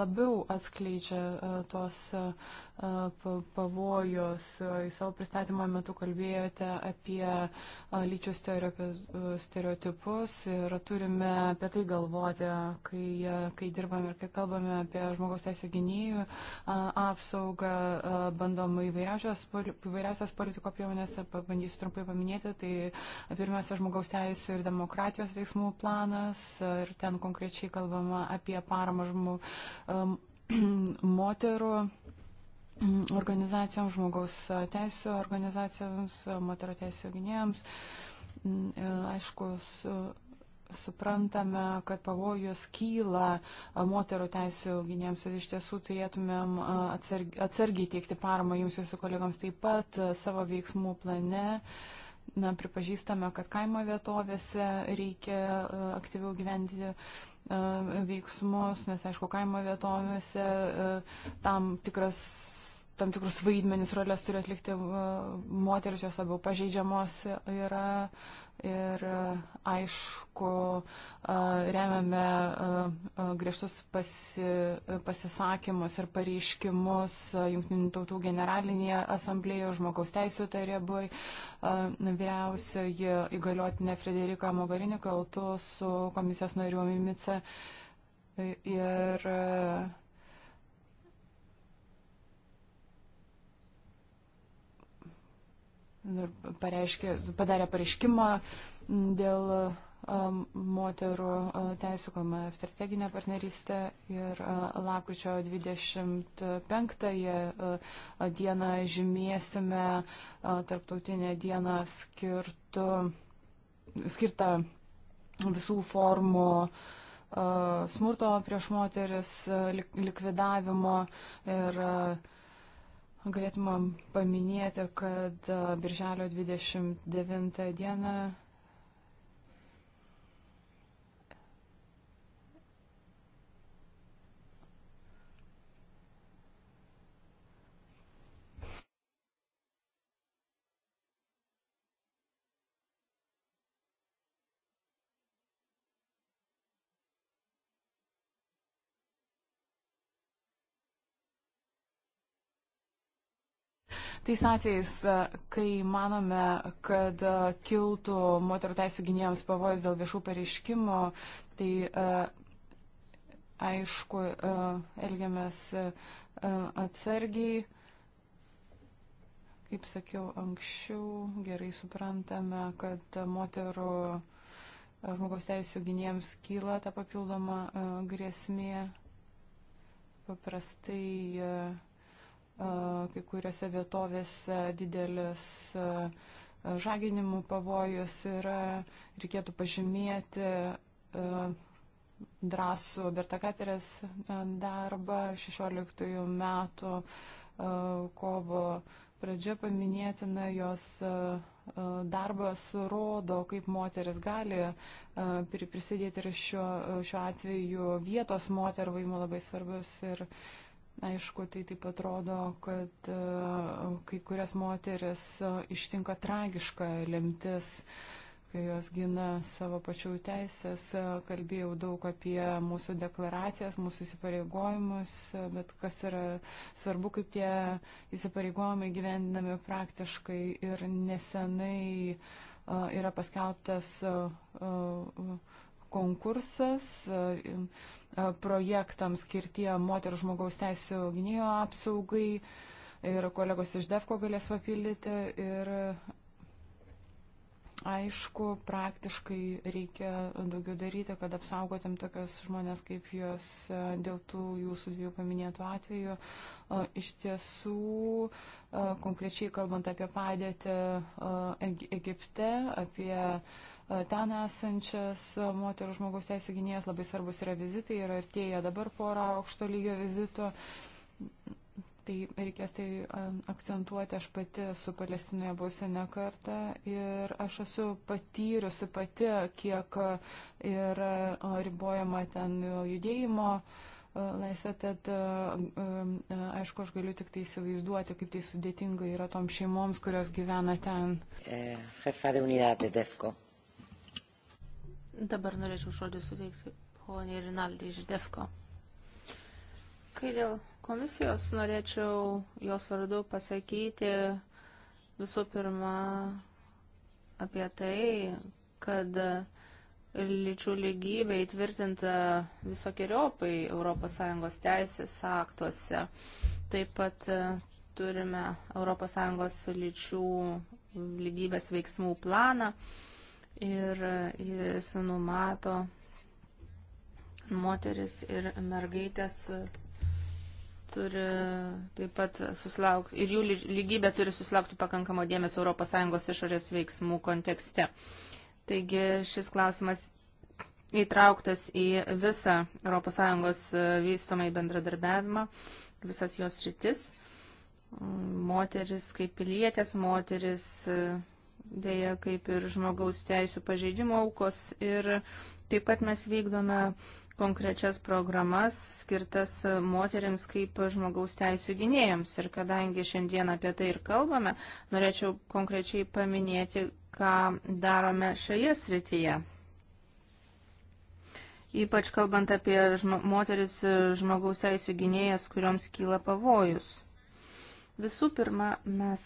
labiau atskleidžia tuos pavojus. Į savo pristatymo metu kalbėjote apie lyčių stereotipus ir turime apie tai galvoti, kai, kai dirbame ir kai kalbame apie žmogaus teisų gynėjų apsaugą, bandom įvairiausias, įvairiausias politiko priemonės, pabandysiu trumpai paminėti, tai pirmiausia žmogaus teisų ir demokratijos veiksmų planas ir ten konkrečiai kalbama apie paramą žmonių moterų Mm, organizacijoms, žmogaus teisų organizacijoms, moterų teisų gynėjams. Mm, e, aišku, su, suprantame, kad pavojus kyla e, moterų teisų gynėjams ir iš tiesų turėtumėm e, atsargiai, atsargiai teikti paramą jums jūsų kolegams taip pat savo veiksmų plane. Na, pripažįstame, kad kaimo vietovėse reikia aktyviau gyventi veiksmus, nes aišku, kaimo vietovėse tam tikras tam tikrus vaidmenis, rolės turi atlikti e, moteris, jos labiau pažeidžiamos yra. Ir e, aišku, e, remiame griežtus pasi, pasisakymus ir pareiškimus Junktinių tautų generalinėje asamblėje, žmogaus teisų tarybai, vyriausioji įgaliotinė Frederika Mogarinė kaltu su komisijos nariu Mimice. Ir pareiškė, padarė pareiškimą dėl moterų teisų, kalbama strateginė partnerystė ir lakryčio 25 dieną žymėsime tarptautinę dieną skirtų, skirtą visų formų smurto prieš moteris likvidavimo ir uh, Galėtumėm paminėti, kad birželio 29 dieną Tais atvejais, e, kai manome, kad e, kiltų moterų teisų gynėjams pavojus dėl viešų pareiškimų, tai e, aišku, elgiamės atsargiai. Kaip sakiau anksčiau, gerai suprantame, kad moterų žmogaus teisų gynėjams kyla ta papildoma grėsmė. Paprastai uh, kai kuriuose vietovėse didelis žaginimų pavojus yra, reikėtų pažymėti drąsų Bertakaterės darbą 16 metų kovo pradžia paminėtina, jos darbas rodo, kaip moteris gali prisidėti ir šiuo, šiuo atveju vietos motervaimo labai svarbus ir, uh, Aišku, tai taip atrodo, kad e, kai kurias moteris e, ištinka tragiška lemtis, kai jos gina savo pačių teisės. E, kalbėjau daug apie mūsų deklaracijas, mūsų įsipareigojimus, bet kas yra svarbu, kaip tie įsipareigojimai gyvendinami praktiškai ir nesenai yra paskelbtas konkursas e, e, projektams skirtie moterų žmogaus teisų gynėjo apsaugai ir kolegos iš DEFCO galės papildyti ir aišku, praktiškai reikia daugiau daryti, kad apsaugotum tokios žmonės kaip jos e, dėl tų jūsų dviejų paminėtų atvejų. Iš tiesų, konkrečiai kalbant apie padėtį Egipte, apie E, ten esančias moterų žmogaus teisų gynėjas. Labai svarbus yra vizitai ir artėja dabar pora aukšto lygio vizitų. Tai reikės tai e, akcentuoti, aš pati su Palestinoje buvusi ne kartą ir aš esu patyrusi pati, kiek yra e, ribojama ten judėjimo laisvė, tad aišku, aš galiu tik tai įsivaizduoti, kaip tai sudėtinga yra tom šeimoms, kurios gyvena ten. Jefa de unidad de DEFCO. Dabar norėčiau žodį suteikti poniai Rinaldį iš DEFCO. Kai dėl komisijos norėčiau jos vardu pasakyti visų pirma apie tai, kad lyčių lygybė įtvirtinta visokiojopai ES teisės aktuose. Taip pat e, turime ES lyčių lygybės veiksmų planą ir jis numato moteris ir mergaitės turi taip pat susilaukti, ir jų lygybė turi susilaukti pakankamo dėmesio ES išorės veiksmų kontekste. Taigi šis klausimas įtrauktas į visą ES vystomai bendradarbiavimą, visas jos rytis. Moteris kaip pilietės, moteris dėja kaip ir žmogaus teisų pažeidimo aukos. Ir taip pat mes vykdome konkrečias programas skirtas moteriams kaip žmogaus teisų gynėjams. Ir kadangi šiandien apie tai ir kalbame, norėčiau konkrečiai paminėti, ką darome šioje srityje. Ypač kalbant apie žmo moteris žmogaus teisų gynėjas, kuriuoms kyla pavojus. Visų pirma, mes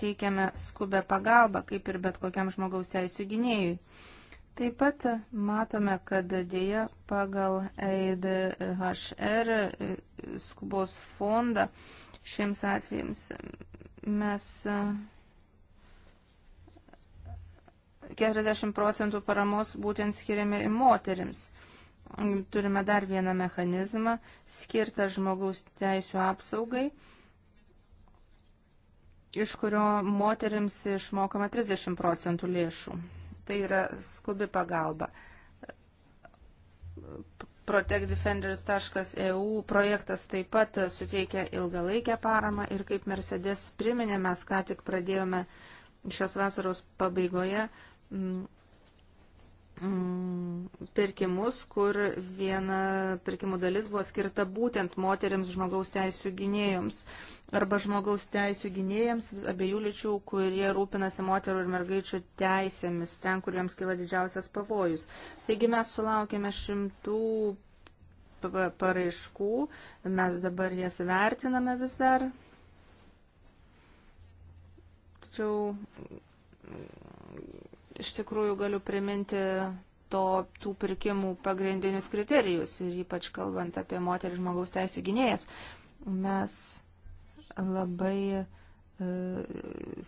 teikiame skubę pagalbą, kaip ir bet kokiam žmogaus teisų gynėjui. Taip pat matome, kad dėja pagal EIDHR e, skubos fondą šiems atvejams mes 40 e, procentų paramos būtent skiriame moterims. Turime dar vieną mechanizmą skirtą žmogaus teisų apsaugai iš kurio moteriams išmokama 30 procentų lėšų. Tai yra skubi pagalba. ProtectDefenders.eu projektas taip pat suteikia ilgalaikę paramą ir kaip Mercedes priminė, mes ką tik pradėjome šios vasaros pabaigoje Mm, pirkimus, kur viena pirkimų dalis buvo skirta būtent moteriams žmogaus teisų gynėjoms arba žmogaus teisų gynėjams abiejų lyčių, kurie rūpinasi moterų ir mergaičių teisėmis, ten, kur joms kyla didžiausias pavojus. Taigi mes sulaukėme šimtų paraiškų, mes dabar jas vertiname vis dar. Tačiau iš tikrųjų galiu priminti to, tų pirkimų pagrindinius kriterijus ir ypač kalbant apie moterį žmogaus teisų gynėjas. Mes labai e,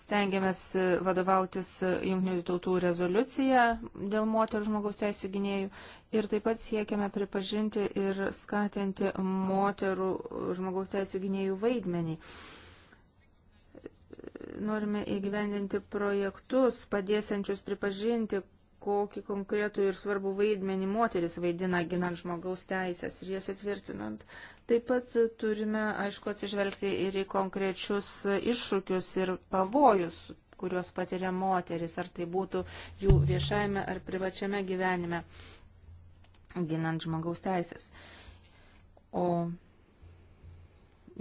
stengiamės vadovautis Junktinių tautų rezoliuciją dėl moterų žmogaus teisų gynėjų ir taip pat siekiame pripažinti ir skatinti moterų žmogaus teisų gynėjų vaidmenį. Uh, norime įgyvendinti projektus, padėsiančius pripažinti, kokį konkretų ir svarbų vaidmenį moteris vaidina ginant žmogaus teisės ir jas atvirtinant. Taip pat turime, aišku, atsižvelgti ir į konkrečius iššūkius ir pavojus, kuriuos patiria moteris, ar tai būtų jų viešajame ar privačiame gyvenime, ginant žmogaus teisės. O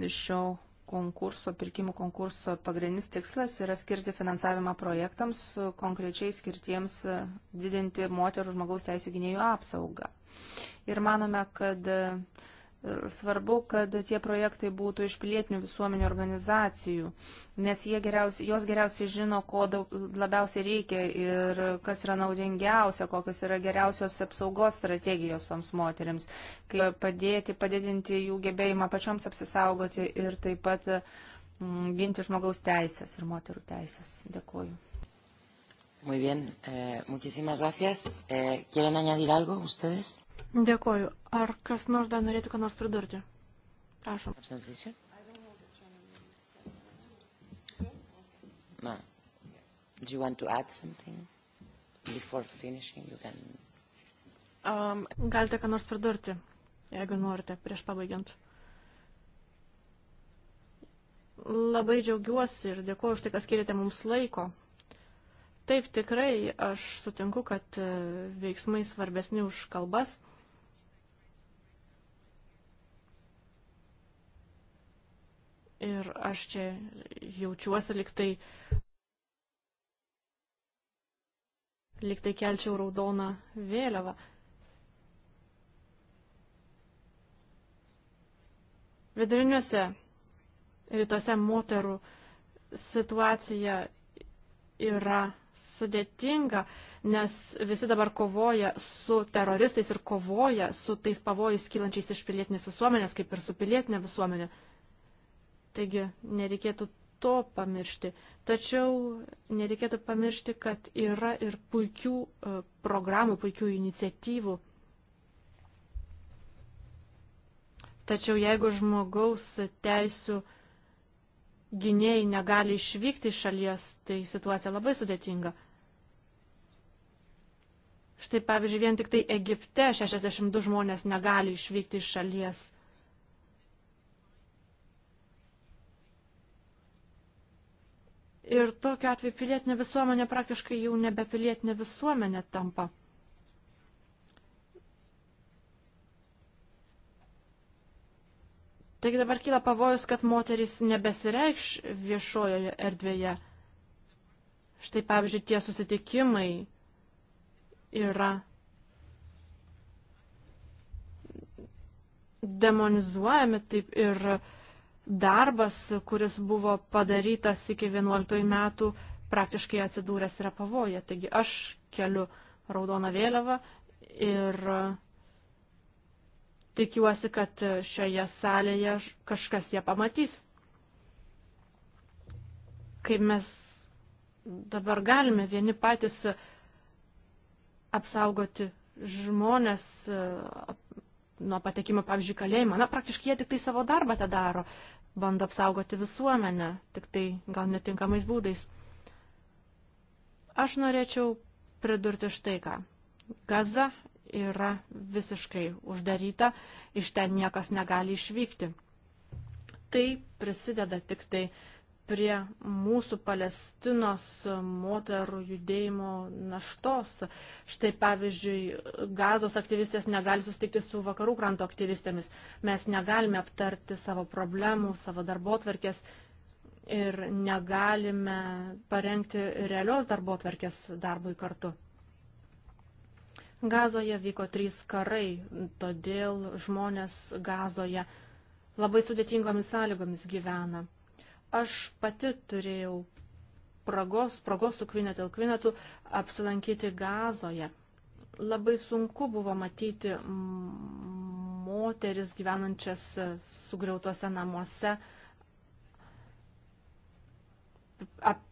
šio konkurso, pirkimų konkurso pagrindinis tikslas yra skirti finansavimą projektams konkrečiai skirtiems didinti moterų žmogaus teisų gynėjų apsaugą. Ir manome, kad Svarbu, kad tie projektai būtų iš pilietinių visuomenių organizacijų, nes geriausiai, jos geriausiai žino, ko daug, labiausiai reikia ir kas yra naudingiausia, kokios yra geriausios apsaugos strategijos toms moteriams, kaip padėti, padidinti jų gebėjimą pačioms apsisaugoti ir taip pat mm, ginti žmogaus teisės ir moterų teisės. Dėkuoju. Muy bien, eh, muchísimas gracias. Eh, ¿Quieren añadir algo ustedes? Dėkoju. Ar kas nors dar norėtų ką nors pridurti? Prašom. Ma, do you want to add something before finishing? You can. Um, Galite ką nors pridurti, jeigu norite, prieš pabaigiant. Labai džiaugiuosi ir dėkuoju už tai, kas skirite mums laiko. Taip, tikrai aš sutinku, kad e, veiksmai svarbesni už kalbas. Ir aš čia jaučiuosi liktai, liktai kelčiau raudoną vėliavą. Viduriniuose rytuose moterų situacija yra sudėtinga, nes visi dabar kovoja su teroristais ir kovoja su tais pavojais kylančiais iš pilietinės visuomenės, kaip ir su pilietinė visuomenė. Taigi nereikėtų to pamiršti. Tačiau nereikėtų pamiršti, kad yra ir puikių e, programų, puikių iniciatyvų. Tačiau jeigu žmogaus teisų uh, gynėjai negali išvykti iš šalies, tai situacija labai sudėtinga. Štai pavyzdžiui, vien tik tai Egipte 62 žmonės negali išvykti iš šalies. Ir tokiu atveju pilietinė visuomenė praktiškai jau nebe pilietinė visuomenė tampa. Taigi dabar kyla pavojus, kad moterys nebesireikš viešojoje erdvėje. Štai pavyzdžiui, tie susitikimai yra demonizuojami taip ir darbas, kuris buvo padarytas iki 11 metų, praktiškai atsidūręs yra pavoje. Taigi aš keliu raudoną vėliavą ir Tikiuosi, kad šioje salėje kažkas ją pamatys. Kaip mes dabar galime vieni patys apsaugoti žmonės e, nuo patekimo, pavyzdžiui, kalėjimą. Na, praktiškai jie tik tai savo darbą tą daro, bando apsaugoti visuomenę, tik tai gal netinkamais būdais. Aš norėčiau pridurti štai ką. Gaza yra visiškai uždaryta, iš ten niekas negali išvykti. Tai prisideda tik tai prie mūsų Palestinos moterų judėjimo naštos. Štai pavyzdžiui, gazos aktyvistės negali sustikti su vakarų kranto aktyvistėmis. Mes negalime aptarti savo problemų, savo darbo tvarkės ir negalime parengti realios darbo tvarkės darbui kartu. Gazoje vyko trys karai, todėl žmonės Gazoje labai sudėtingomis sąlygomis gyvena. Aš pati turėjau pragos, pragos su Kvinetu ir Kvinetu apsilankyti Gazoje. Labai sunku buvo matyti moteris gyvenančias sugriautuose namuose. Ap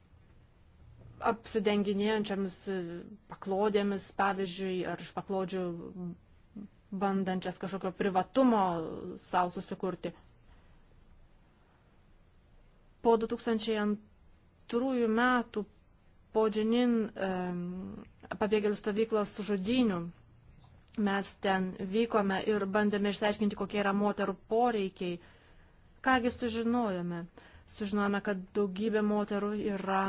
apsidenginėjančiamis paklodėmis, pavyzdžiui, ar iš paklodžių bandančias kažkokio privatumo savo susikurti. Po 2002 metų po Džinin e, pabėgėlių stovyklos žudynių mes ten vykome ir bandėme išsiaiškinti, kokie yra moterų poreikiai. Kągi sužinojome? Sužinojome, kad daugybė moterų yra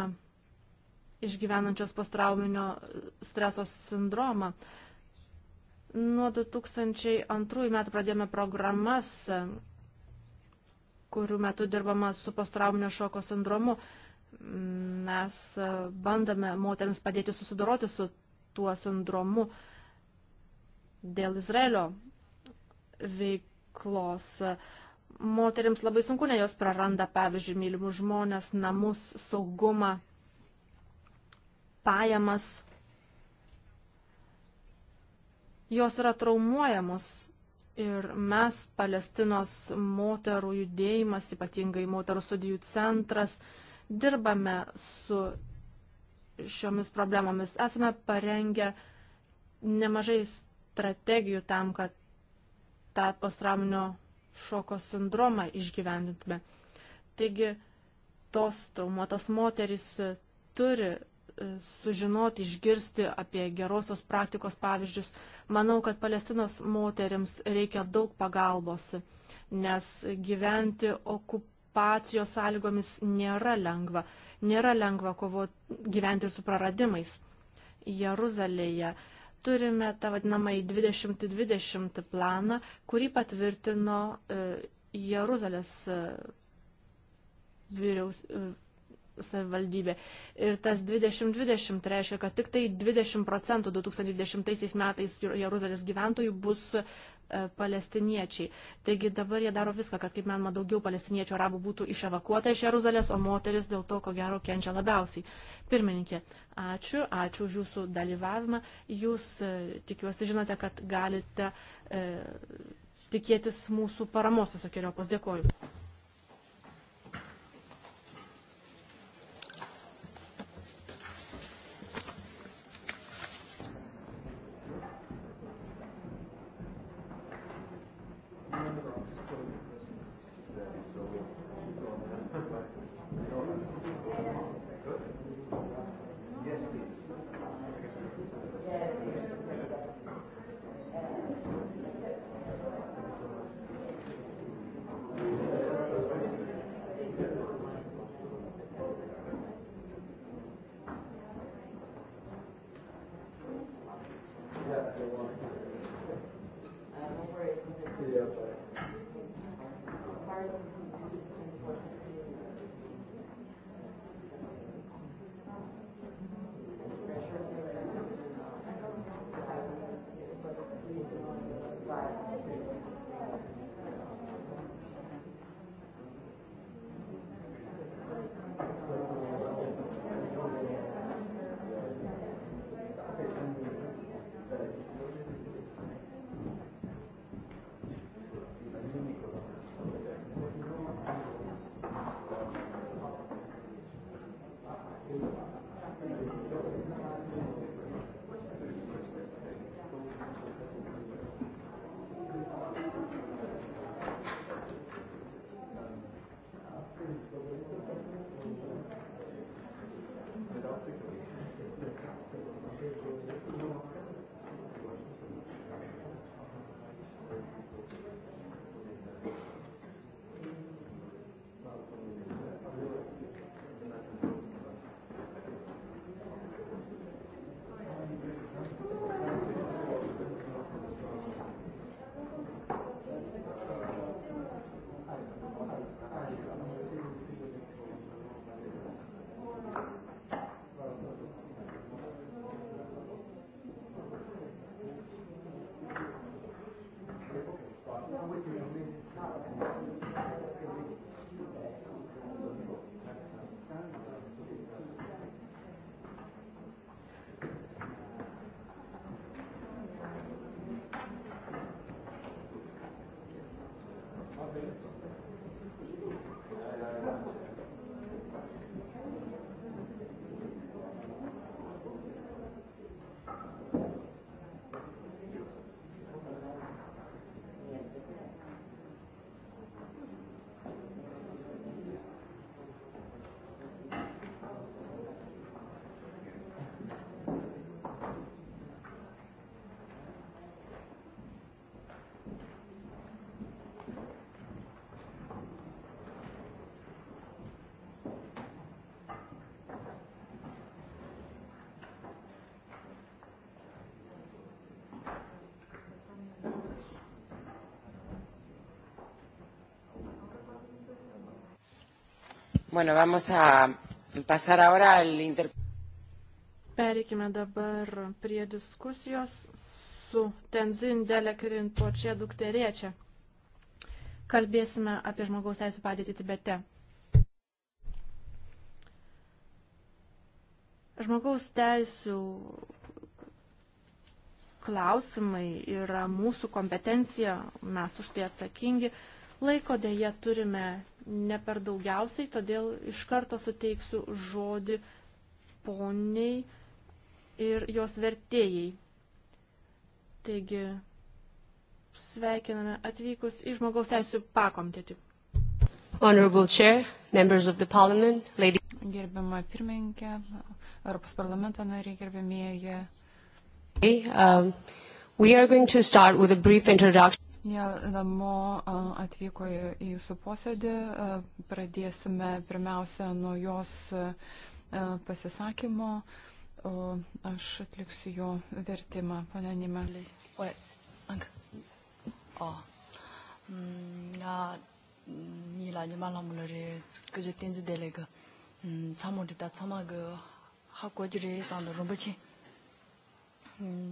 išgyvenančios postrauminio streso sindromą. Nuo 2002 metų pradėjome programas, kurių metu dirbama su postrauminio šoko sindromu. Mes bandome moteriams padėti susidoroti su tuo sindromu dėl Izraelio veiklos. Moteriams labai sunku, nes jos praranda, pavyzdžiui, mylimus žmonės, namus, saugumą pajamas. Jos yra traumuojamos ir mes, Palestinos moterų judėjimas, ypatingai moterų studijų centras, dirbame su šiomis problemomis. Esame parengę nemažai strategijų tam, kad tą postrauminio šoko sindromą išgyvendintume. Taigi, tos traumuotos moterys turi E, sužinoti, išgirsti apie gerosios praktikos pavyzdžius. Manau, kad Palestinos moteriams reikia daug pagalbos, nes gyventi okupacijos sąlygomis nėra lengva. Nėra lengva kovo gyventi su praradimais. Jeruzalėje turime tą vadinamąjį 2020 planą, kurį patvirtino e, Jeruzalės e, vyriaus, savivaldybė. Ir tas 2020 reiškia, kad tik tai 20 procentų 2020 metais Jeruzalės gyventojų bus e, palestiniečiai. Taigi dabar jie daro viską, kad kaip manoma daugiau palestiniečių arabų būtų iševakuota iš Jeruzalės, o moteris dėl to, ko gero, kenčia labiausiai. Pirmininkė, ačiū, ačiū už jūsų dalyvavimą. Jūs, e, tikiuosi, žinote, kad galite e, tikėtis mūsų paramos visokiojopos. Dėkoju. Bueno, vamos a pasar ahora al inter... Pereikime dabar prie diskusijos su Tenzin Delekrin Počia dukterėčia. Kalbėsime apie žmogaus teisų padėtį Tibete. Žmogaus teisų klausimai yra mūsų kompetencija, mes už tai atsakingi. Laiko dėje turime ne per daugiausiai, todėl iš karto suteiksiu žodį poniai ir jos vertėjai. Taigi, sveikiname atvykus į žmogaus teisų pakomitetį. Honorable Chair, members of the Parliament, ladies. Gerbiama pirmininkė, Europos parlamento nariai, gerbėmėje. Okay, um, we are going to start with a brief introduction. Jie namo atvyko į jūsų posėdį. Pradėsime pirmiausia nuo jos pasisakymo. Aš atliksiu jo vertimą, pane Nime.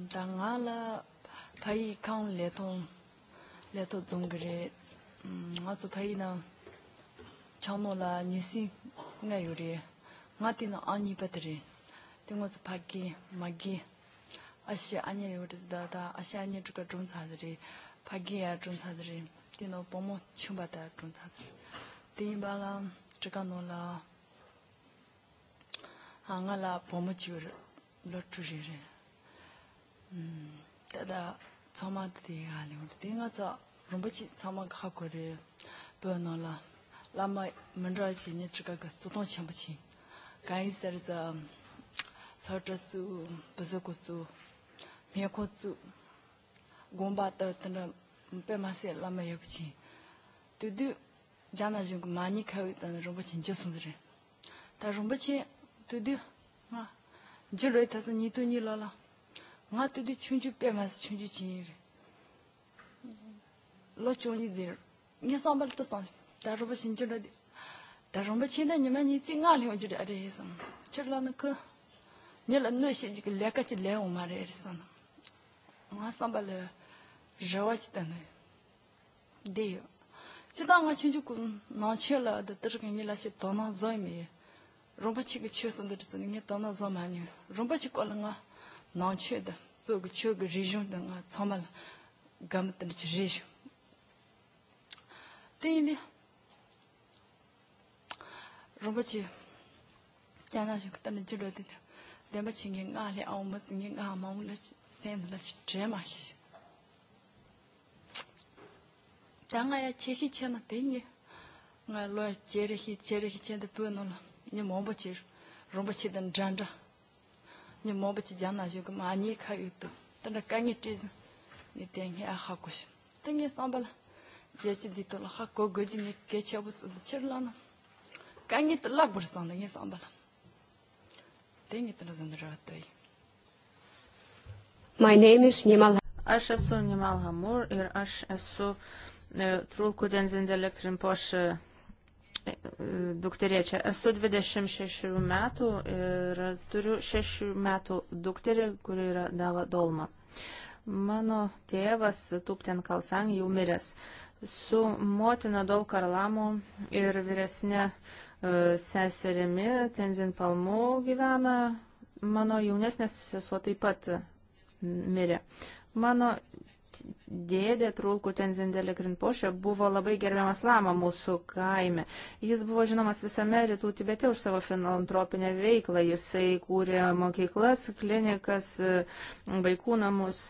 Tangala pai kang le tong leto dzungre mm, nga tsu phayi na chano la nisi nga yore nga ti na ani patri ti nga tsu phagi magi ashi anya yore da da ashi anya tuka chung sa dre phagi ya chung sa dre ti no pomo chung ba da chung sa dre ti ba la chika no la nga la pomo chu lo chu re re tada tsama di gali wadi. Di nga tsa rumbachi tsama kha kore pyo no la lama mandra chi nye chiga ka tsutong chenpa chi. Kanyi sar za lhata tsu, bazo ko tsu, miya ko tsu, gomba ta tanda mpe ma se lama yepa chi. Tudu jana zhungu mani kawi tanda rumbachi nje sunzire. Ta rumbachi tudu jiroy tasa nitu nila la Muhattidi çüncü bemez çüncü çiğir. Lo çoğunyi zir. Nye sambal tasan. Darıba şincir adi. Darıba çiğne nime nyi zi nga liyo jiri adi yesan. Çırlanı kı. Nye la nö şi jiki leka çi leyo umar erisan. Nga sambal rawa çi tanı. Deyo. Чида nga chunju ku nanche la da tirka nyi la chi tona zoi mi. Rumba chi ki chusan dirisa nyi tona zoi ma nyi. Rumba chi kola nga nāngchū dā pūg chū gā rīshū dā ngā tsāma lā gāma dā chī rīshū. Tīndi rōmba chī jānā shū kā tāna jirō dā dēmba chī ngī ngā lī āo mā sī ngī ngā mā ngū lā sēn lā chī chē mā xī. Tā ngā yā chē xī chē na tīngi ngā lō yā chē rī xī chē rī xī chē dā pū nō lā ngī mōmba chī rōmba chī dā ndrāndā ni mo ba chi jan na ju ma ni kha yu tu ta na ka ni ti ni te ngi a kha ku shi ta ni sa ba la je chi di to la kha ko go ji ni ke che bu tsu chi la na ka ni to la bur sa na ni sa ba la te ni ta zan ra ta yi My name is Nimal. Aš esu Nimal Hamur ir aš esu e, Trulkudens Indelekt Rinpoche dukterėčia. Esu 26 metų ir turiu 6 metų dukterį, kuri yra Dava Dolma. Mano tėvas Tupten Kalsang jau miręs. Su motina Dol Karlamu ir vyresne e, seserimi Tenzin Palmu gyvena. Mano jaunesnės sesuo taip pat mirė. Mano dėdė Trulku Tenzindelė Grinpošė buvo labai gerbiamas lama mūsų kaime. Jis buvo žinomas visame rytų Tibete už savo filantropinę veiklą. Jisai kūrė mokyklas, klinikas, vaikų namus.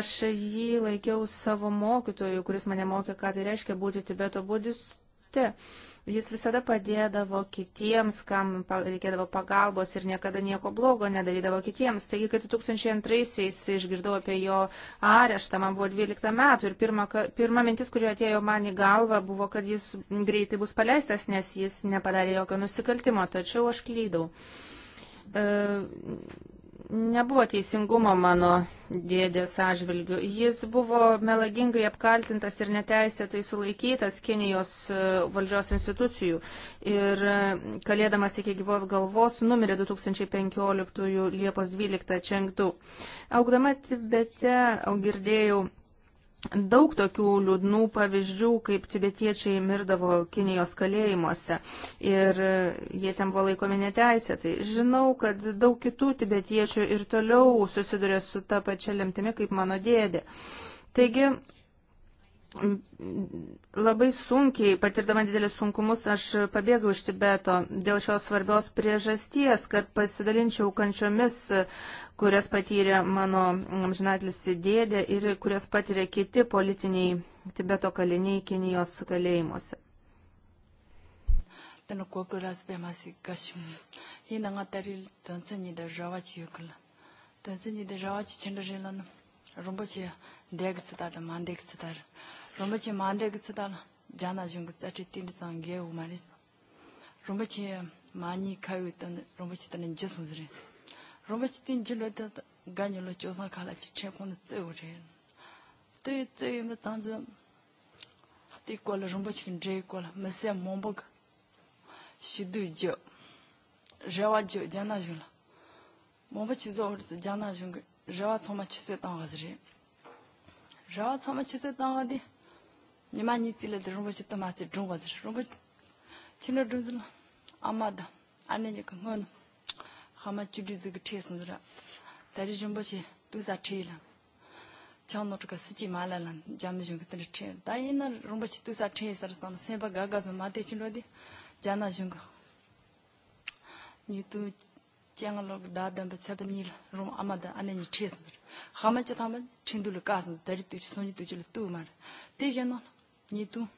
Aš jį laikiau savo mokytoju, kuris mane mokė, ką tai reiškia būti Tibeto budistu rate. Jis visada padėdavo kitiems, kam reikėdavo pagalbos ir niekada nieko blogo nedarydavo kitiems. Taigi, kai 2002-aisiais išgirdau apie jo areštą, man buvo 12 metų ir pirma, pirma mintis, kuri atėjo man į galvą, buvo, kad jis greitai bus paleistas, nes jis nepadarė jokio nusikaltimo, tačiau aš klydau. E, nebuvo teisingumo mano dėdės atžvilgių. Jis buvo melagingai apkaltintas ir neteisėtai sulaikytas Kinijos e, valdžios institucijų ir e, kalėdamas iki gyvos galvos numirė 2015 Liepos 12 Čengdu. Augdama Tibete girdėjau daug tokių liūdnų pavyzdžių, kaip tibetiečiai mirdavo Kinijos kalėjimuose ir jie ten buvo laikomi neteisėtai. Tai žinau, kad daug kitų tibetiečių ir toliau susiduria su ta pačia lemtimi kaip mano dėdė. Taigi Labai sunkiai, patirdama didelis sunkumus, aš pabėgau iš Tibeto dėl šios svarbios priežasties, kad pasidalinčiau kančiomis, kurias patyrė mano amžinatlis dėdė ir kurias patyrė kiti politiniai Tibeto kaliniai Kinijos kalėjimuose. Rumbučiai dėgti tada, man dėgti tada. 롬바치 만데 그스다 자나 중급 자치 띠리상 게 우마리스 롬바치 많이 가요 있던 롬바치 때는 저손스레 롬바치 띠 질러다 간열로 조상 칼아치 체콘 쯔오레 때 쯔에 뭐 장자 띠 꼴로 롬바치 제 꼴로 메세 몽복 시두죠 ᱡᱟᱣᱟᱡᱚ ᱡᱟᱱᱟᱡᱩᱞᱟ ᱢᱚᱵᱟᱪᱤ ᱡᱚᱨᱥ ᱡᱟᱱᱟᱡᱩᱝ ᱡᱟᱣᱟ ᱥᱚᱢᱟᱪᱤᱥᱮ ᱛᱟᱣᱟᱡᱨᱮ ᱡᱟᱣᱟ ᱥᱚᱢᱟᱪᱤᱥᱮ ᱛᱟᱣᱟᱫᱤ 你妈你进来的中国去他妈去中国去中国，去了中国了，阿妈的，俺那就看看，他妈就这个车送的，在这中国去都啥车了，像那这个司机买来了，咱们就给他的车，但因那中国去都啥车啥的，三八嘎嘎是买的去了的，咱那就个，你都讲了个大单不差不你了，中阿妈的，俺那你车送的，他们叫他们成都的嘎送，在这都去送你都去了都买了，这些呢。nidu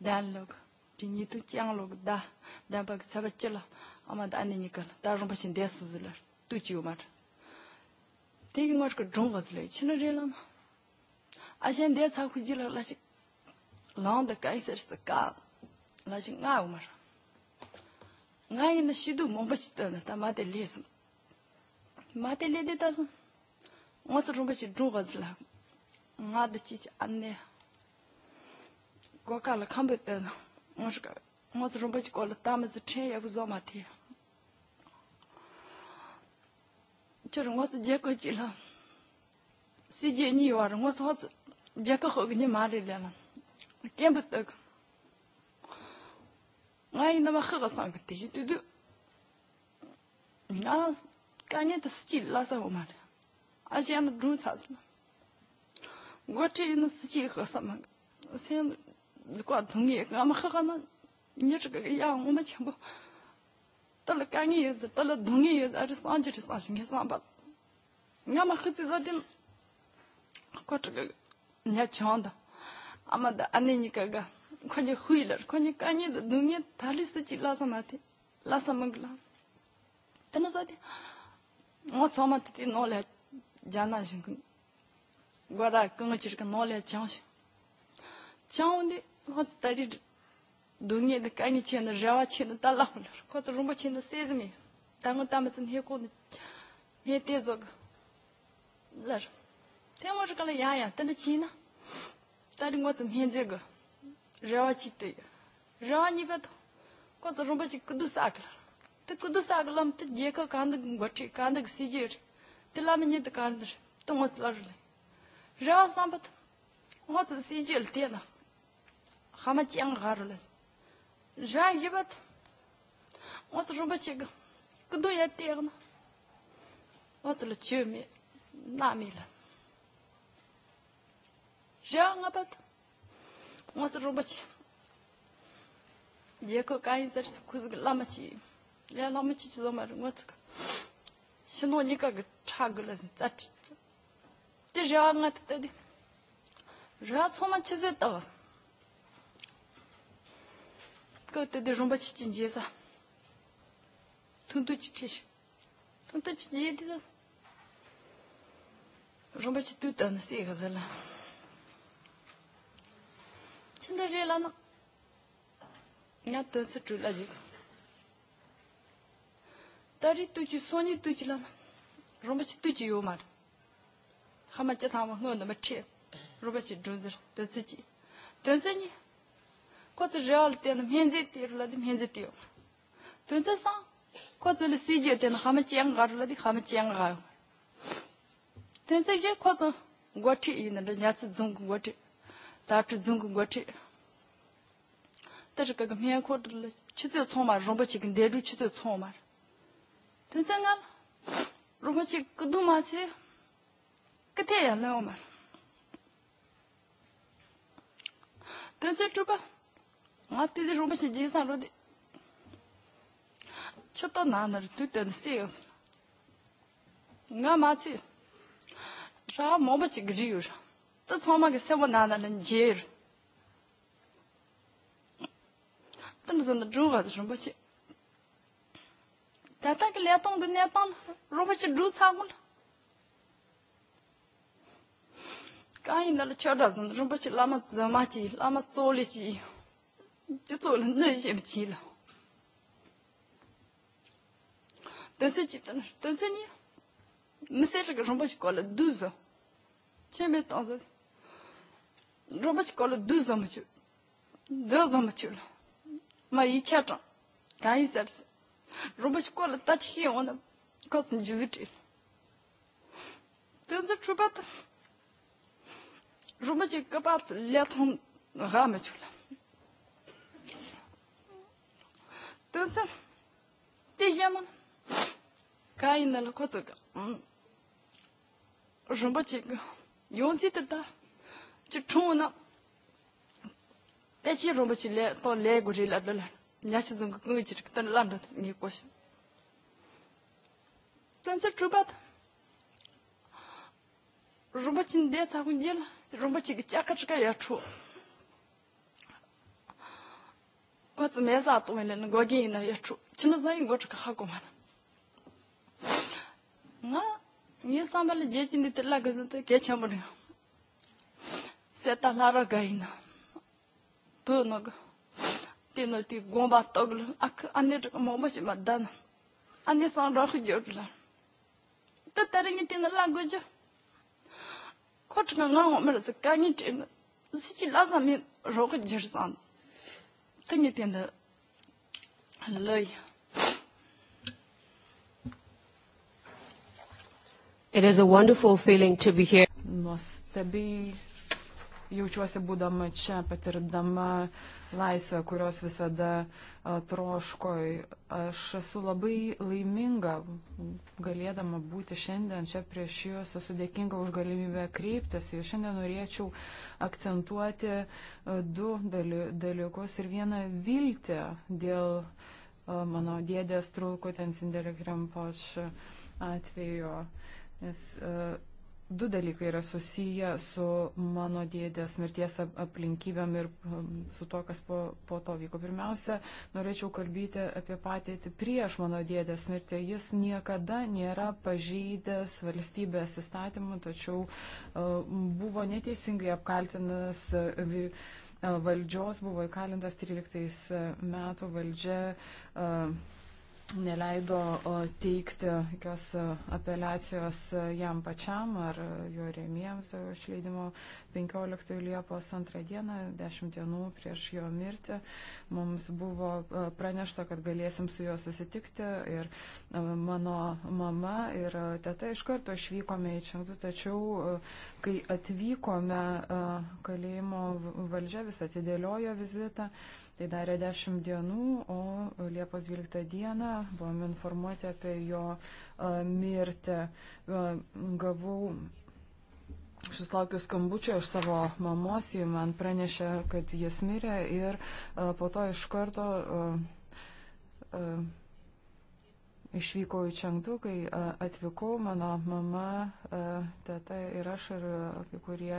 dialogue pi nidu jianglog da dambag sabachila amad aninikal da rumpa chin desuzular tu jiumar tegi ngosh ko jongazle china relam ashen de sa khujila la chi long da kaiser ska la chi nga umar nga yin shidu mombach ta ta ma de lesum ma de le de tas ngot rumpa chi jongazla nga de chi anne go ka la khambe te mo shka mo zro ba chi ko la ta ma zi che ya zo ma ti cho ro mo zi je ko chi la si je ni wa ro mo zo zi je ko ho ni ma ri la kem bu te ngai na ma kha sang ti du du na ka ne ta sti la sa ho ma а сен друн сазма гочи на стихах сама сен kwa tungi ngama khaga na nyish ga ya ngoma chambo tala kangi yez tala dungi yez ar sanji tis sanji ngi samba ngama khitsi za din kwa tga nya chanda ama da ane ni ka ga kwa ni khuilar kwa ni kangi da dungi thali se chi la sama thi la samagla tana za di ngo tsama ti no le jana shin gwa ra kanga chir ka no le chang shin chang de not studied dunye de kani chen de jawa chen de tala ko to rumba chen de sezmi tango tamasin he ko he te zog lar te mo je kala ya ya tan de china ta de ngo zum he je go jawa chi te jawa ni ba to ko to rumba chi kudu sak te kudu sak lam te je ka kan de ngoti kan de si je te lam ni de kan de to mo slar jawa sam ba to ngo to si je te na хамати ангарулас. Жа ебат. Вот жумбачега. Кду я терна. Вот лечуми намила. Жа ангапат. Вот жумбачи. Деко кайзер кузг ламачи. Я ламачи чизомар вот. Сино никак чаглас зач. Ты жа ангат теди. Жа сомачи зетавас. 그때도 롬바 치진 뒤에서 돈도 집치시 돈도 집치에 뒤에서 롬바 치 뜻도 안 쓰이 가살라 침대리라나 냐 뜻을 줄라지 다리 뜻이 손이 뜻이라나 롬바 치 뜻이 요말 하마치 다마 흐어 넘어 치 롬바 치 존즈 뜻이 뜻이 كوت الرجال تين مهنزي تير ولادي مهنزي تيو تنسى سا كوت السيجي تين خامت ينغار ولادي خامت ينغار تنسى جي كوت غوتي إن الرجال زنگ غوتي تارت زنگ غوتي 但是这个面孔的去最匆忙，容不起跟逮住去最匆忙。但是俺容不起个多嘛些，个太阳了嘛。但是这吧，Matyti žmogus įdėjus narodi. Čo to nanar, tu ten sėjus. Nga mati. Ža moba čik žiūr. Tu coma gi sevo nanar nžir. Tam zanda džunga žmogus. Tata ki lietom gi netam, žmogus džū cagul. Kain dala čodas, žmogus lama zamati, lama coliči. Lama coliči. 就做那些不起了。等这几等等这你，没三十个人把去搞了 douze ans，前面当时，人把去搞了 douze ans 没去，douze ans 没去了，嘛一千张，干一三十，人把去搞了大七我那，告诉你就是这了。等这出发的，人把去搞把两趟俺们去了。Tuță, diemă, kaina la kozuga. Mm. Rumba chiga, yonsi tata, chi chuna, pechi rumba chi le, to le guri la dala, nyachi zunga kungi chi rikta landa ngi koshi. Tansa chubata, rumba chi nde tsagun jela, rumba chiga chaka chika ya chua. pats meza to me len go gi na ya chu chin za ing go chu kha ko man nga ni sam bal je chin de tla ga zte ke cham ne se ta la ra ga ina bu no ga ti no ti go ba to gl ak an ne mo ma chi ma dan an ni sam ra khu jo la ta ta ri ni ti na la go jo ko chu nga ngo me ra se ka ni ti si chi la sa mi ro ga jir san 更一点的很累。It is a wonderful feeling to be here. Nuostabiai jaučiuosi būdama čia, patirdama laisvę, kurios visada troškoj. Aš esu labai laiminga, galėdama būti šiandien čia prieš jūs, esu dėkinga už galimybę kreiptis. Ir šiandien norėčiau akcentuoti du dalykus ir vieną viltį dėl mano dėdės trūko ten Sindelė Krempoč atveju. Nes, uh, du dalykai yra susiję su mano dėdės mirties aplinkybėm ir um, su to, kas po, po to vyko. Pirmiausia, norėčiau kalbėti apie patėtį prieš mano dėdės mirtį. Jis niekada nėra pažeidęs valstybės įstatymų, tačiau uh, buvo neteisingai apkaltinas uh, uh, valdžios, buvo įkalintas 13 metų valdžia neleido teikti jokios apeliacijos jam pačiam ar jo rėmėjams išleidimo 15 Liepos 2 dieną, 10 dienų prieš jo mirtį. Mums buvo pranešta, kad galėsim su juo susitikti ir mano mama ir teta iš karto išvykome į Čengdu, tačiau kai atvykome, kalėjimo valdžia vis atidėliojo vizitą Tai darė 10 dienų, o Liepos 12 dieną buvom informuoti apie jo mirtį. Gavau, aš laukiu skambučio iš savo mamos, ji man pranešė, kad jis mirė ir po to iš karto išvyko į Čengtų, kai atvykau, mano mama, teta ir aš ir kai kurie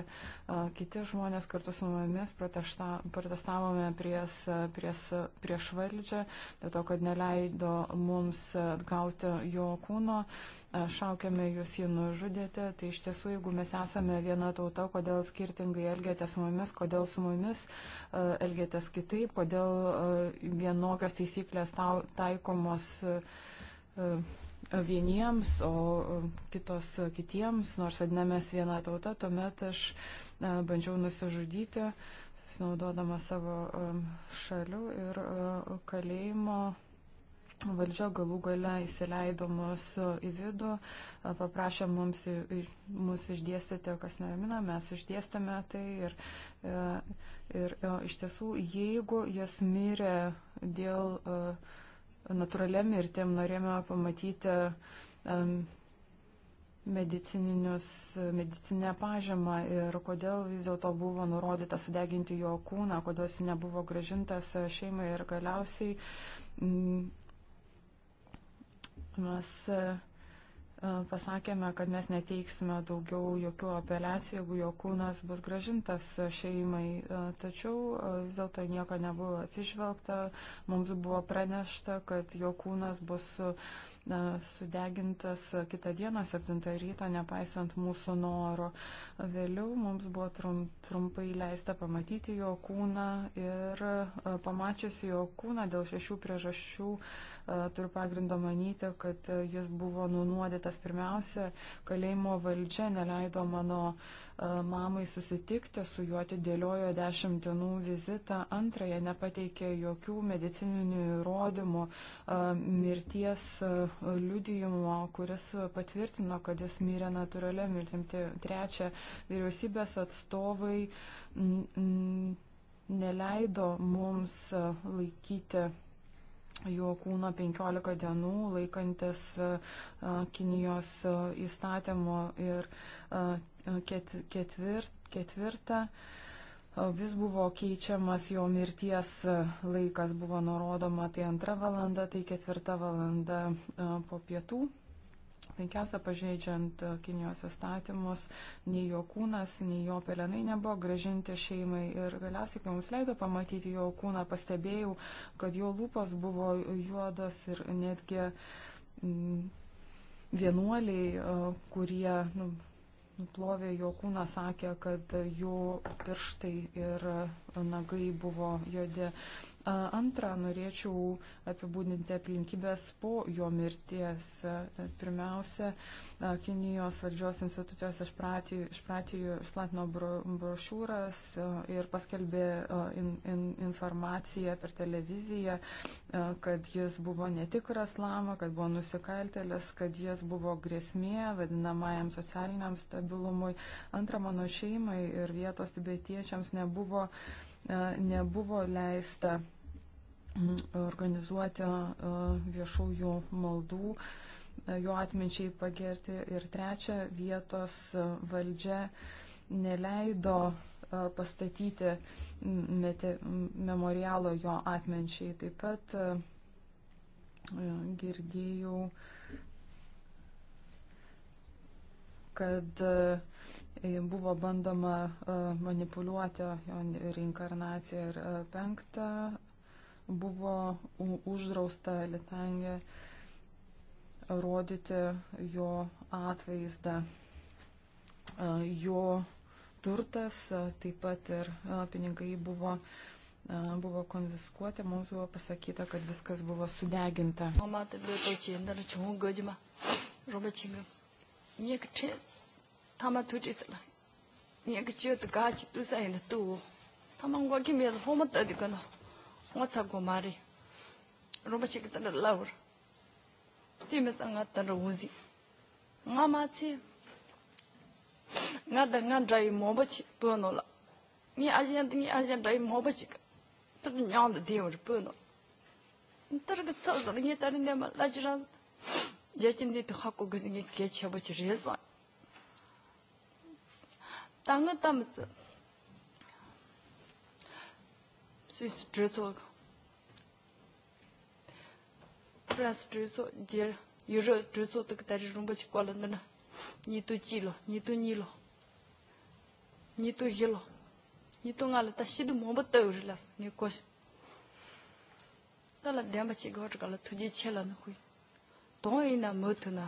kiti žmonės kartu su mumis protestavome prieš, prieš, prieš valdžią, dėl to, kad neleido mums gauti jo kūno, šaukėme jūs jį nužudėte. Tai iš tiesų, jeigu mes esame viena tauta, kodėl skirtingai elgėtės mumis, kodėl su mumis elgėtės kitaip, kodėl vienokios taisyklės taikomos. Uh, vieniems, o kitos kitiems, nors vadinamės viena tauta, tuomet aš e, bandžiau nusižudyti, naudodama savo e, šalių ir e, kalėjimo valdžia galų gale įsileido mus į vidų, paprašė mums, mus išdėstyti, kas neramina, mes išdėstame tai ir, ir, ir iš tiesų, jeigu jas mirė dėl uh, natūraliam mirtim, norėjome pamatyti medicinę pažymą ir kodėl vis dėlto buvo nurodyta sudeginti jo kūną, kodėl jis nebuvo gražintas šeimai ir galiausiai mes. Uh, E, pasakėme, kad mes neteiksime daugiau jokių apeliacijų, jeigu jo kūnas bus gražintas šeimai. E, tačiau e, vis dėlto nieko nebuvo atsižvelgta. Mums buvo pranešta, kad jo kūnas bus sudegintas kitą dieną 7 ryto, nepaisant mūsų noro. Vėliau mums buvo trumpai leista pamatyti jo kūną ir e, pamačius jo kūną dėl šešių priežasčių e, turiu pagrindo manyti, kad e, jis buvo nunuodytas. Pirmiausia, kalėjimo valdžia neleido mano uh, E, mamai susitikti su juo, atidėliojo dešimt dienų vizitą, antrąją nepateikė jokių medicininių įrodymų, e, mirties e, liudijimo, kuris patvirtino, kad jis mirė natūralią mirtim. Trečia, vyriausybės atstovai neleido mums laikyti jo kūno 15 dienų laikantis e, e, Kinijos e, įstatymo ir ketvirtą vis buvo keičiamas jo mirties laikas, buvo nurodoma tai antra valanda, tai ketvirta valanda po pietų. Penkiausia pažeidžiant e, Kinijos įstatymus, nei jo kūnas, nei jo pelenai nebuvo gražinti šeimai. Ir galiausiai, kai mums leido pamatyti jo kūną, pastebėjau, kad jo lūpos buvo juodos ir netgi mm, vienuoliai, e, kurie nu, plovė jo kūną, sakė, kad jų pirštai ir nagai buvo juodi. Antra, norėčiau apibūdinti aplinkybės po jo mirties. Pirmiausia, Kinijos valdžios institucijos išpratijų, išpratijų, išplatino brošūras ir paskelbė in, in, informaciją per televiziją, kad jis buvo netikras lama, kad buvo nusikaltelis, kad jis buvo grėsmė vadinamajam socialiniam stabilumui. Antra, mano šeimai ir vietos tibetiečiams nebuvo. Uh, E, nebuvo leista mm, organizuoti e, viešųjų maldų, e, jų atminčiai pagerti. Ir trečia, vietos valdžia neleido pastatyti memorialo jo atminčiai. Taip pat girdėjau kad e, buvo bandoma e, manipuliuoti jo reinkarnaciją ir e, penktą buvo uždrausta litangė rodyti jo atvaizdą. Jo turtas, taip pat ir pinigai buvo buvo konviskuoti, mums buvo pasakyta, kad viskas buvo sudeginta. Tai niegdzie tama tujitla niegdzie to gaci tu sa in tu tama wagi mi homa tadi kana homa sa gomari roba chik tan laur times anga tan rozi nga ma chi nga da nga dai moba chi pono la ni ajian ni ajian dai moba chi tu nyang de de pono tar ga sa da ni tar ne ma la jiran 예진이도 갖고 그게 개치어버지를 했어. 땅은 따면서 스위스 드레소 프랑스 드레소 제 유럽 드레소 그다지 롬버치 꼴는데 니도 지로 니도 니로 니도 힐로 니도 갈라 다시도 못 봤다 그랬어 니 꼬시 달라 내가 같이 거를 갈라 두지 첼라는 후이 tōng i nā mū tū nā,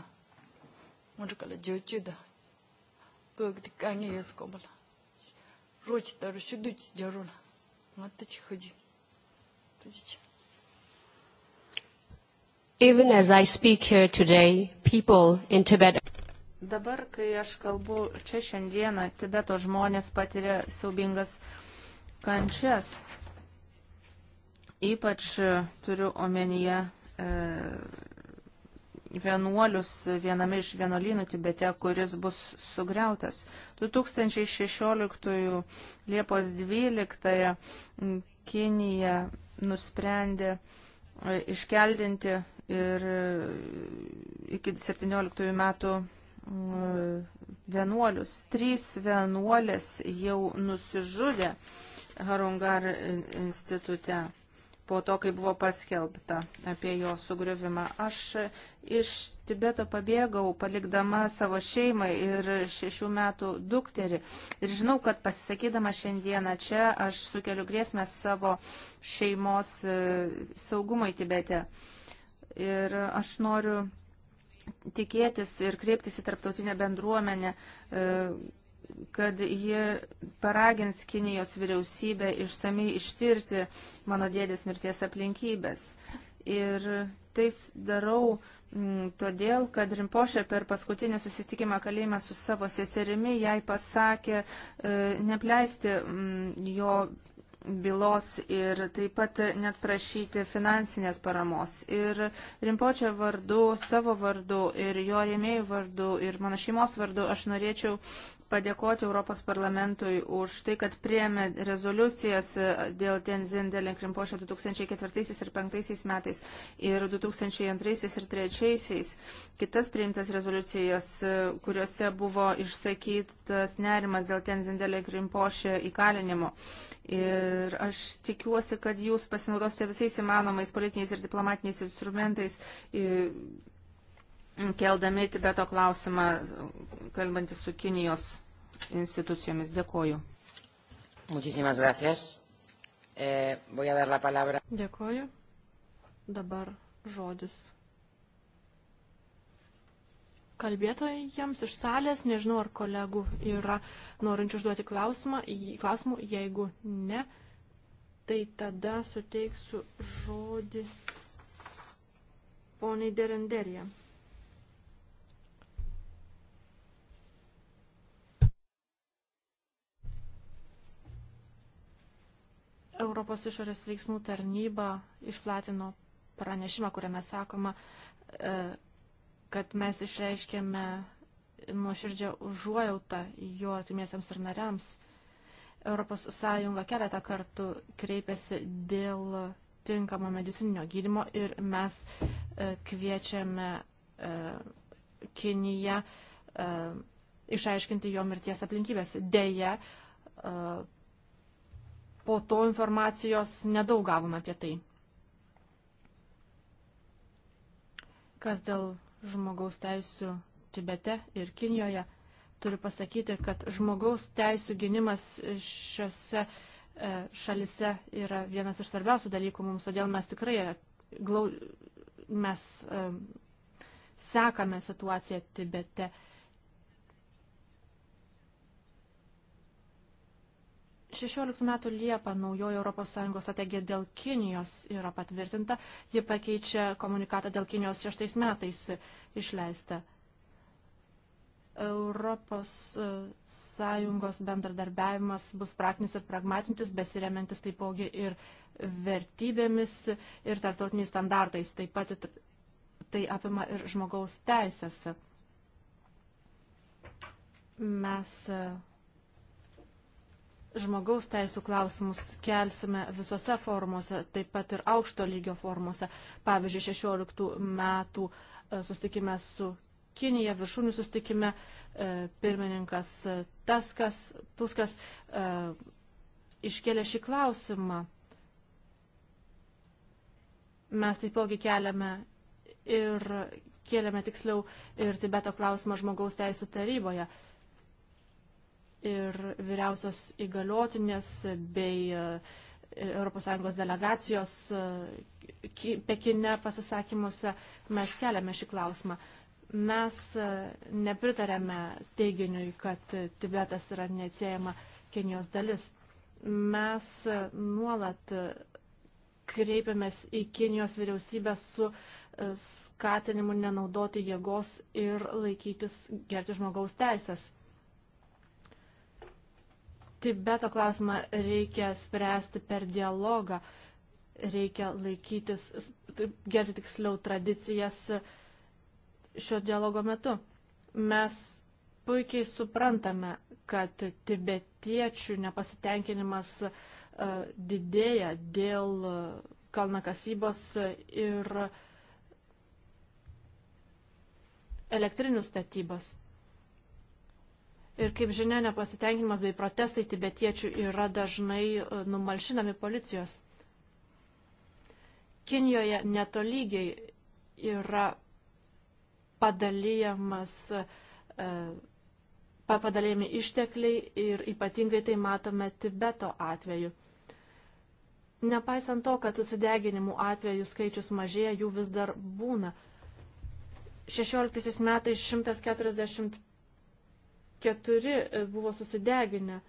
mō rū kāla jō chū dā, bō kī tī kāngi yō sū kōmbala, rō chī tā rū shū dū chī jā rō nā, ngā tā chī khū jī, rū chī chī. Even as I speak here today, people in Tibet. Dabar, kai aš kalbu čia šiandieną, Tibeto žmonės patiria siaubingas kančias. Ypač e, turiu omenyje e, vienuolius viename iš vienuolynų Tibete, kuris bus sugriautas. 2016 Liepos 12 Kinija nusprendė e, iškeldinti ir e, iki 17 metų e, vienuolius. Trys vienuolės jau nusižudė Harungar institute po to, kai buvo paskelbta apie jo sugriuvimą. Aš iš Tibeto pabėgau, palikdama savo šeimą ir šešių metų dukterį. Ir žinau, kad pasisakydama šiandieną čia, aš sukeliu grėsmę savo šeimos e, saugumui Tibete. Ir aš noriu tikėtis ir kreiptis į tarptautinę bendruomenę, e, kad ji paragins Kinijos vyriausybę išsamei ištirti mano dėdės mirties aplinkybės. Ir tai darau m, mm, todėl, kad Rimpošė per paskutinį susitikimą kalėjime su savo seserimi jai pasakė e, nepleisti m, mm, jo bylos ir taip pat net prašyti finansinės paramos. Ir Rimpočio vardu, savo vardu ir jo rėmėjų vardu ir mano šeimos vardu aš norėčiau padėkoti Europos parlamentui už tai, kad priemė rezoliucijas dėl Tenzin dėl Krimpošio 2004 ir 2005 metais ir 2002 ir 2003 kitas priimtas rezoliucijas, e, kuriuose buvo išsakytas nerimas dėl Tenzindelė Krimpošė įkalinimo. Ir aš tikiuosi, kad jūs pasinaudosite visais įmanomais politiniais ir diplomatiniais instrumentais, e, keldami Tibeto klausimą, kalbantys su Kinijos institucijomis. Dėkoju. Muchísimas gracias. Eh, voy a dar la palabra. Dėkoju. Dabar žodis kalbėtojams iš salės. Nežinau, ar kolegų yra norinčių užduoti klausimą, klausimų. Jeigu ne, tai tada suteiksiu žodį poniai Derenderija. Europos išorės veiksmų tarnyba išplatino pranešimą, kuriame sakoma, e, kad mes išreiškėme nuoširdžią užuojautą jo artimiesiams ir nariams. ES keletą kartų kreipėsi dėl tinkamo medicininio gydimo ir mes e, kviečiame e, Kiniją e, išaiškinti jo mirties aplinkybės. Deja, po to informacijos nedaug gavome apie tai. Kas dėl žmogaus teisų Tibete ir Kinijoje. Turiu pasakyti, kad žmogaus teisų gynimas šiuose e, šalise yra vienas iš svarbiausių dalykų mums, todėl mes tikrai e, glau, mes e, sekame situaciją Tibete. 16 metų Liepa naujoji ES strategija dėl Kinijos yra patvirtinta. Ji pakeičia komunikatą dėl Kinijos šeštais metais išleistą. ES e, bendradarbiavimas bus praktinis ir pragmatintis, besiremiantis taipogi ir vertybėmis ir tartautiniais standartais. Taip pat tai apima ir žmogaus teisės. Mes e, žmogaus teisų klausimus kelsime visose formuose, taip pat ir aukšto lygio formuose. Pavyzdžiui, 16 metų e, sustikime su Kinija, viršūnių sustikime e, pirmininkas Taskas, Tuskas e, iškėlė šį klausimą. Mes taipogi keliame ir kėlėme tiksliau ir Tibeto klausimą žmogaus teisų taryboje ir vyriausios įgaliotinės bei ES delegacijos e, Pekine pasisakymuose mes keliame šį klausimą. Mes e, nepritarėme teiginiui, kad Tibetas yra neatsiejama Kenijos dalis. Mes e, nuolat kreipiamės į Kinijos vyriausybę su skatinimu nenaudoti jėgos ir laikytis gerti žmogaus teisės. Tibeto klausimą reikia spręsti per dialogą, reikia laikytis, gerti tiksliau tradicijas šio dialogo metu. Mes puikiai suprantame, kad tibetiečių nepasitenkinimas e, didėja dėl kalnakasybos ir elektrinių statybos. Ir kaip žinia, nepasitenkinimas bei protestai tibetiečių yra dažnai e, numalšinami policijos. Kinijoje netolygiai yra padalyjamas, e, padalyjami ištekliai ir ypatingai tai matome Tibeto atveju. Nepaisant to, kad susideginimų atvejų skaičius mažėja, jų vis dar būna. 16 metais 145 keturi e, buvo susideginę.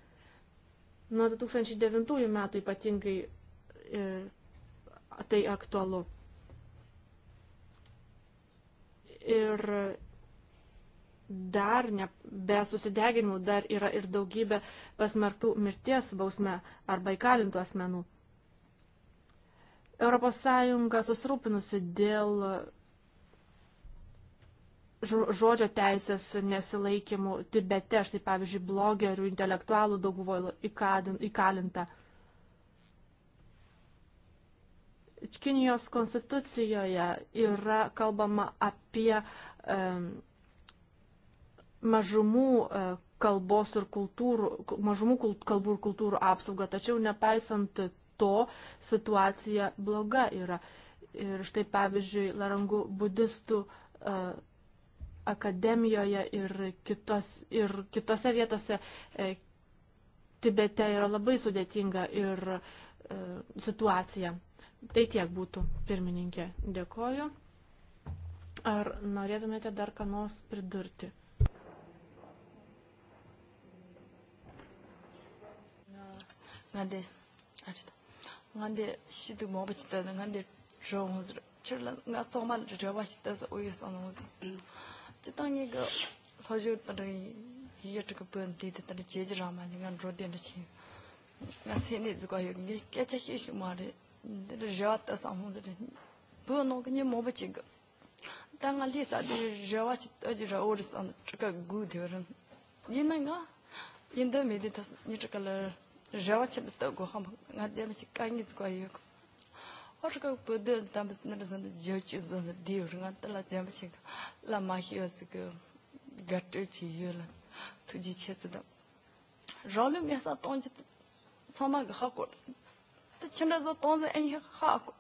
Nuo 2009 metų ypatingai e, tai aktualu. Ir dar ne, be susideginimų dar yra ir daugybė pasmertų mirties bausme arba įkalintų asmenų. ES susirūpinusi dėl žodžio teisės nesilaikymų Tibete. Štai pavyzdžiui, blogerių, intelektualų daug buvo įkalinta. Kinijos konstitucijoje yra kalbama apie um, mažumų uh, kalbos ir kultūrų, mažumų kult, kalbų ir kultūrų apsaugą, tačiau nepaisant to situacija bloga yra. Ir štai pavyzdžiui, larangų budistų uh, akademijoje ir, kitos, ir kitose vietose e, Tibete yra labai sudėtinga ir e, situacija. Tai tiek būtų, pirmininkė. Dėkoju. Ar norėtumėte dar ką nors pridurti? ngande arita ngande shidu moba chita ngande zhōng hōzira chirla ngā tsōma rīwa shita sa uyu sōng hōzira 这当一个好久那个一这个本地的那个阶级上嘛，你看着点的去，俺心里这个有你感觉很什么的，那个热的上红的，不要弄个你摸不几个，但俺里咋的热哇去，呃就热我的上这个骨头人，你那个，因得没的他是你这个了热哇去了德国好嘛，俺点么去干你这个有个。Hoşka bıdı tamis neresen de joç zonu diyor ngan tala dem çek. La mahiyo sıkı gatı çiyor lan. Tuji çetse de. Rolüm yasa tonca soma hakor. Ta çimra zo tonza en hakor.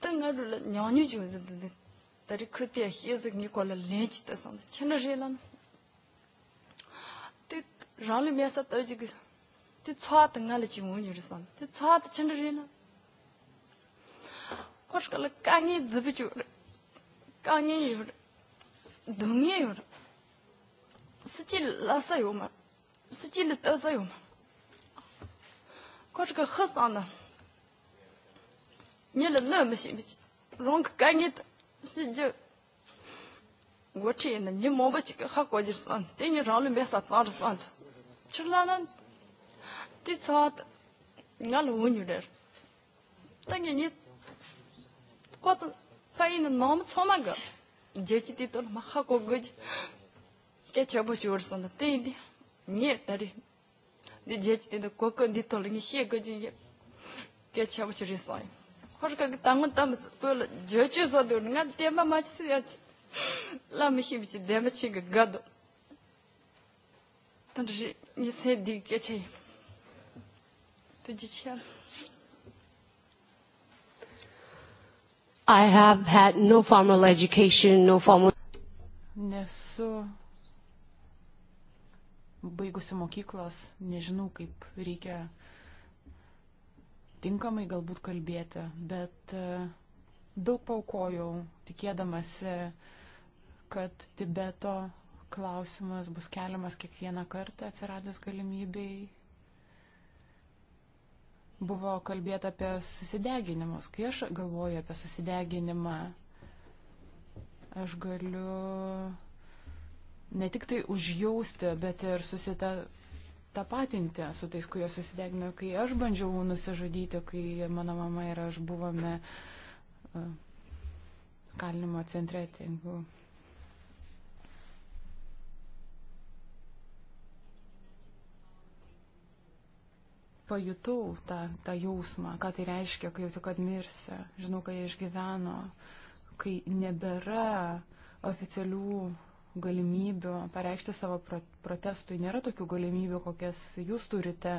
Tınga rula nyanyu juzu de. Tari kütüye hiyazık nikola lenç de sonda. Çinra jelan. Tı rolüm yasa tonca tı çuat ngala çimu yürüsen. Tı çuat çinra jelan koşkalı kangi zıbıcı kangi yur dünya yur sıçil lasa yumar sıçil tasa yumar koşka hız anı nyelim ne mişimiz rong kangi sıcı 我这呢，你莫把这个黑锅就是，等你让人别说哪是算的，吃了呢，得啥的，俺老女人，但是你꽃 파이는 너무 소망가. 제시디 또 하고 그지. 깨쳐보 주었었나 때이디. 니 다리. 니 제시디도 고거 니 돌링이 시에 그지. 깨쳐보 주었어요. 허스가 그 땅은 땅에서 그 저주서도 내가 대마 마치야지. 라미 힘이지 대마 치가 가도. 근데 니 세디 깨쳐. 되지 않아. I have had no formal education, no formal. Nesu baigusi mokyklos, nežinau, kaip reikia tinkamai galbūt kalbėti, bet e, daug paukojau, tikėdamasi, kad Tibeto klausimas bus keliamas kiekvieną kartą atsiradus galimybei buvo kalbėta apie susideginimus. Kai aš galvoju apie susideginimą, aš galiu ne tik tai užjausti, bet ir susita tapatinti su tais, kurie susidegino. Kai aš bandžiau nusižudyti, kai mano mama ir aš buvome uh, kalinimo centre, jeigu tai pajutau tą, tą jausmą, ką tai reiškia, kai jauti, kad mirsi. Žinau, kai išgyveno, kai nebėra oficialių galimybių pareikšti savo protestui. Nėra tokių galimybių, kokias jūs turite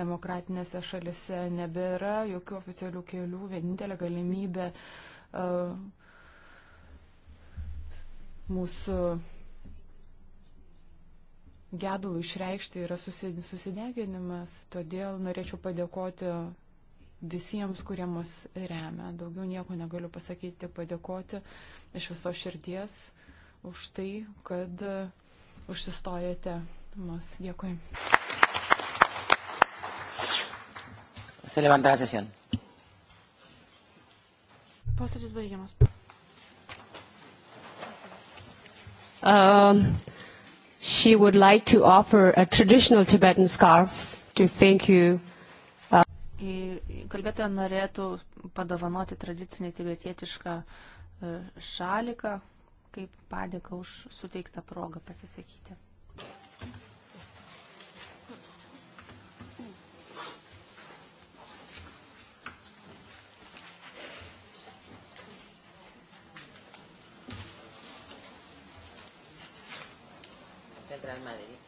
demokratinėse šalise. Nebėra jokių oficialių kelių. Vienintelė galimybė uh, mūsų gedulų išreikšti yra susideginimas, todėl norėčiau padėkoti visiems, kurie mus remia. Daugiau nieko negaliu pasakyti, tik padėkoti iš viso širdies už tai, kad užsistojate mus. Dėkui. Se levanta la sesión. Posėdis baigiamas. Um she would like to offer a traditional Tibetan scarf to thank you. Uh, Kalbėtoja norėtų padovanoti tradicinį tibetietišką e, šaliką kaip padėką už suteiktą progą pasisakyti. Real Madrid.